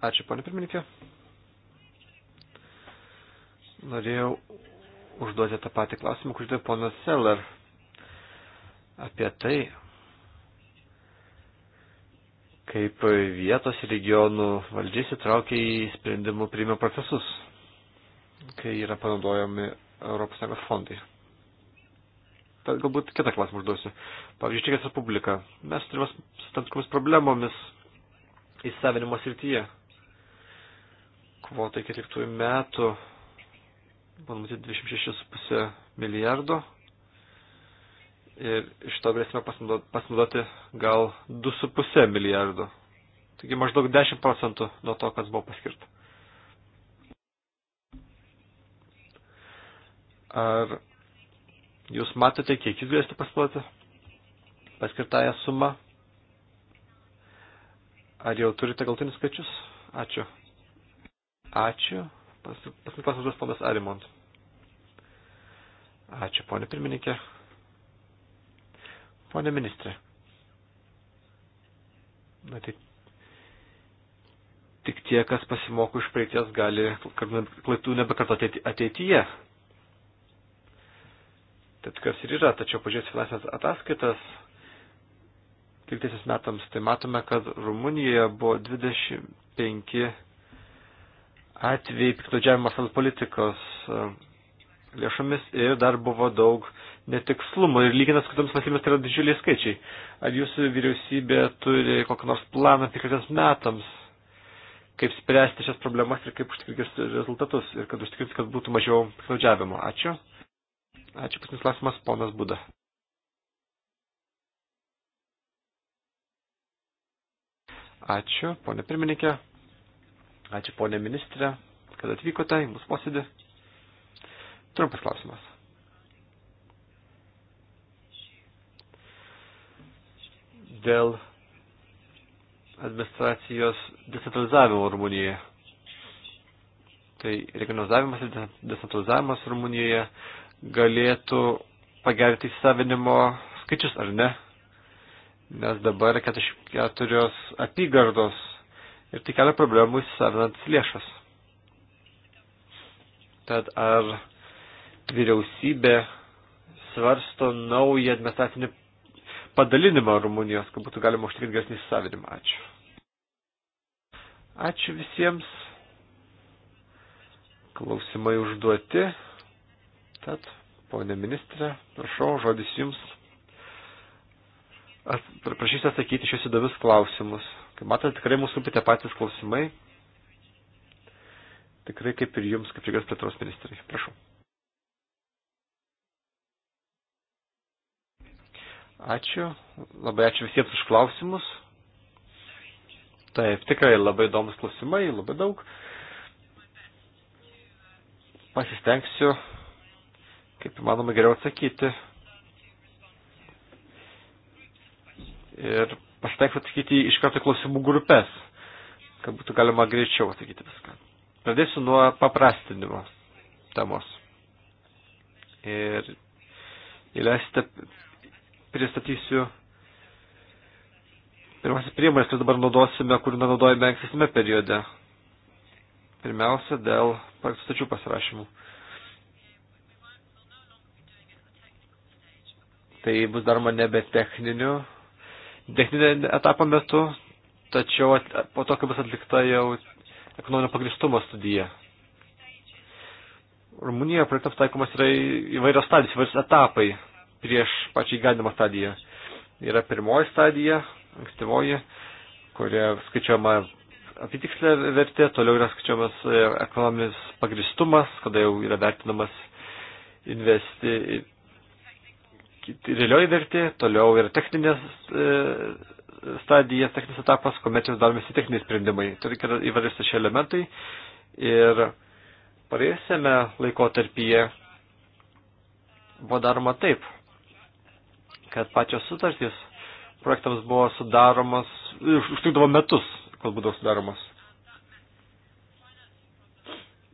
Ačiū, ponė pirmininkė. Norėjau užduoti tą patį klausimą, kurį tai ponas Seller apie tai, kaip vietos regionų valdžiai sitraukia į sprendimų priimimo procesus, kai yra panaudojami ES fondai. Tad galbūt kitą klausimą užduosiu. Pavyzdžiui, Čekijos Respublika. Mes turime su tam tikromis problemomis įsavinimo srityje. Kvotai 14 metų, man matyti, 26,5 milijardo ir iš to galėsime pasinaudoti gal 2,5 milijardo. Taigi maždaug 10 procentų nuo to, kas buvo paskirta. Ar jūs matote, kiek jūs galėsite pasinaudoti paskirtąją sumą? Ar jau turite galtinius skaičius? Ačiū. Ačiū. Pasinklausas ponas Arimont. Ačiū, ponė pirmininkė. Pone ministrė. Na tai tik tie, kas pasimoko iš praeities, gali klaidų nebekartoti ateityje. Tad kas ir yra, tačiau pažiūrės finansinės ataskaitas, 13 metams, tai matome, kad Rumunijoje buvo 25 atvejai piktodžiavimo sal politikos e, lėšomis ir dar buvo daug netikslumo ir lyginant su kitoms valstybėmis tai yra didžiuliai skaičiai. Ar jūsų vyriausybė turi kokį nors planą tikriesiams metams, kaip spręsti šias problemas ir kaip užtikrinti rezultatus ir kad užtikrinti, kad būtų mažiau piknaudžiavimo. Ačiū. Ačiū paskutinis klausimas, ponas Buda. Ačiū, ponė pirmininkė. Ačiū, ponė ministrė, kad atvykote į mūsų posėdį. Trumpas klausimas. dėl administracijos decentralizavimo Rumunijoje. Tai regionalizavimas ir decentralizavimas Rumunijoje galėtų pagerinti įsavinimo skaičius, ar ne? Nes dabar 44 apygardos ir tai kelia problemų įsisavinant lėšas. Tad ar vyriausybė svarsto naują administracinį padalinimą Rumunijos, kad būtų galima užtikrinti geresnį įsisavinimą. Ačiū. Ačiū visiems. Klausimai užduoti. Tad, ponė ministrė, prašau, žodis jums. Prašysiu atsakyti šios įdomius klausimus. Kaip matote, tikrai mūsų rūpite patys klausimai. Tikrai kaip ir jums, kaip lygios plėtros ministrai. Prašau. Ačiū. Labai ačiū visiems už klausimus. Taip, tikrai labai įdomus klausimai, labai daug. Pasistengsiu, kaip įmanoma, geriau atsakyti. Ir pasitengsiu atsakyti iš karto klausimų grupės, kad būtų galima greičiau atsakyti viską. Pradėsiu nuo paprastinimo temos. Ir įleisite pristatysiu pirmasis priemonės, kurias dabar naudosime, kurių nenaudojame ankstesnėme periode. Pirmiausia, dėl sutarčių pasirašymų. Tai bus daroma nebe techniniu, techninio etapo metu, tačiau at, po to, kai bus atlikta jau ekonominio pagristumo studija. Rumunijoje projektams taikomas yra įvairios stadijos, įvairios etapai prieš pačią įgyvendimo stadiją. Yra pirmoji stadija, ankstyvoji, kuria skaičiuojama apitikslė vertė, toliau yra skaičiuojamas e, ekonominis pagristumas, kada jau yra vertinamas investi realioji vertė, toliau yra techninės e, stadija, techninis etapas, kuomet jau daromės į techniniai sprendimai. Turi yra įvarys šie elementai ir praėjusiame laikotarpyje buvo daroma taip, kad pačios sutartys projektams buvo sudaromas, užtrukdavo metus, kol būdavo sudaromas.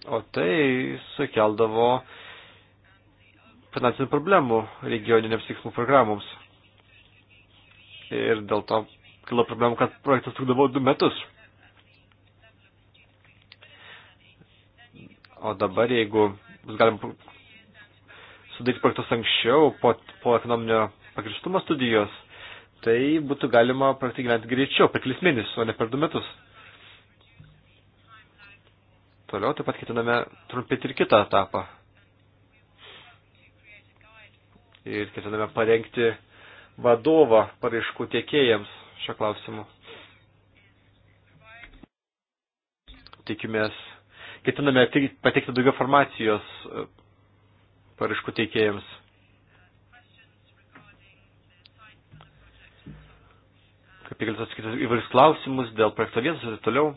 O tai sukeldavo finansinių problemų regioninėms tikslų programoms. Ir dėl to kilo problemų, kad projektas trukdavo du metus. O dabar, jeigu bus galima sudaryti projektus anksčiau, po, po ekonominio pagristumo studijos, tai būtų galima praktiškai gyventi greičiau, per kelis mėnesius, o ne per du metus. Toliau taip pat ketiname trumpėti ir kitą etapą. Ir ketiname parengti vadovą paraiškų tiekėjams šio klausimu. Tikimės, ketiname pateikti daugiau informacijos e, paraiškų teikėjams. kaip jie galėtų atsakyti įvairius klausimus dėl projekto vietos ir taip toliau.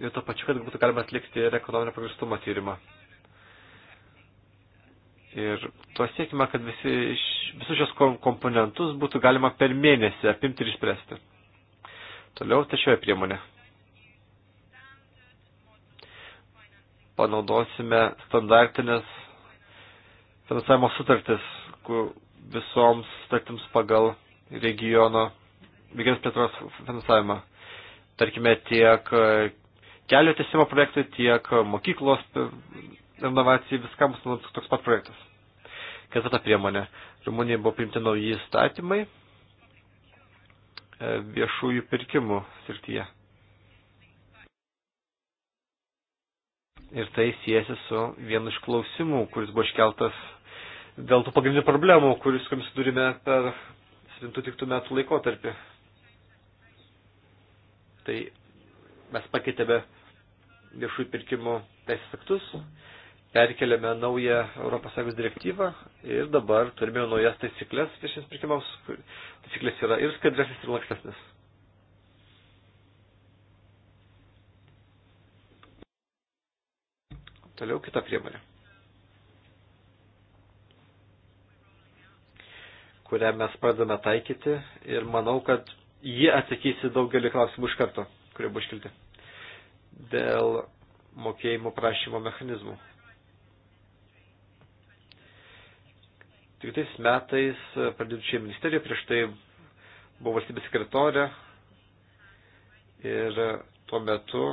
Ir to pačiu, kad būtų galima atlikti ir ekonominio pagristumo tyrimą. Ir to siekime, kad visi, visus šios komponentus būtų galima per mėnesį apimti ir išspręsti. Toliau trečioje priemonė. Panaudosime standartinės finansavimo sutartis visoms sutartims pagal regiono regionės plėtros finansavimą. Tarkime, tiek e, kelio tiesimo projektui, tiek mokyklos renovacijai, viskam bus toks pat projektas. Ketvirta priemonė. Rumunijoje buvo priimti nauji įstatymai e, viešųjų pirkimų srityje. Ir tai siejasi su vienu iš klausimų, kuris buvo iškeltas dėl tų pagrindinių problemų, kuris, kuriomis turime per 7-13 metų laikotarpį. Tai mes pakeitėme viešųjų pirkimų teisės aktus, perkeliame naują ES direktyvą ir dabar turime naujas taisyklės viešiems pirkimams. Taisyklės yra ir skaidresnės, ir lankstesnės. Toliau kita priemonė, kurią mes pradame taikyti ir manau, kad ji atsakys į daugelį klausimų iš karto, kurie buvo iškilti dėl mokėjimo prašymo mechanizmų. Tik tais metais pradėdžiai ministerija, prieš tai buvo valstybės sekretorė ir tuo metu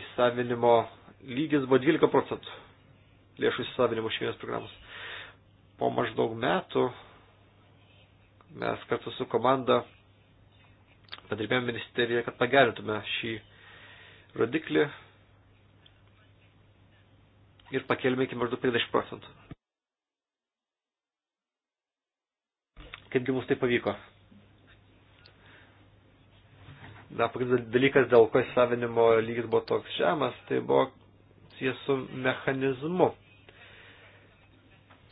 įsavinimo lygis buvo 12 procentų lėšų įsisavinimo švienės programos. Po maždaug metų mes kartu su komanda padirbėjome ministeriją, kad pagerintume šį rodiklį ir pakelime iki maždaug 50 procentų. Kaipgi mums tai pavyko? Na, pagrindinis dalykas, dėl ko įsavinimo lygis buvo toks žemas, tai buvo jis su mechanizmu.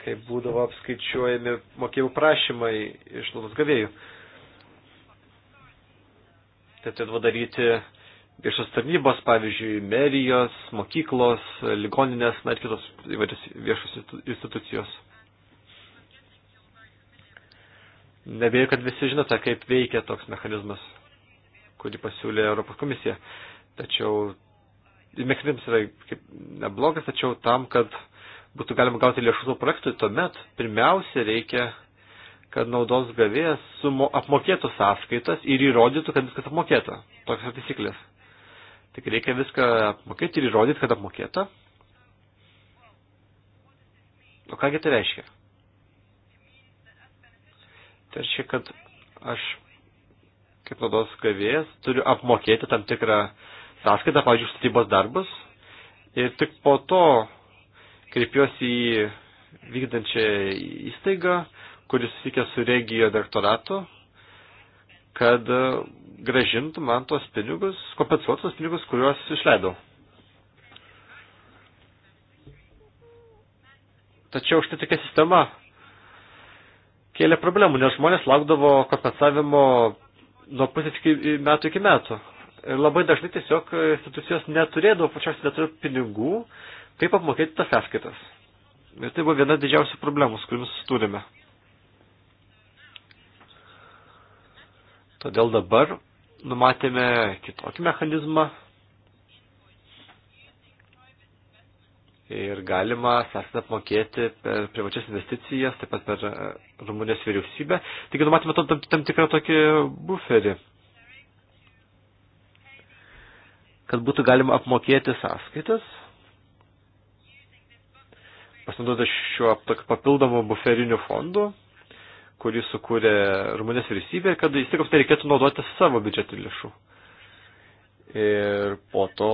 Kai būdavo apskaičiuojami mokėjimų prašymai iš naudos gavėjų. Uh, Tai turėtų daryti viešos tarnybos, pavyzdžiui, merijos, mokyklos, ligoninės, na ir kitos įvairios viešos institucijos. Nebėjau, kad visi žinote, kaip veikia toks mechanizmas, kurį pasiūlė Europos komisija. Tačiau mechanizmas yra kaip neblogas, tačiau tam, kad būtų galima gauti lėšų savo projektui, tuomet pirmiausia reikia kad naudos gavėjas sumo, apmokėtų sąskaitas ir įrodytų, kad viskas apmokėta. Tokios taisyklės. Tik reikia viską apmokėti ir įrodyti, kad apmokėta. O kągi tai reiškia? Tai reiškia, kad aš kaip naudos gavėjas turiu apmokėti tam tikrą sąskaitą, pavyzdžiui, statybos darbus. Ir tik po to kreipiuosi į vykdančią įstaigą, kuris sikė su regijo direktoratu, kad e, gražintų man tos pinigus, kompensuotų tos pinigus, kuriuos išleidau. Tačiau štai tokia sistema kėlė problemų, nes žmonės laukdavo kompensavimo nuo pusės iki, metų iki metų. Ir labai dažnai tiesiog institucijos neturėdavo pačios neturiu pinigų, kaip apmokėti tas sąskaitas. Ir tai buvo viena didžiausių problemų, su kuriamis turime. Todėl dabar numatėme kitokį mechanizmą ir galima sąsatą apmokėti per privačias investicijas, taip pat per e, Rumunijos vyriausybę. Taigi numatėme tam, tam, tam tikrą tokį buferį, kad būtų galima apmokėti sąskaitas, pasinaudoti šiuo papildomu buferiniu fondu kurį sukūrė Rumunės vyriausybė, kad įstaigoms nereikėtų naudoti savo biudžetų lėšų. Ir po to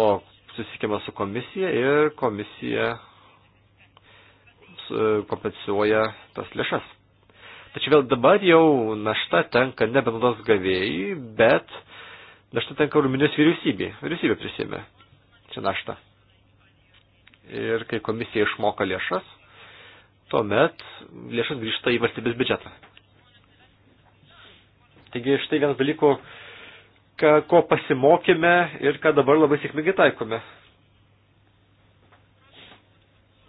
susikima su komisija ir komisija kompensuoja tas lėšas. Tačiau vėl dabar jau našta tenka nebenaudos gavėjai, bet našta tenka Rumunijos vyriausybė. Vyriausybė prisėmė čia naštą. Ir kai komisija išmoka lėšas, tuomet lėšas grįžta į valstybės biudžetą. Taigi štai vienas dalykų, ką, ko pasimokėme ir ką dabar labai sėkmingai taikome.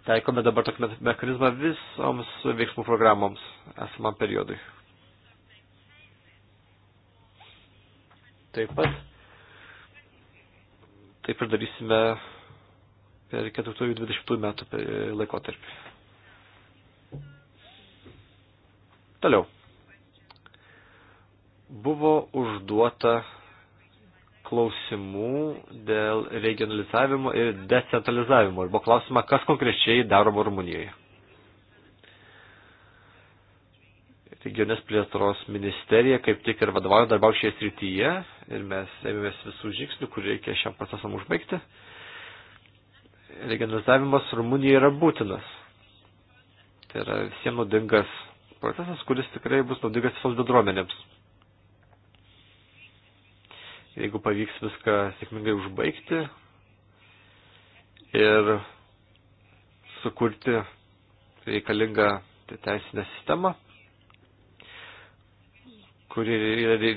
Taikome dabar tokį mechanizmą visoms veiksmų programoms esamam periodui. Taip pat taip ir darysime per 4-20 metų laikotarpį. Toliau. Buvo užduota klausimų dėl regionalizavimo ir decentralizavimo. Ir buvo klausima, kas konkrečiai daroma Rumunijoje. Regionės plėtros ministerija kaip tik ir vadovauja darbau šioje srityje ir mes ėmėmės visų žingsnių, kur reikia šiam procesam užbaigti. Regionalizavimas Rumunijoje yra būtinas. Tai yra visiems naudingas procesas, kuris tikrai bus naudingas visoms bendruomenėms jeigu pavyks viską sėkmingai užbaigti ir sukurti reikalingą teisinę sistemą, kuri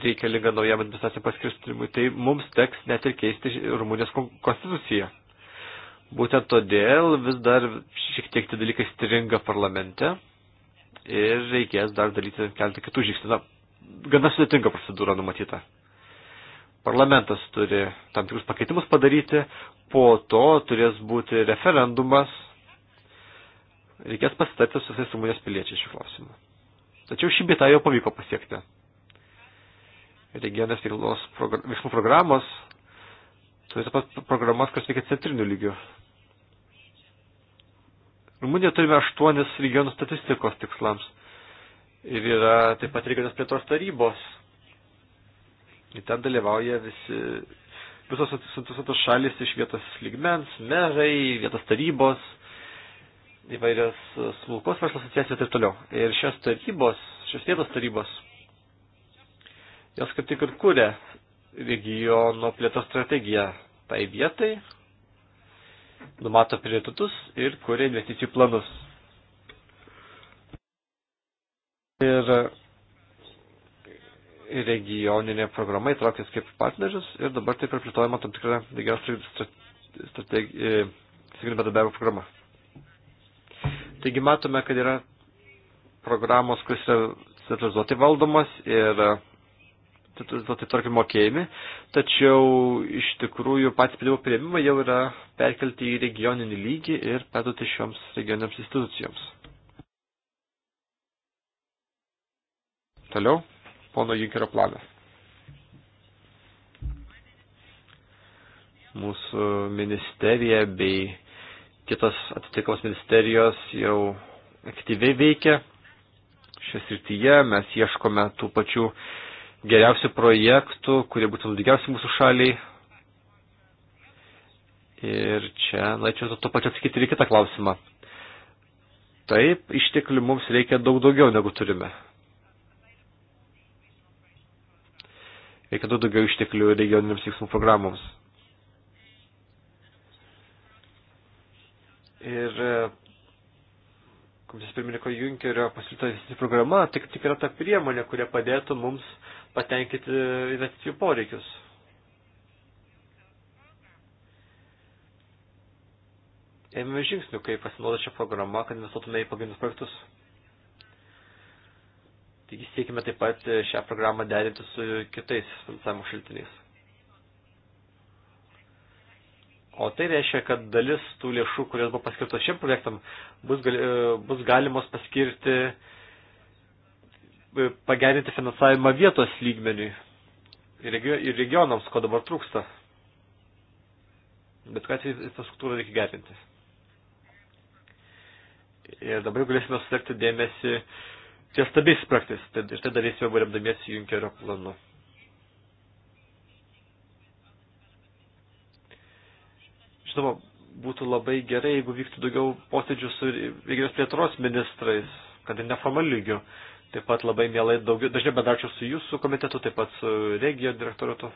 reikalinga naujam administracijam paskirstimui, tai mums teks net ir keisti Rumunijos konstituciją. Būtent todėl vis dar šiek tiek tie dalykai stringa parlamente ir reikės dar daryti keletą kitų žingsnių. Na, gana sudėtinga procedūra numatyta parlamentas turi tam tikrus pakeitimus padaryti, po to turės būti referendumas, reikės pasitarti su visais Rumunijos piliečiais šiuo klausimu. Tačiau šį bitą jau pavyko pasiekti. Regionės veiklos progr veiksmų programos turi taip pat programas, kas veikia centriniu lygiu. Rumunijoje turime aštuonis regionų statistikos tikslams. Ir yra taip pat regionės plėtros tarybos Ir ten dalyvauja visi, visos tos šalis iš vietos lygmens, merai, vietos tarybos, įvairios e, smulkos verslo asociacijos ir taip toliau. Ir šios tarybos, šios vietos tarybos, jos kaip tik ir kūrė regiono plėtos strategiją tai vietai, numato prioritetus ir kūrė investicijų planus. Ir regioninė programa įtraukęs kaip partneris ir dabar taip ir plėtojama tam tikra regionos strateginė e, bendradarbiavimo programa. Taigi matome, kad yra programos, kuris yra centralizuotai valdomas ir e, centralizuotai tarkim mokėjimi, tačiau iš tikrųjų patys sprendimų prieimimai jau yra perkelti į regioninį lygį ir perduoti šioms regioniams institucijoms. Toliau pono Junkerio planas. Mūsų ministerija bei kitos atitinkamos ministerijos jau aktyviai veikia šią srityje. Mes ieškome tų pačių geriausių projektų, kurie būtų naudingiausi mūsų šaliai. Ir čia norėčiau to pačiu atsakyti ir kitą klausimą. Taip, išteklių mums reikia daug daugiau negu turime. reikėtų daugiau išteklių regioniniams veiksmų programoms. Ir e, komisijos pirmininko Junkerio pasiūlyta investicijų programa tik, tik yra ta priemonė, kurie padėtų mums patenkinti e, investicijų poreikius. Ėmėme žingsnių, kaip pasinaudo šią programą, kad investuotume į pagrindinius projektus. Taigi siekime taip pat e, šią programą derinti su kitais finansavimo šaltiniais. O tai reiškia, kad dalis tų lėšų, kurios buvo paskirtos šiam projektam, bus, gali, e, bus galimos paskirti, e, pagerinti finansavimą vietos lygmeniui ir regionams, ko dabar trūksta. Bet ką atveju infrastruktūrą reikia gerinti. Ir dabar galėsime sutelkti dėmesį ties tabiais praktais. Ir tai darysime varėmdamiesi Junkerio planu. Žinoma, būtų labai gerai, jeigu vyktų daugiau posėdžių su regionės plėtros ministrais, kad ir neformal lygių. Taip pat labai mielai daugiau, dažniau bedarčiau su jūsų komitetu, taip pat su regijo direktoriatu.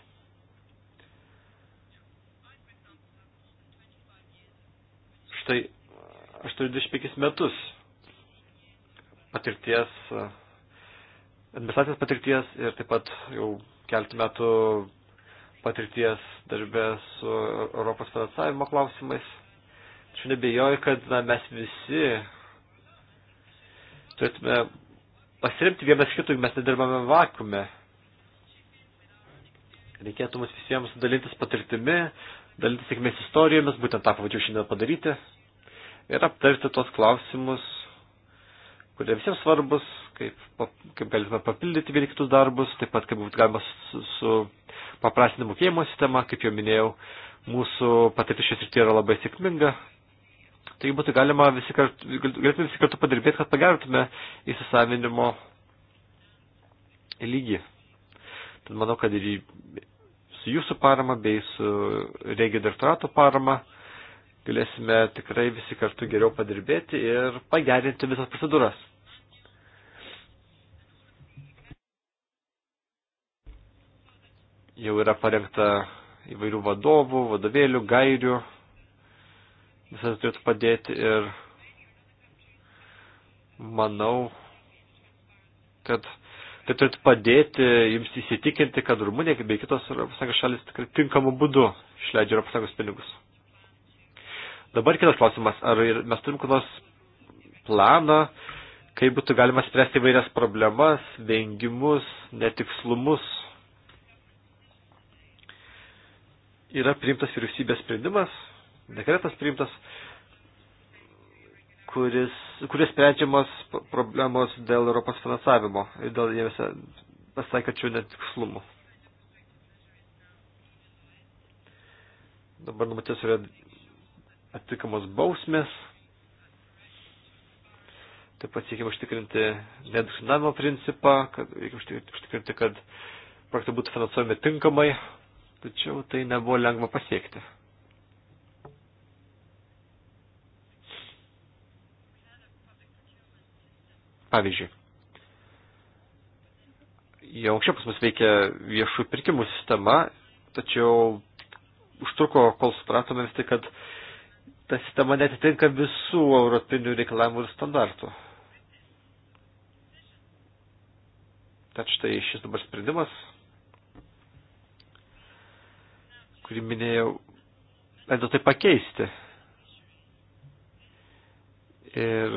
Štai, aš turiu 25 metus patirties, administracinės patirties ir taip pat jau keltų metų patirties darbę su Europos finansavimo klausimais. Tačiau nebejoju, kad na, mes visi turėtume pasiremti vienas kitų, mes nedirbame vakume. Reikėtų mums visiems dalintis patirtimi, dalintis sėkmės istorijomis, būtent tą pavadžiau šiandien padaryti, ir aptarti tuos klausimus, kurie visiems svarbus, kaip, kaip galime papildyti vieni kitus darbus, taip pat kaip būtų galima su, su paprastinti mokėjimo sistema, kaip jau minėjau, mūsų patirtis šis rytyje yra labai sėkminga. Tai būtų galima visi kartu, galėtume visi kartu padirbėti, kad pagerintume įsisavinimo lygį. Tad manau, kad ir su jūsų parama bei su regio direktorato parama galėsime tikrai visi kartu geriau padirbėti ir pagerinti visas procedūras. Jau yra parengta įvairių vadovų, vadovėlių, gairių. Visas turėtų padėti ir manau, kad tai turėtų padėti jums įsitikinti, kad Rumunija, kaip bei kitos ES šalis, tikrai tinkamu būdu išleidžia ES pinigus. Dabar kitas klausimas, ar mes turim kokios planą, kaip būtų galima spręsti įvairias problemas, vengimus, netikslumus. Yra priimtas vyriausybės sprendimas, dekretas priimtas, kuris, kuris sprendžiamas problemos dėl Europos finansavimo ir dėl jėmėse pasakėčių netikslumų. Dabar numatės yra atitinkamos bausmės. Taip pat siekime užtikrinti nediskriminavimo principą, kad reikia užtikrinti, kad projektai būtų finansuojami tinkamai, tačiau tai nebuvo lengva pasiekti. Pavyzdžiui, jau anksčiau pas mus veikia viešų pirkimų sistema, tačiau užtruko, kol supratome vis tai, kad ta sistema netitinka visų europinių reikalavimų ir standartų. Tad štai šis dabar sprendimas, kurį minėjau, leido tai pakeisti. Ir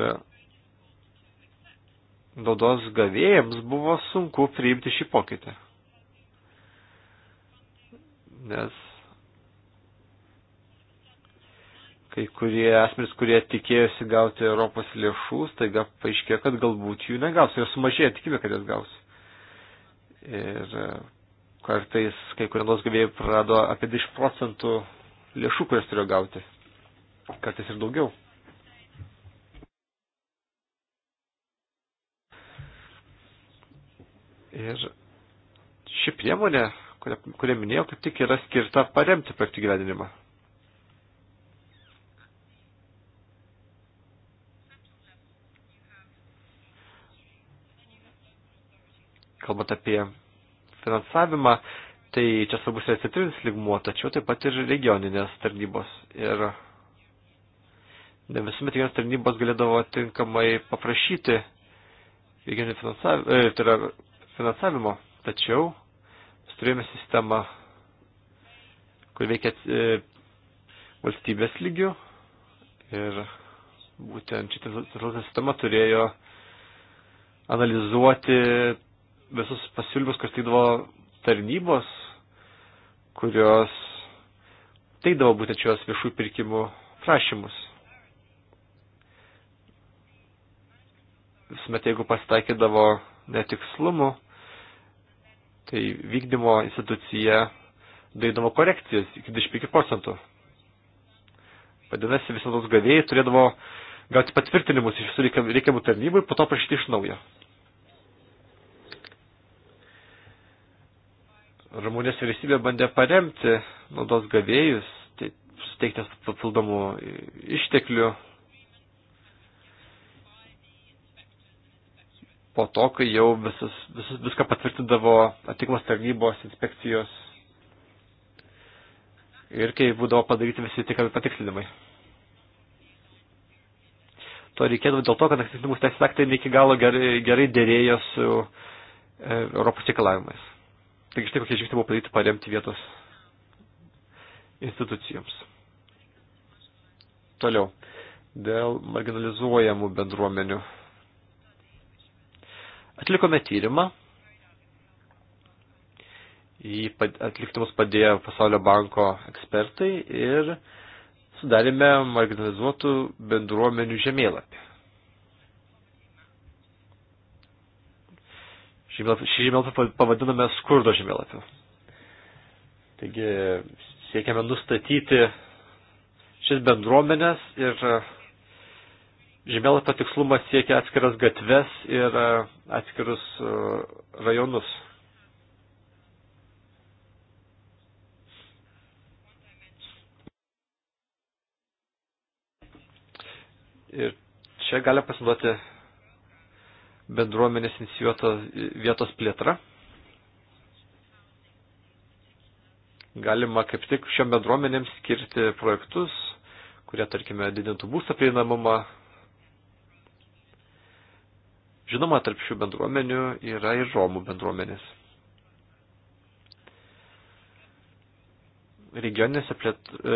naudos gavėjams buvo sunku priimti šį pokytį. Nes kai kurie asmenys, kurie tikėjosi gauti Europos lėšų, staiga paaiškėjo, kad galbūt jų negaus, ir sumažėjo tikimė, kad jas gaus. Ir e, kartais kai kurie nors gavėjai prarado apie 10 procentų lėšų, kurias turėjo gauti. Kartais ir daugiau. Ir ši priemonė, kurią, kurią minėjau, kaip tik yra skirta paremti projektų gyvenimą. kalbant apie finansavimą, tai čia svarbus yra centrinis ligmuo, tačiau taip pat ir regioninės tarnybos. Ir ne visuomet regioninės tarnybos galėdavo tinkamai paprašyti regioninio finansavimo, e, tai yra finansavimo, tačiau mes turėjome sistemą, kur veikia e, valstybės lygių ir būtent šitą sistema turėjo analizuoti visus pasiūlymus karstydavo tarnybos, kurios teikdavo būtent šios viešų pirkimų prašymus. Visuomet, jeigu pasitaikydavo netikslumų, tai vykdymo institucija darydavo korekcijas iki 25 procentų. Vadinasi, visi naudos gavėjai turėdavo gauti patvirtinimus iš visų reikiamų tarnybų ir po to prašyti iš naujo. Rumunijos vyriausybė bandė paremti naudos gavėjus, tai suteiktas papildomų išteklių. Po to, kai jau visus, visus, viską patvirtindavo atiklos tarnybos inspekcijos ir kai būdavo padaryti visi tikami patikslinimai. To reikėdavo dėl to, kad atitinkamus teisės aktai ne iki galo gerai, gerai dėrėjo su e, Europos reikalavimais. Taigi štai kokie žingsniai buvo padaryti paremti vietos institucijoms. Toliau. Dėl marginalizuojamų bendruomenių. Atlikome tyrimą. Jį atlikti mus padėjo Pasaulio banko ekspertai ir sudarėme marginalizuotų bendruomenių žemėlapį. Šį žemėlapį pavadiname skurdo žemėlapiu. Taigi siekiame nustatyti šis bendruomenės ir e, žemėlapio tikslumas siekia atskiras gatves ir e, atskirus e, rajonus. Ir čia galim pasiduoti bendruomenės inicijuota vietos plėtra. Galima kaip tik šiom bendruomenėms skirti projektus, kurie, tarkime, didintų būstą prieinamumą. Žinoma, tarp šių bendruomenių yra ir Romų bendruomenės. Regioninėse plėt, e,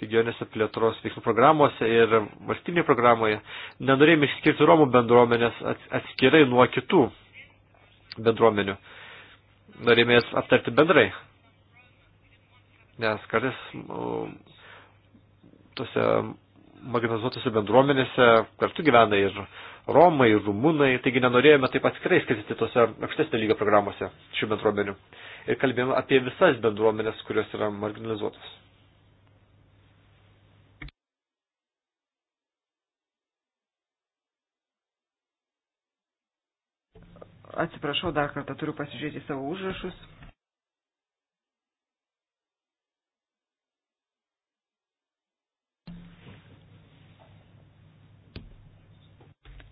regioninėse plėtros veiksmų programuose ir valstybinėje programoje nenorėjome išskirti Romų bendruomenės atskirai nuo kitų bendruomenių. Norėjome jas aptarti bendrai. Nes kartais tose marginalizuotose bendruomenėse kartu gyvena ir Romai, ir Rumunai, taigi nenorėjome taip atskirai skirti tose aukštesnio lygio programuose šių bendruomenių. Ir kalbėjome apie visas bendruomenės, kurios yra marginalizuotos. Atsiprašau, dar kartą turiu pasižiūrėti savo užrašus.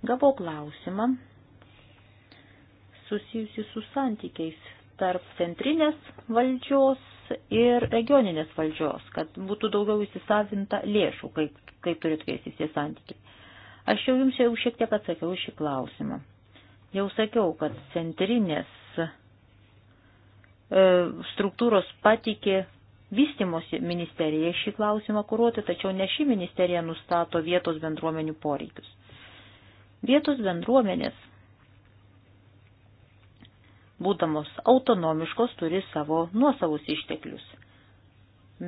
Gavau klausimą susijusi su santykiais tarp centrinės valdžios ir regioninės valdžios, kad būtų daugiau įsisavinta lėšų, kaip, kaip turėtų keistis tie santykiai. Aš jau jums jau šiek tiek atsakiau šį klausimą. Jau sakiau, kad centrinės e, struktūros patikė vystimosi ministerijai šį klausimą kuruoti, tačiau ne ši ministerija nustato vietos bendruomenių poreikius. Vietos bendruomenės, būdamos autonomiškos, turi savo nuosavus išteklius.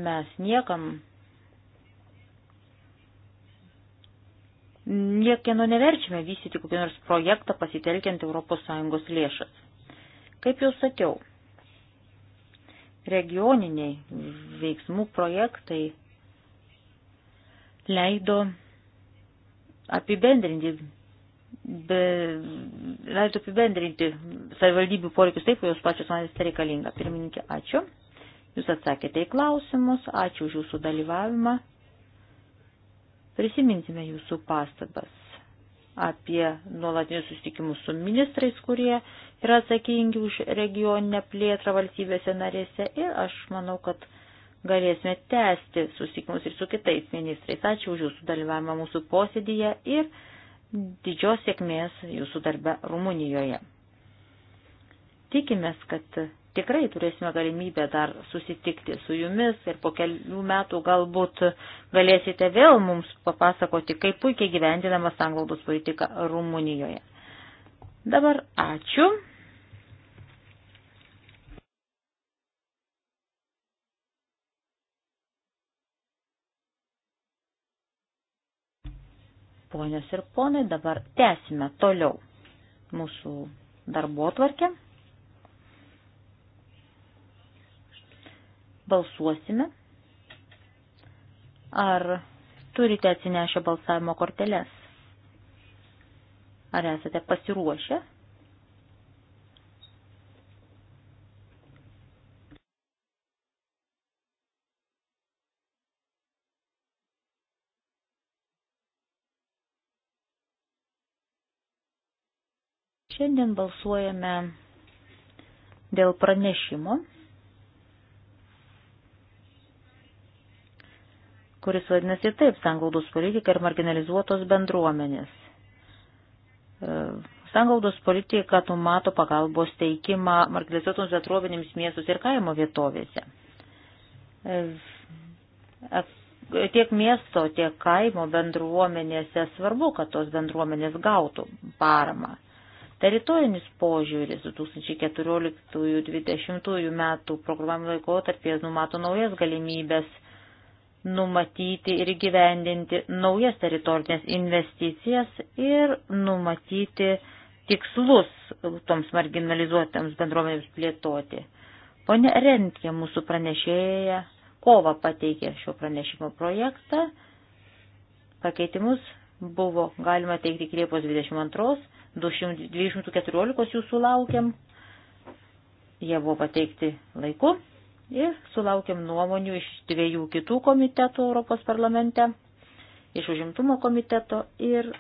Mes niekam niekieno neverčiame vystyti kokį nors projektą pasitelkiant ES lėšas. Kaip jau sakiau, regioniniai veiksmų projektai leido apibendrinti, be, leido apibendrinti savivaldybių poreikius taip, jos pačios manęs tai reikalinga. Pirmininkė, ačiū. Jūs atsakėte į klausimus, ačiū už jūsų dalyvavimą. Prisiminsime jūsų pastabas apie nuolatinius susitikimus su ministrais, kurie yra atsakingi už regioninę plėtrą valstybėse narėse ir aš manau, kad galėsime tęsti susitikimus ir su kitais ministrais. Ačiū už jūsų dalyvavimą mūsų posėdėje ir didžios sėkmės jūsų darbe Rumunijoje. Tikimės, kad tikrai turėsime galimybę dar susitikti su jumis ir po kelių metų galbūt galėsite vėl mums papasakoti, kaip puikiai gyvendinama sanglaudos politika Rumunijoje. Dabar ačiū. Ponios ir ponai, dabar tęsime toliau mūsų darbo tvarkę. balsuosime. Ar turite atsinešę balsavimo korteles? Ar esate pasiruošę? Šiandien balsuojame dėl pranešimo kuris vadinasi taip sanglaudos politika ir marginalizuotos bendruomenės. E, sanglaudos politika numato pagalbos teikimą marginalizuotoms bendruomenėms miestus ir kaimo vietovėse. E, e, tiek miesto, tiek kaimo bendruomenėse svarbu, kad tos bendruomenės gautų paramą. Teritorinis požiūris 2014-2020 metų programų laikotarpės numato naujas galimybės numatyti ir gyvendinti naujas teritorinės investicijas ir numatyti tikslus toms marginalizuotams bendruomenėms plėtoti. Pone Rentė, mūsų pranešėja, kova pateikė šio pranešimo projektą. Pakeitimus buvo galima teikti iki Liepos 22, 214 jų sulaukėm. Jie buvo pateikti laiku ir sulaukiam nuomonių iš dviejų kitų komitetų Europos parlamente, iš užimtumo komiteto ir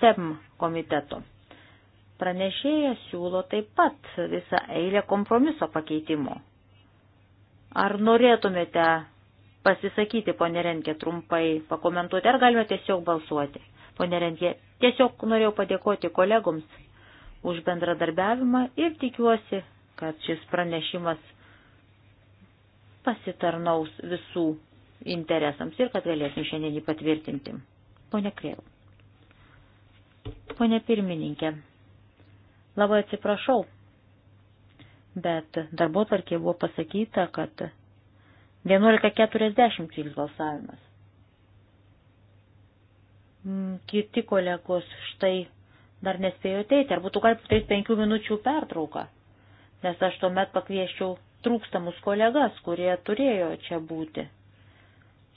SEM komiteto. Pranešėjas siūlo taip pat visą eilę kompromiso pakeitimų. Ar norėtumėte pasisakyti, ponė Renkė, trumpai pakomentuoti, ar galime tiesiog balsuoti? Ponė Renkė, tiesiog norėjau padėkoti kolegoms už bendradarbiavimą ir tikiuosi, kad šis pranešimas pasitarnaus visų interesams ir kad galėsim šiandien jį patvirtinti. Pone Krėl. Pone pirmininkė, labai atsiprašau, bet darbo tarkė buvo pasakyta, kad 11.40 vyks balsavimas. Mm, kiti kolegos štai dar nespėjo ateiti, ar būtų galima padaryti penkių minučių pertrauką, nes aš tuomet pakvieščiau trūkstamus kolegas, kurie turėjo čia būti.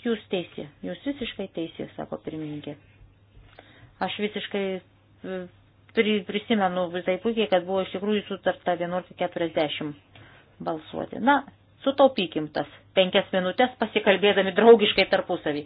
Jūs teisi, jūs visiškai teisi, sako pirmininkė. Aš visiškai e, prisimenu visai puikiai, kad buvo iš tikrųjų sutarta 11.40 balsuoti. Na, sutaupykim tas penkias minutės pasikalbėdami draugiškai tarpusavį.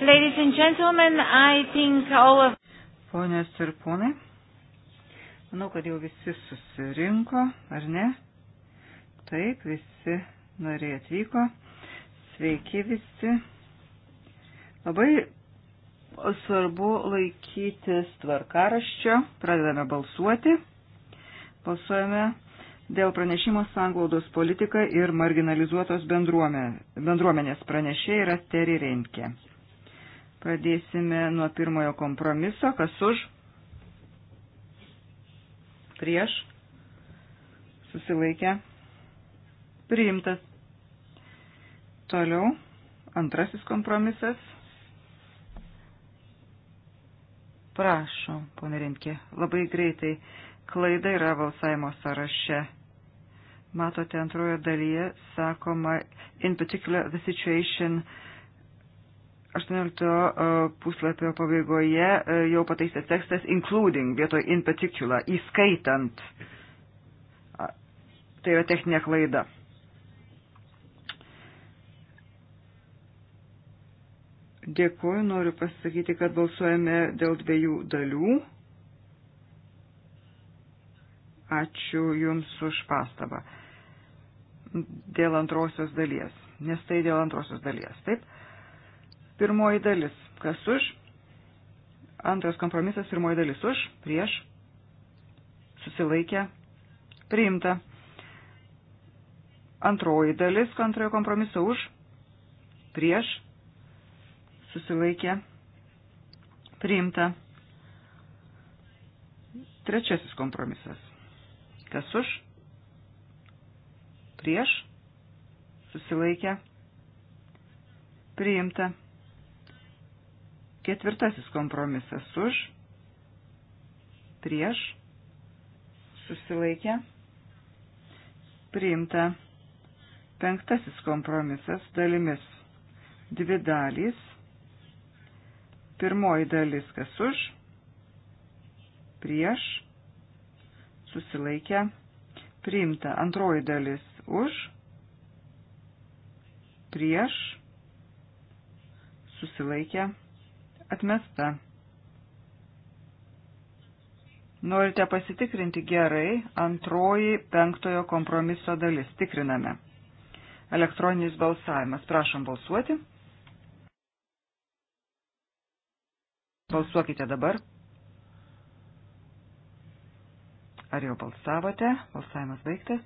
Ladies and gentlemen, I think all of... Ponės ir ponai, manau, kad jau visi susirinko, ar ne? Taip, visi nariai atvyko. Sveiki visi. Labai svarbu laikytis tvarkaraščio. Pradedame balsuoti. Balsuojame dėl pranešimo sanglaudos politika ir marginalizuotos bendruomenės pranešė yra Teri Renkė. Pradėsime nuo pirmojo kompromiso. Kas už? Prieš. Susilaikę. Priimtas. Toliau. Antrasis kompromisas. Prašom, ponė Rinkė, labai greitai. Klaida yra balsavimo sąraše. Matote antrojo dalyje, sakoma, in particular the situation uh, 18 e, puslapio pabaigoje e, jau pataisė tekstas including vietoj in particular, įskaitant. Tai yra techninė klaida. Dėkuoju, noriu pasakyti, kad balsuojame dėl dviejų dalių. Ačiū Jums už pastabą. Dėl antrosios dalies. Nes tai dėl antrosios dalies, taip? Pirmoji dalis. Kas už? Antras kompromisas, pirmoji dalis už, prieš, susilaikė, priimta. Antroji dalis antrojo kompromiso už, prieš, susilaikė, priimta. Trečiasis kompromisas. Kas už, prieš, susilaikė, priimta. Ketvirtasis kompromisas už, prieš, susilaikė, priimta. Penktasis kompromisas dalimis. Dvi dalys. Pirmoji dalis kas už, prieš, susilaikė, priimta. Antroji dalis už, prieš, susilaikė, priimta atmesta. Norite pasitikrinti gerai antroji penktojo kompromiso dalis. Tikriname. Elektroninis balsavimas. Prašom balsuoti. Balsuokite dabar. Ar jau balsavote? Balsavimas baigtas.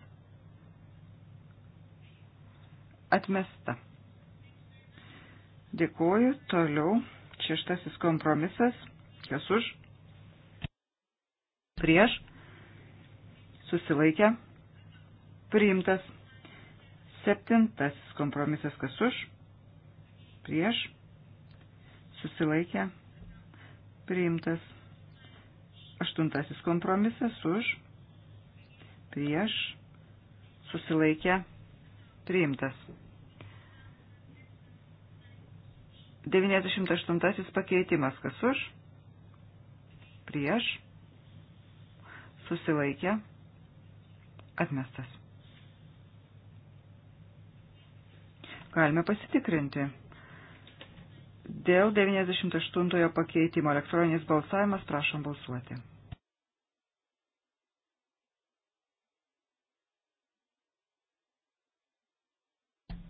Atmesta. Dėkuoju. Toliau. Šeštasis kompromisas. Kas už? Prieš. Susilaikę. Priimtas. Septintasis kompromisas. Kas už? Prieš. Susilaikę. Priimtas. Aštuntasis kompromisas. Už. Prieš. Susilaikę. Priimtas. 98 pakeitimas kas už, prieš, susilaikė, atmestas. Galime pasitikrinti. Dėl 98 pakeitimo elektroninis balsavimas prašom balsuoti.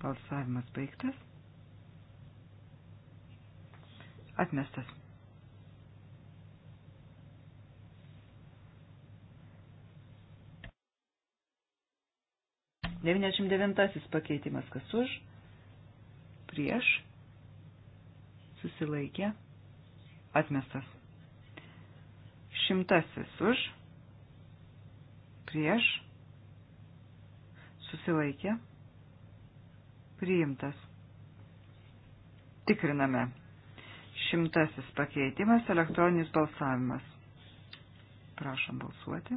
Balsavimas baigtas. Atmestas. Devyniasdešimt devintasis pakeitimas kas už, prieš, susilaikė, atmestas. Šimtasis už, prieš, susilaikė, priimtas. Tikriname. Šimtasis pakeitimas - elektroninis balsavimas. Prašom balsuoti.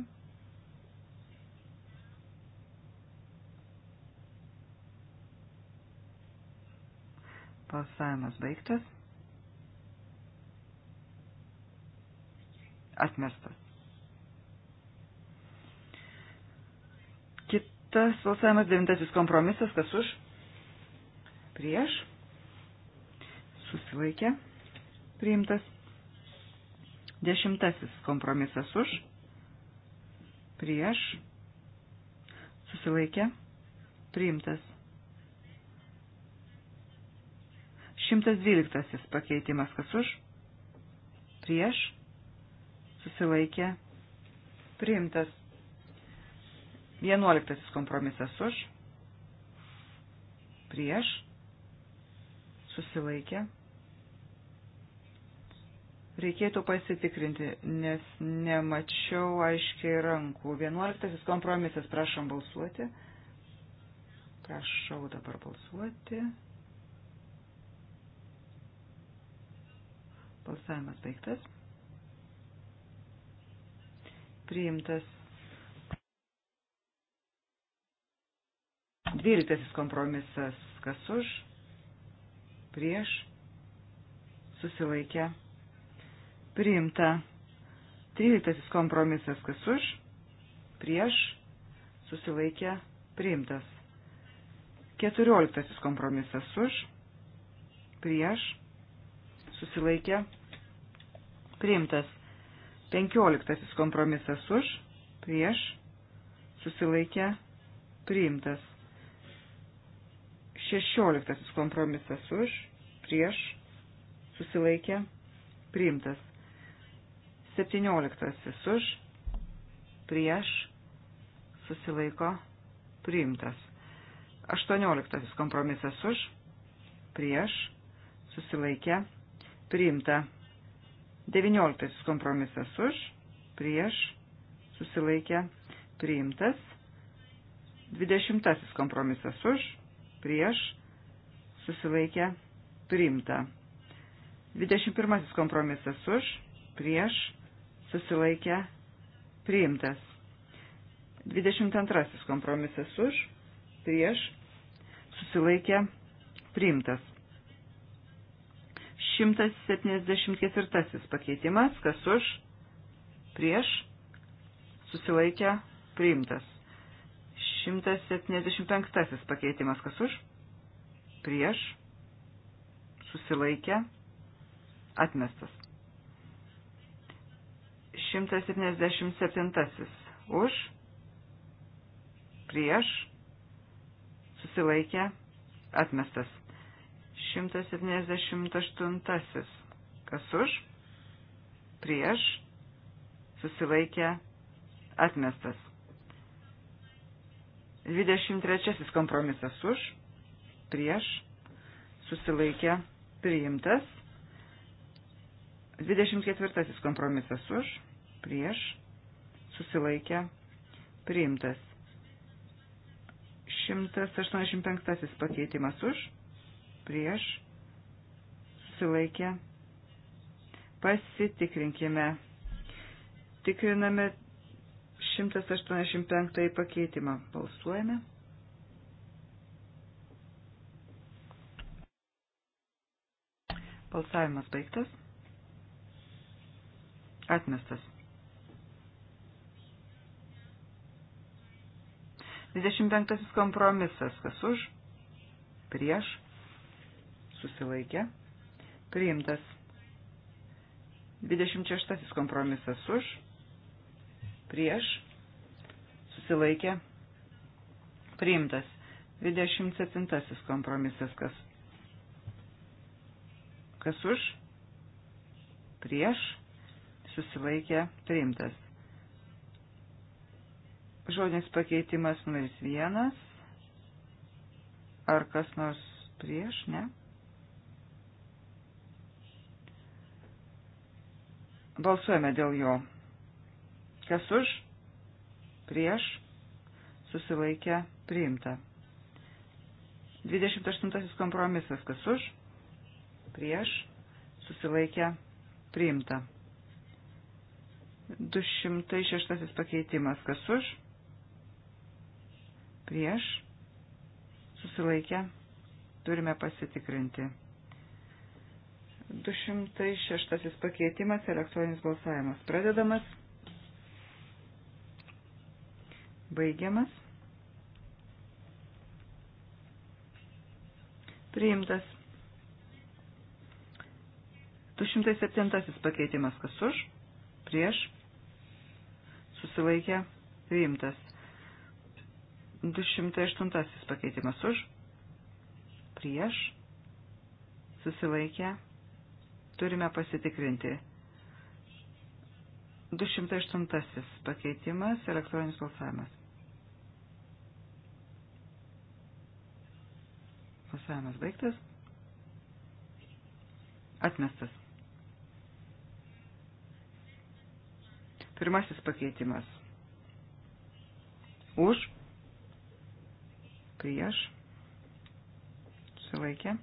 Balsavimas baigtas. Atmestas. Kitas balsavimas devintasis kompromisas, kas už? Prieš. Susilaikė priimtas. Dešimtasis kompromisas už, prieš, susilaikė, priimtas. 112 pakeitimas kas už, prieš, susilaikė, priimtas. 11 kompromisas už, prieš, susilaikė, Reikėtų pasitikrinti, nes nemačiau aiškiai rankų. Vienuoliktasis kompromisas, prašom balsuoti. Prašau dabar balsuoti. Balsavimas baigtas. Priimtas. Dvyliktasis kompromisas, kas už, prieš, susilaikę Priimta. 13 kompromisas kas už, prieš, susilaikė, priimtas. 14 kompromisas už, prieš, susilaikė, priimtas. 15 kompromisas už, prieš, susilaikė, priimtas. 16 kompromisas už, prieš, susilaikė, priimtas. 17 už, prieš, susilaiko, priimtas. 18 kompromisas už, prieš, susilaikė, priimta. 19 kompromisas už, prieš, susilaikė, priimtas. 20 kompromisas už, prieš, susilaikė, priimta. 21 kompromisas už, prieš, susilaikę priimtas. 22 kompromisas už, prieš, susilaikę priimtas. 174 pakeitimas, kas už, prieš, susilaikę priimtas. 175 pakeitimas, kas už, prieš, susilaikę atmestas. 177 už, prieš, susilaikė, atmestas. 178 kas už, prieš, susilaikė, atmestas. 23 kompromisas už, prieš, susilaikė, priimtas. 24 kompromisas už, prieš, susilaikė, priimtas. 185 pakeitimas už, prieš, susilaikė. Pasitikrinkime. Tikriname 185 pakeitimą. Balsuojame. Balsavimas baigtas. Atmestas. 25 kompromisas, kas už, prieš, susilaikė, priimtas. 26 kompromisas už, prieš, susilaikė, priimtas. 27 kompromisas kas, kas už, prieš, susilaikė, priimtas. Žodinis pakeitimas numeris vienas. Ar kas nors prieš, ne? Balsuojame dėl jo. Kas už? Prieš? Susilaikę priimta. 28 kompromisas. Kas už? Prieš? Susilaikę priimta. 206 pakeitimas. Kas už? prieš, susilaikę, turime pasitikrinti. 206 pakeitimas elektroninis balsavimas pradedamas, baigiamas, priimtas. 207 pakeitimas kas už, prieš, susilaikę, priimtas. 208 pakeitimas už, prieš, susilaikę, turime pasitikrinti. 208 pakeitimas elektroninis balsavimas. Balsavimas baigtas. Atmestas. Pirmasis pakeitimas. Už prieš, sulaikė,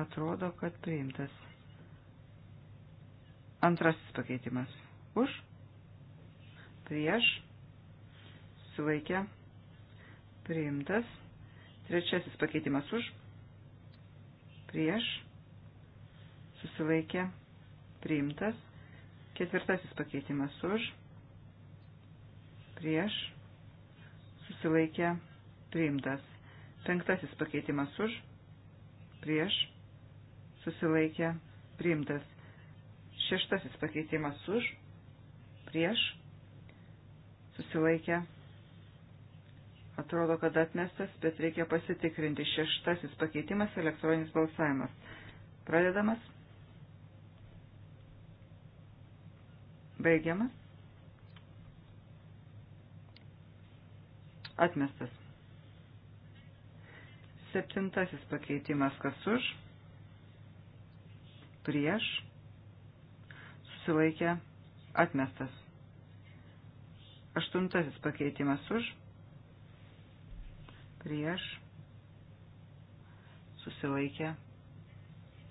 atrodo, kad priimtas. Antrasis pakeitimas už, prieš, sulaikė, priimtas. Trečiasis pakeitimas už, prieš, susilaikė, priimtas. Ketvirtasis pakeitimas už, prieš, susilaikė priimtas. Penktasis pakeitimas už, prieš, susilaikė priimtas. Šeštasis pakeitimas už, prieš, susilaikė. Atrodo, kad atmestas, bet reikia pasitikrinti. Šeštasis pakeitimas - elektroninis balsavimas. Pradedamas. Baigiamas. Atmestas. Septintasis pakeitimas kas už, prieš, susilaikė, atmestas. Aštuntasis pakeitimas už, prieš, susilaikė,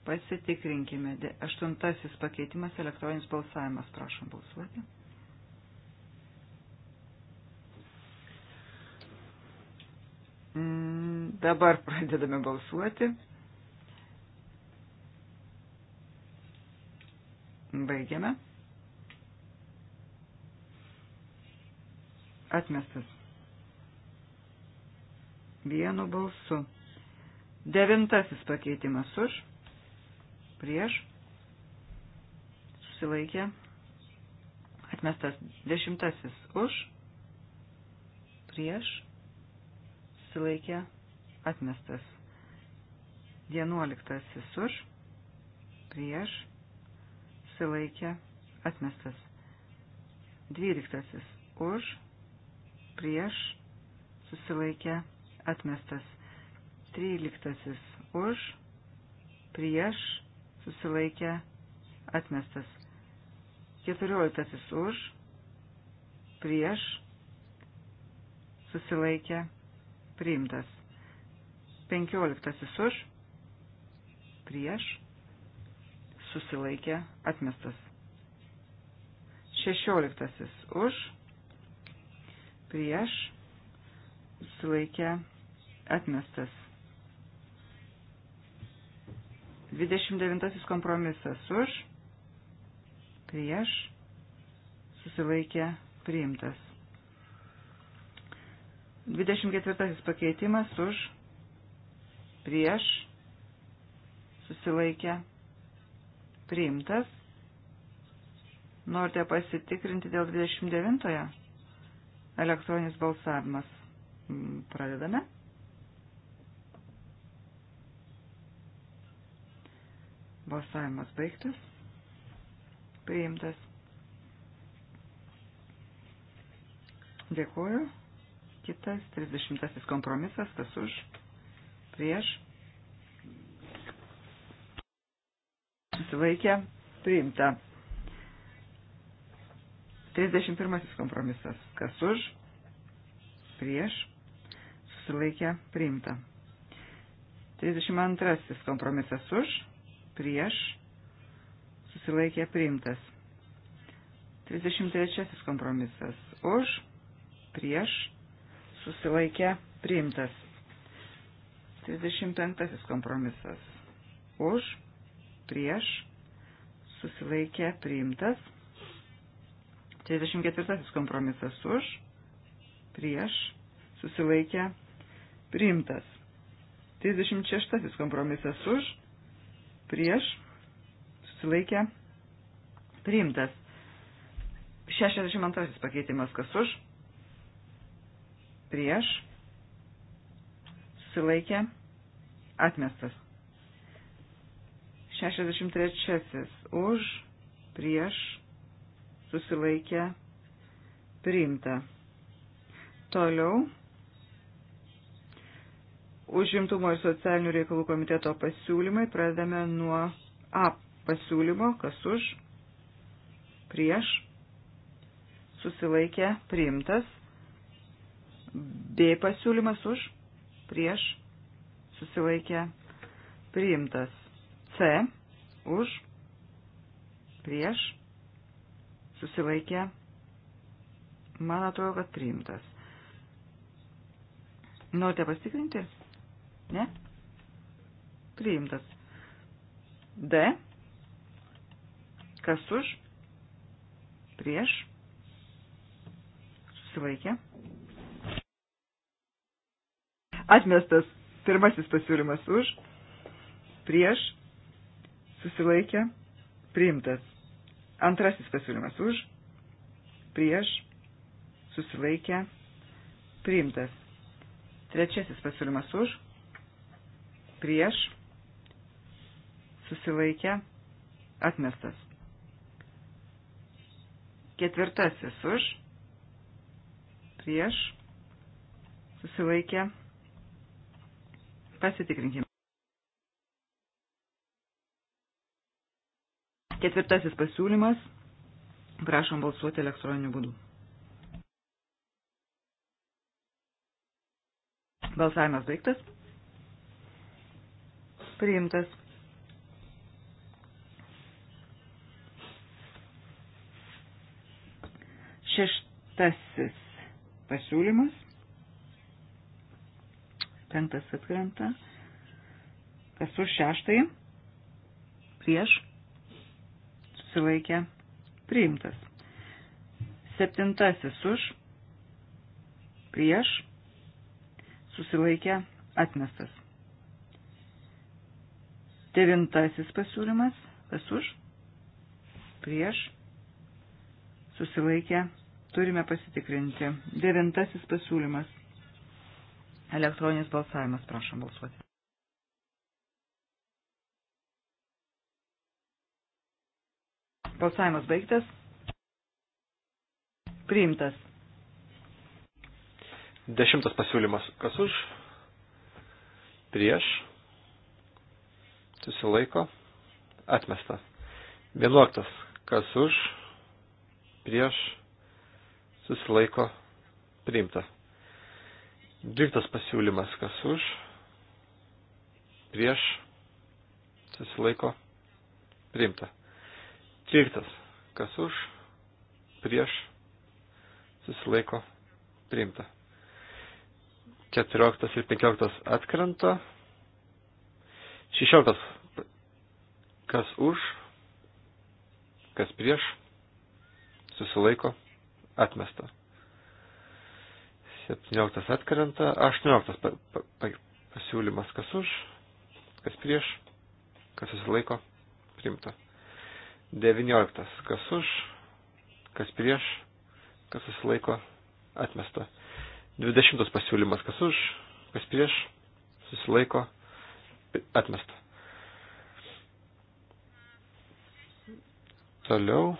pasitikrinkime. Aštuntasis pakeitimas elektroninis balsavimas, prašom balsuoti. Mm, dabar pradedame balsuoti. Baigiame. Atmestas. Vienu balsu. Devintasis pakeitimas už. Prieš. Susilaikė. Atmestas. Dešimtasis už. Prieš susilaikė, atmestas. Vienuoliktasis už, prieš, susilaikė, atmestas. Dvyliktasis už, prieš, susilaikė, atmestas. Tryliktasis už, prieš, susilaikė, atmestas. Keturioliktasis už, prieš, susilaikė, priimtas. Penkioliktasis už, prieš, susilaikė, atmestas. Šešioliktasis už, prieš, susilaikė, atmestas. Dvidešimt devintasis kompromisas už, prieš, susilaikė, priimtas. 24 pakeitimas už, prieš, susilaikę, priimtas. Norite pasitikrinti dėl 29-ojo? Elektroninis balsavimas. Mm, pradedame. Balsavimas baigtas. Priimtas. Dėkuoju kitas, 30 kompromisas, kas už, prieš, susilaikė, priimta. 31 kompromisas, kas už, prieš, susilaikė, priimta. 32 kompromisas už, prieš, susilaikė, priimtas. 33 kompromisas už, prieš, susilaikė priimtas. 35 kompromisas. Už, prieš, susilaikė priimtas. 34 kompromisas už, prieš, susilaikė priimtas. 36 kompromisas už, prieš, susilaikė priimtas. 62 pakeitimas kas už, prieš, susilaikė, atmestas. 63 už, prieš, susilaikė, priimta. Toliau. Užimtumo ir socialinių reikalų komiteto pasiūlymai pradedame nuo A pasiūlymo, kas už, prieš, susilaikė, priimtas. B pasiūlymas už, prieš, susilaikė, priimtas. C už, prieš, susilaikė, man atrodo, kad priimtas. Norite pasitikrinti? Ne? Priimtas. D. Kas už? Prieš. Susilaikė. Atmestas pirmasis pasiūlymas už, prieš, susilaikė, priimtas. Antrasis pasiūlymas už, prieš, susilaikė, priimtas. Trečiasis pasiūlymas už, prieš, susilaikė, atmestas. Ketvirtasis už, prieš, susilaikė, atmestas Pasitikrinkime. Ketvirtasis pasiūlymas. Prašom balsuoti elektroniniu būdu. Balsavimas baigtas. Priimtas. Šeštasis pasiūlymas penktas atkrenta. Kas už šeštąjį? Prieš. Susilaikė. Priimtas. Septintasis už. Prieš. Susilaikė. Atmestas. Devintasis pasiūlymas. Kas už? Prieš. Susilaikė. Turime pasitikrinti. Devintasis pasiūlymas. Elektroninis balsavimas, prašom balsuoti. Balsavimas baigtas. Priimtas. Dešimtas pasiūlymas. Kas už? Prieš. Susilaiko. Atmesta. Vienuoktas. Kas už? Prieš. Susilaiko. Priimta. Dvyliktas pasiūlymas, kas už, prieš, susilaiko, priimta. Tryliktas, kas už, prieš, susilaiko, priimta. Keturioliktas ir penkioliktas atkrenta. Šešioliktas, kas už, kas prieš, susilaiko, atmesta. 17 atkrenta, 18 pa, pa, pa, pasiūlymas, kas už, kas prieš, kas susilaiko, primta. 19, kas už, kas prieš, kas susilaiko, atmesta. 20 pasiūlymas, kas už, kas prieš, susilaiko, atmesta. Toliau.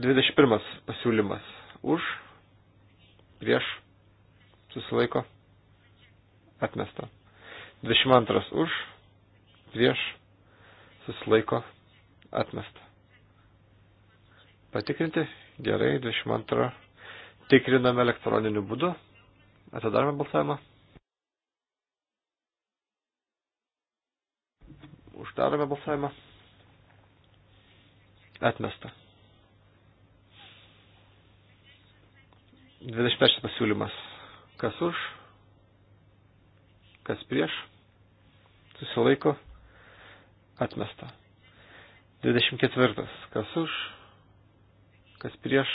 21 pasiūlymas už, prieš, susilaiko, atmesta. 22 už, prieš, susilaiko, atmesta. Patikrinti, gerai, 22. Tikriname elektroniniu būdu, atidarome balsavimą. Uždarome balsavimą. Atmesta. 21 pasiūlymas. Kas už? Kas prieš? Susilaiko? Atmesta. 24. Kas už? Kas prieš?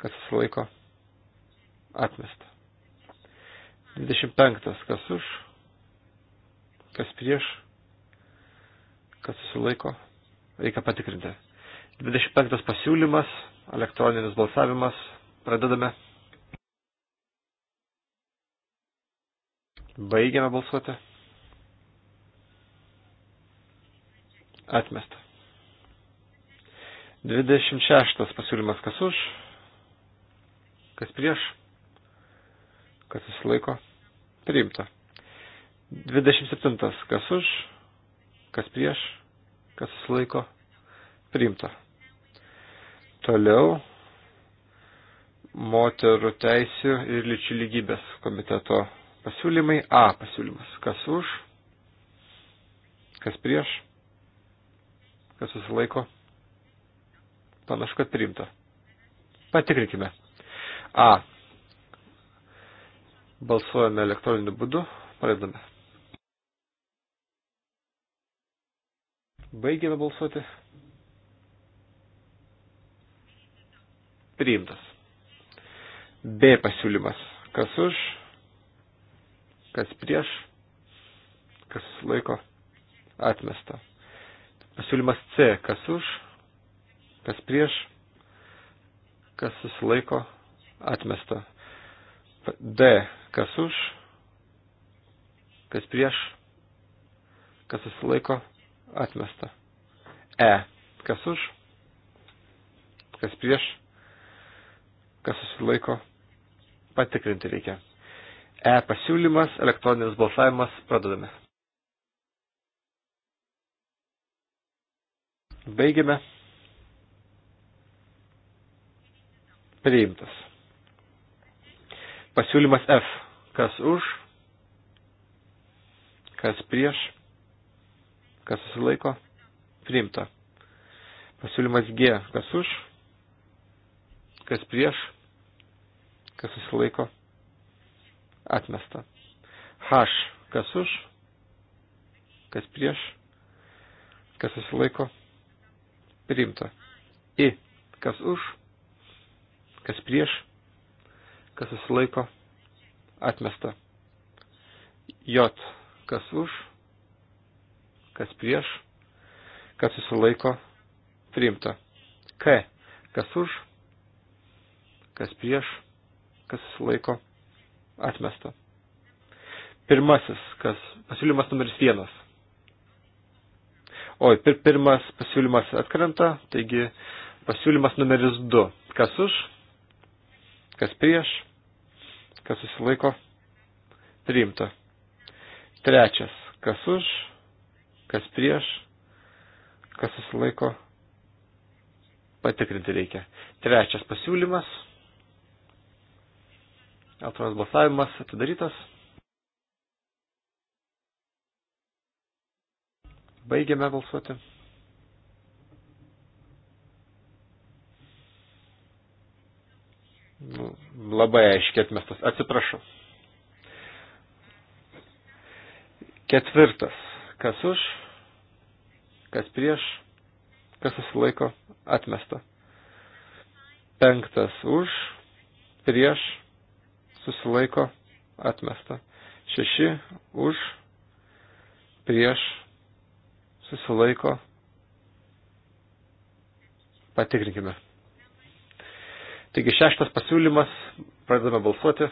Kas susilaiko? Atmesta. 25. Kas už? Kas prieš? Kas susilaiko? Reikia patikrinti. 25 pasiūlymas, elektroninis balsavimas, Pradedame. Baigiame balsuoti. Atmesta. 26 pasiūlymas kas už, kas prieš, kas susilaiko, priimta. 27 kas už, kas prieš, kas susilaiko, priimta. Toliau moterų teisių ir lyčių lygybės komiteto pasiūlymai. A pasiūlymas. Kas už? Kas prieš? Kas susilaiko? Panašu, kad priimta. Patikrinkime. A. Balsuojame elektroniniu būdu. Pradedame. Baigėme balsuoti. Priimtas. B pasiūlymas. Kas už, kas prieš, kas laiko atmesta. Pasiūlymas C. Kas už, kas prieš, kas susilaiko atmesta. D. Kas už, kas prieš, kas susilaiko atmesta. E. Kas už, kas prieš, kas susilaiko, patikrinti reikia. E pasiūlymas, elektroninis balsavimas, pradedame. Baigiame. Priimtas. Pasiūlymas F. Kas už, kas prieš, kas susilaiko, priimta. Pasiūlymas G. Kas už, kas prieš, kas susilaiko, atmesta. H, kas už, kas prieš, kas susilaiko, priimta. I, kas už, kas prieš, kas susilaiko, atmesta. J, kas už, kas prieš, kas susilaiko, priimta. K, kas už, kas prieš, kas laiko atmesta. Pirmasis, kas pasiūlymas numeris vienas. Oi, pir, pirmas pasiūlymas atkrenta, taigi pasiūlymas numeris du. Kas už, kas prieš, kas susilaiko, priimta. Trečias, kas už, kas prieš, kas susilaiko, patikrinti reikia. Trečias pasiūlymas Elektroninis balsavimas atidarytas. Baigiame balsuoti. Nu, labai aiškiai atmestas. Atsiprašau. Ketvirtas. Kas už, kas prieš, kas susilaiko, atmesta. Penktas už, prieš, susilaiko atmesta. 6 už, prieš, susilaiko. Patikrinkime. Taigi šeštas pasiūlymas, pradedame balsuoti.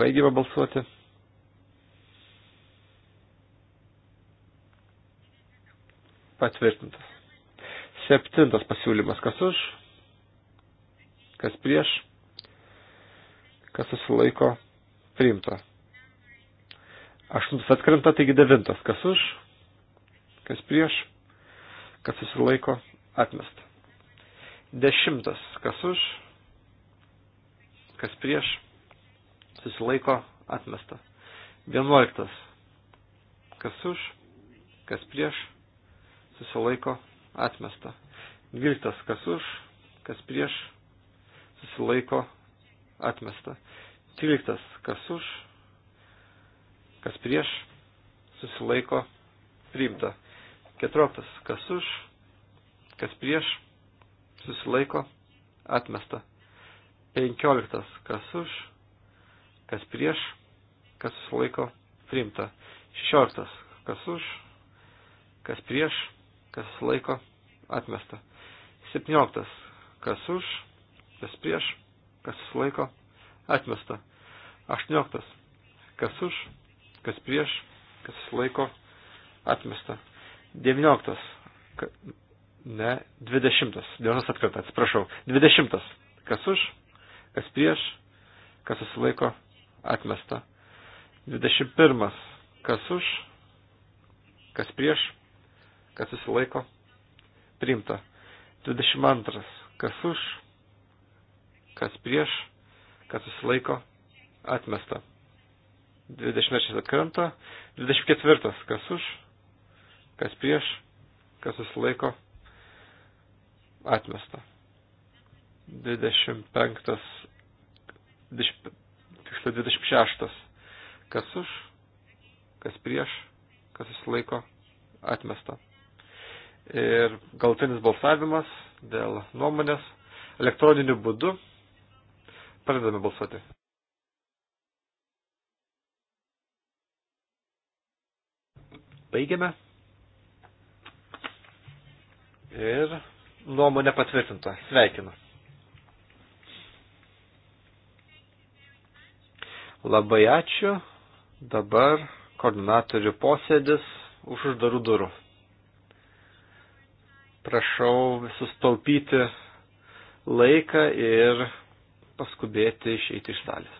Baigime balsuoti. Patvirtintas. Septintas pasiūlymas, kas už, kas prieš, kas susilaiko, priimta. Aštuntas atkrenta, taigi devintas, kas už, kas prieš, kas susilaiko, atmesta. Dešimtas, kas už, kas prieš, susilaiko, atmesta. Vienuoliktas, kas už, kas prieš, susilaiko, atmesta. Dvyliktas, kas už, kas prieš, susilaiko atmesta. 13. Kas už, kas prieš, susilaiko priimta. 14. Kas už, kas prieš, susilaiko atmesta. 15. Kas už, kas prieš, kas susilaiko priimta. 16. Kas už, kas prieš, kas susilaiko atmesta. 17. Kas už, kas prieš, kas susilaiko, atmesta. 18. Kas už, kas prieš, kas susilaiko, atmesta. 19. Ne, 20. Dienos atkarta, atsiprašau. 20. Kas už, kas prieš, kas susilaiko, atmesta. 21. Kas už, kas prieš, kas susilaiko, priimta. 22. Kas už, kas prieš, kas susilaiko, atmesta. 26 atkrenta, 24 kas už, kas prieš, kas susilaiko, atmesta. 25, 26 kas už, kas prieš, kas susilaiko, atmesta. Ir galtinis balsavimas dėl nuomonės elektroniniu būdu Pradedame balsuoti. Baigiame. Ir nuomonė patvirtinta. Sveikinu. Labai ačiū. Dabar koordinatorių posėdis už uždarų durų. Prašau visus taupyti laiką ir paskubėti išeiti iš salės.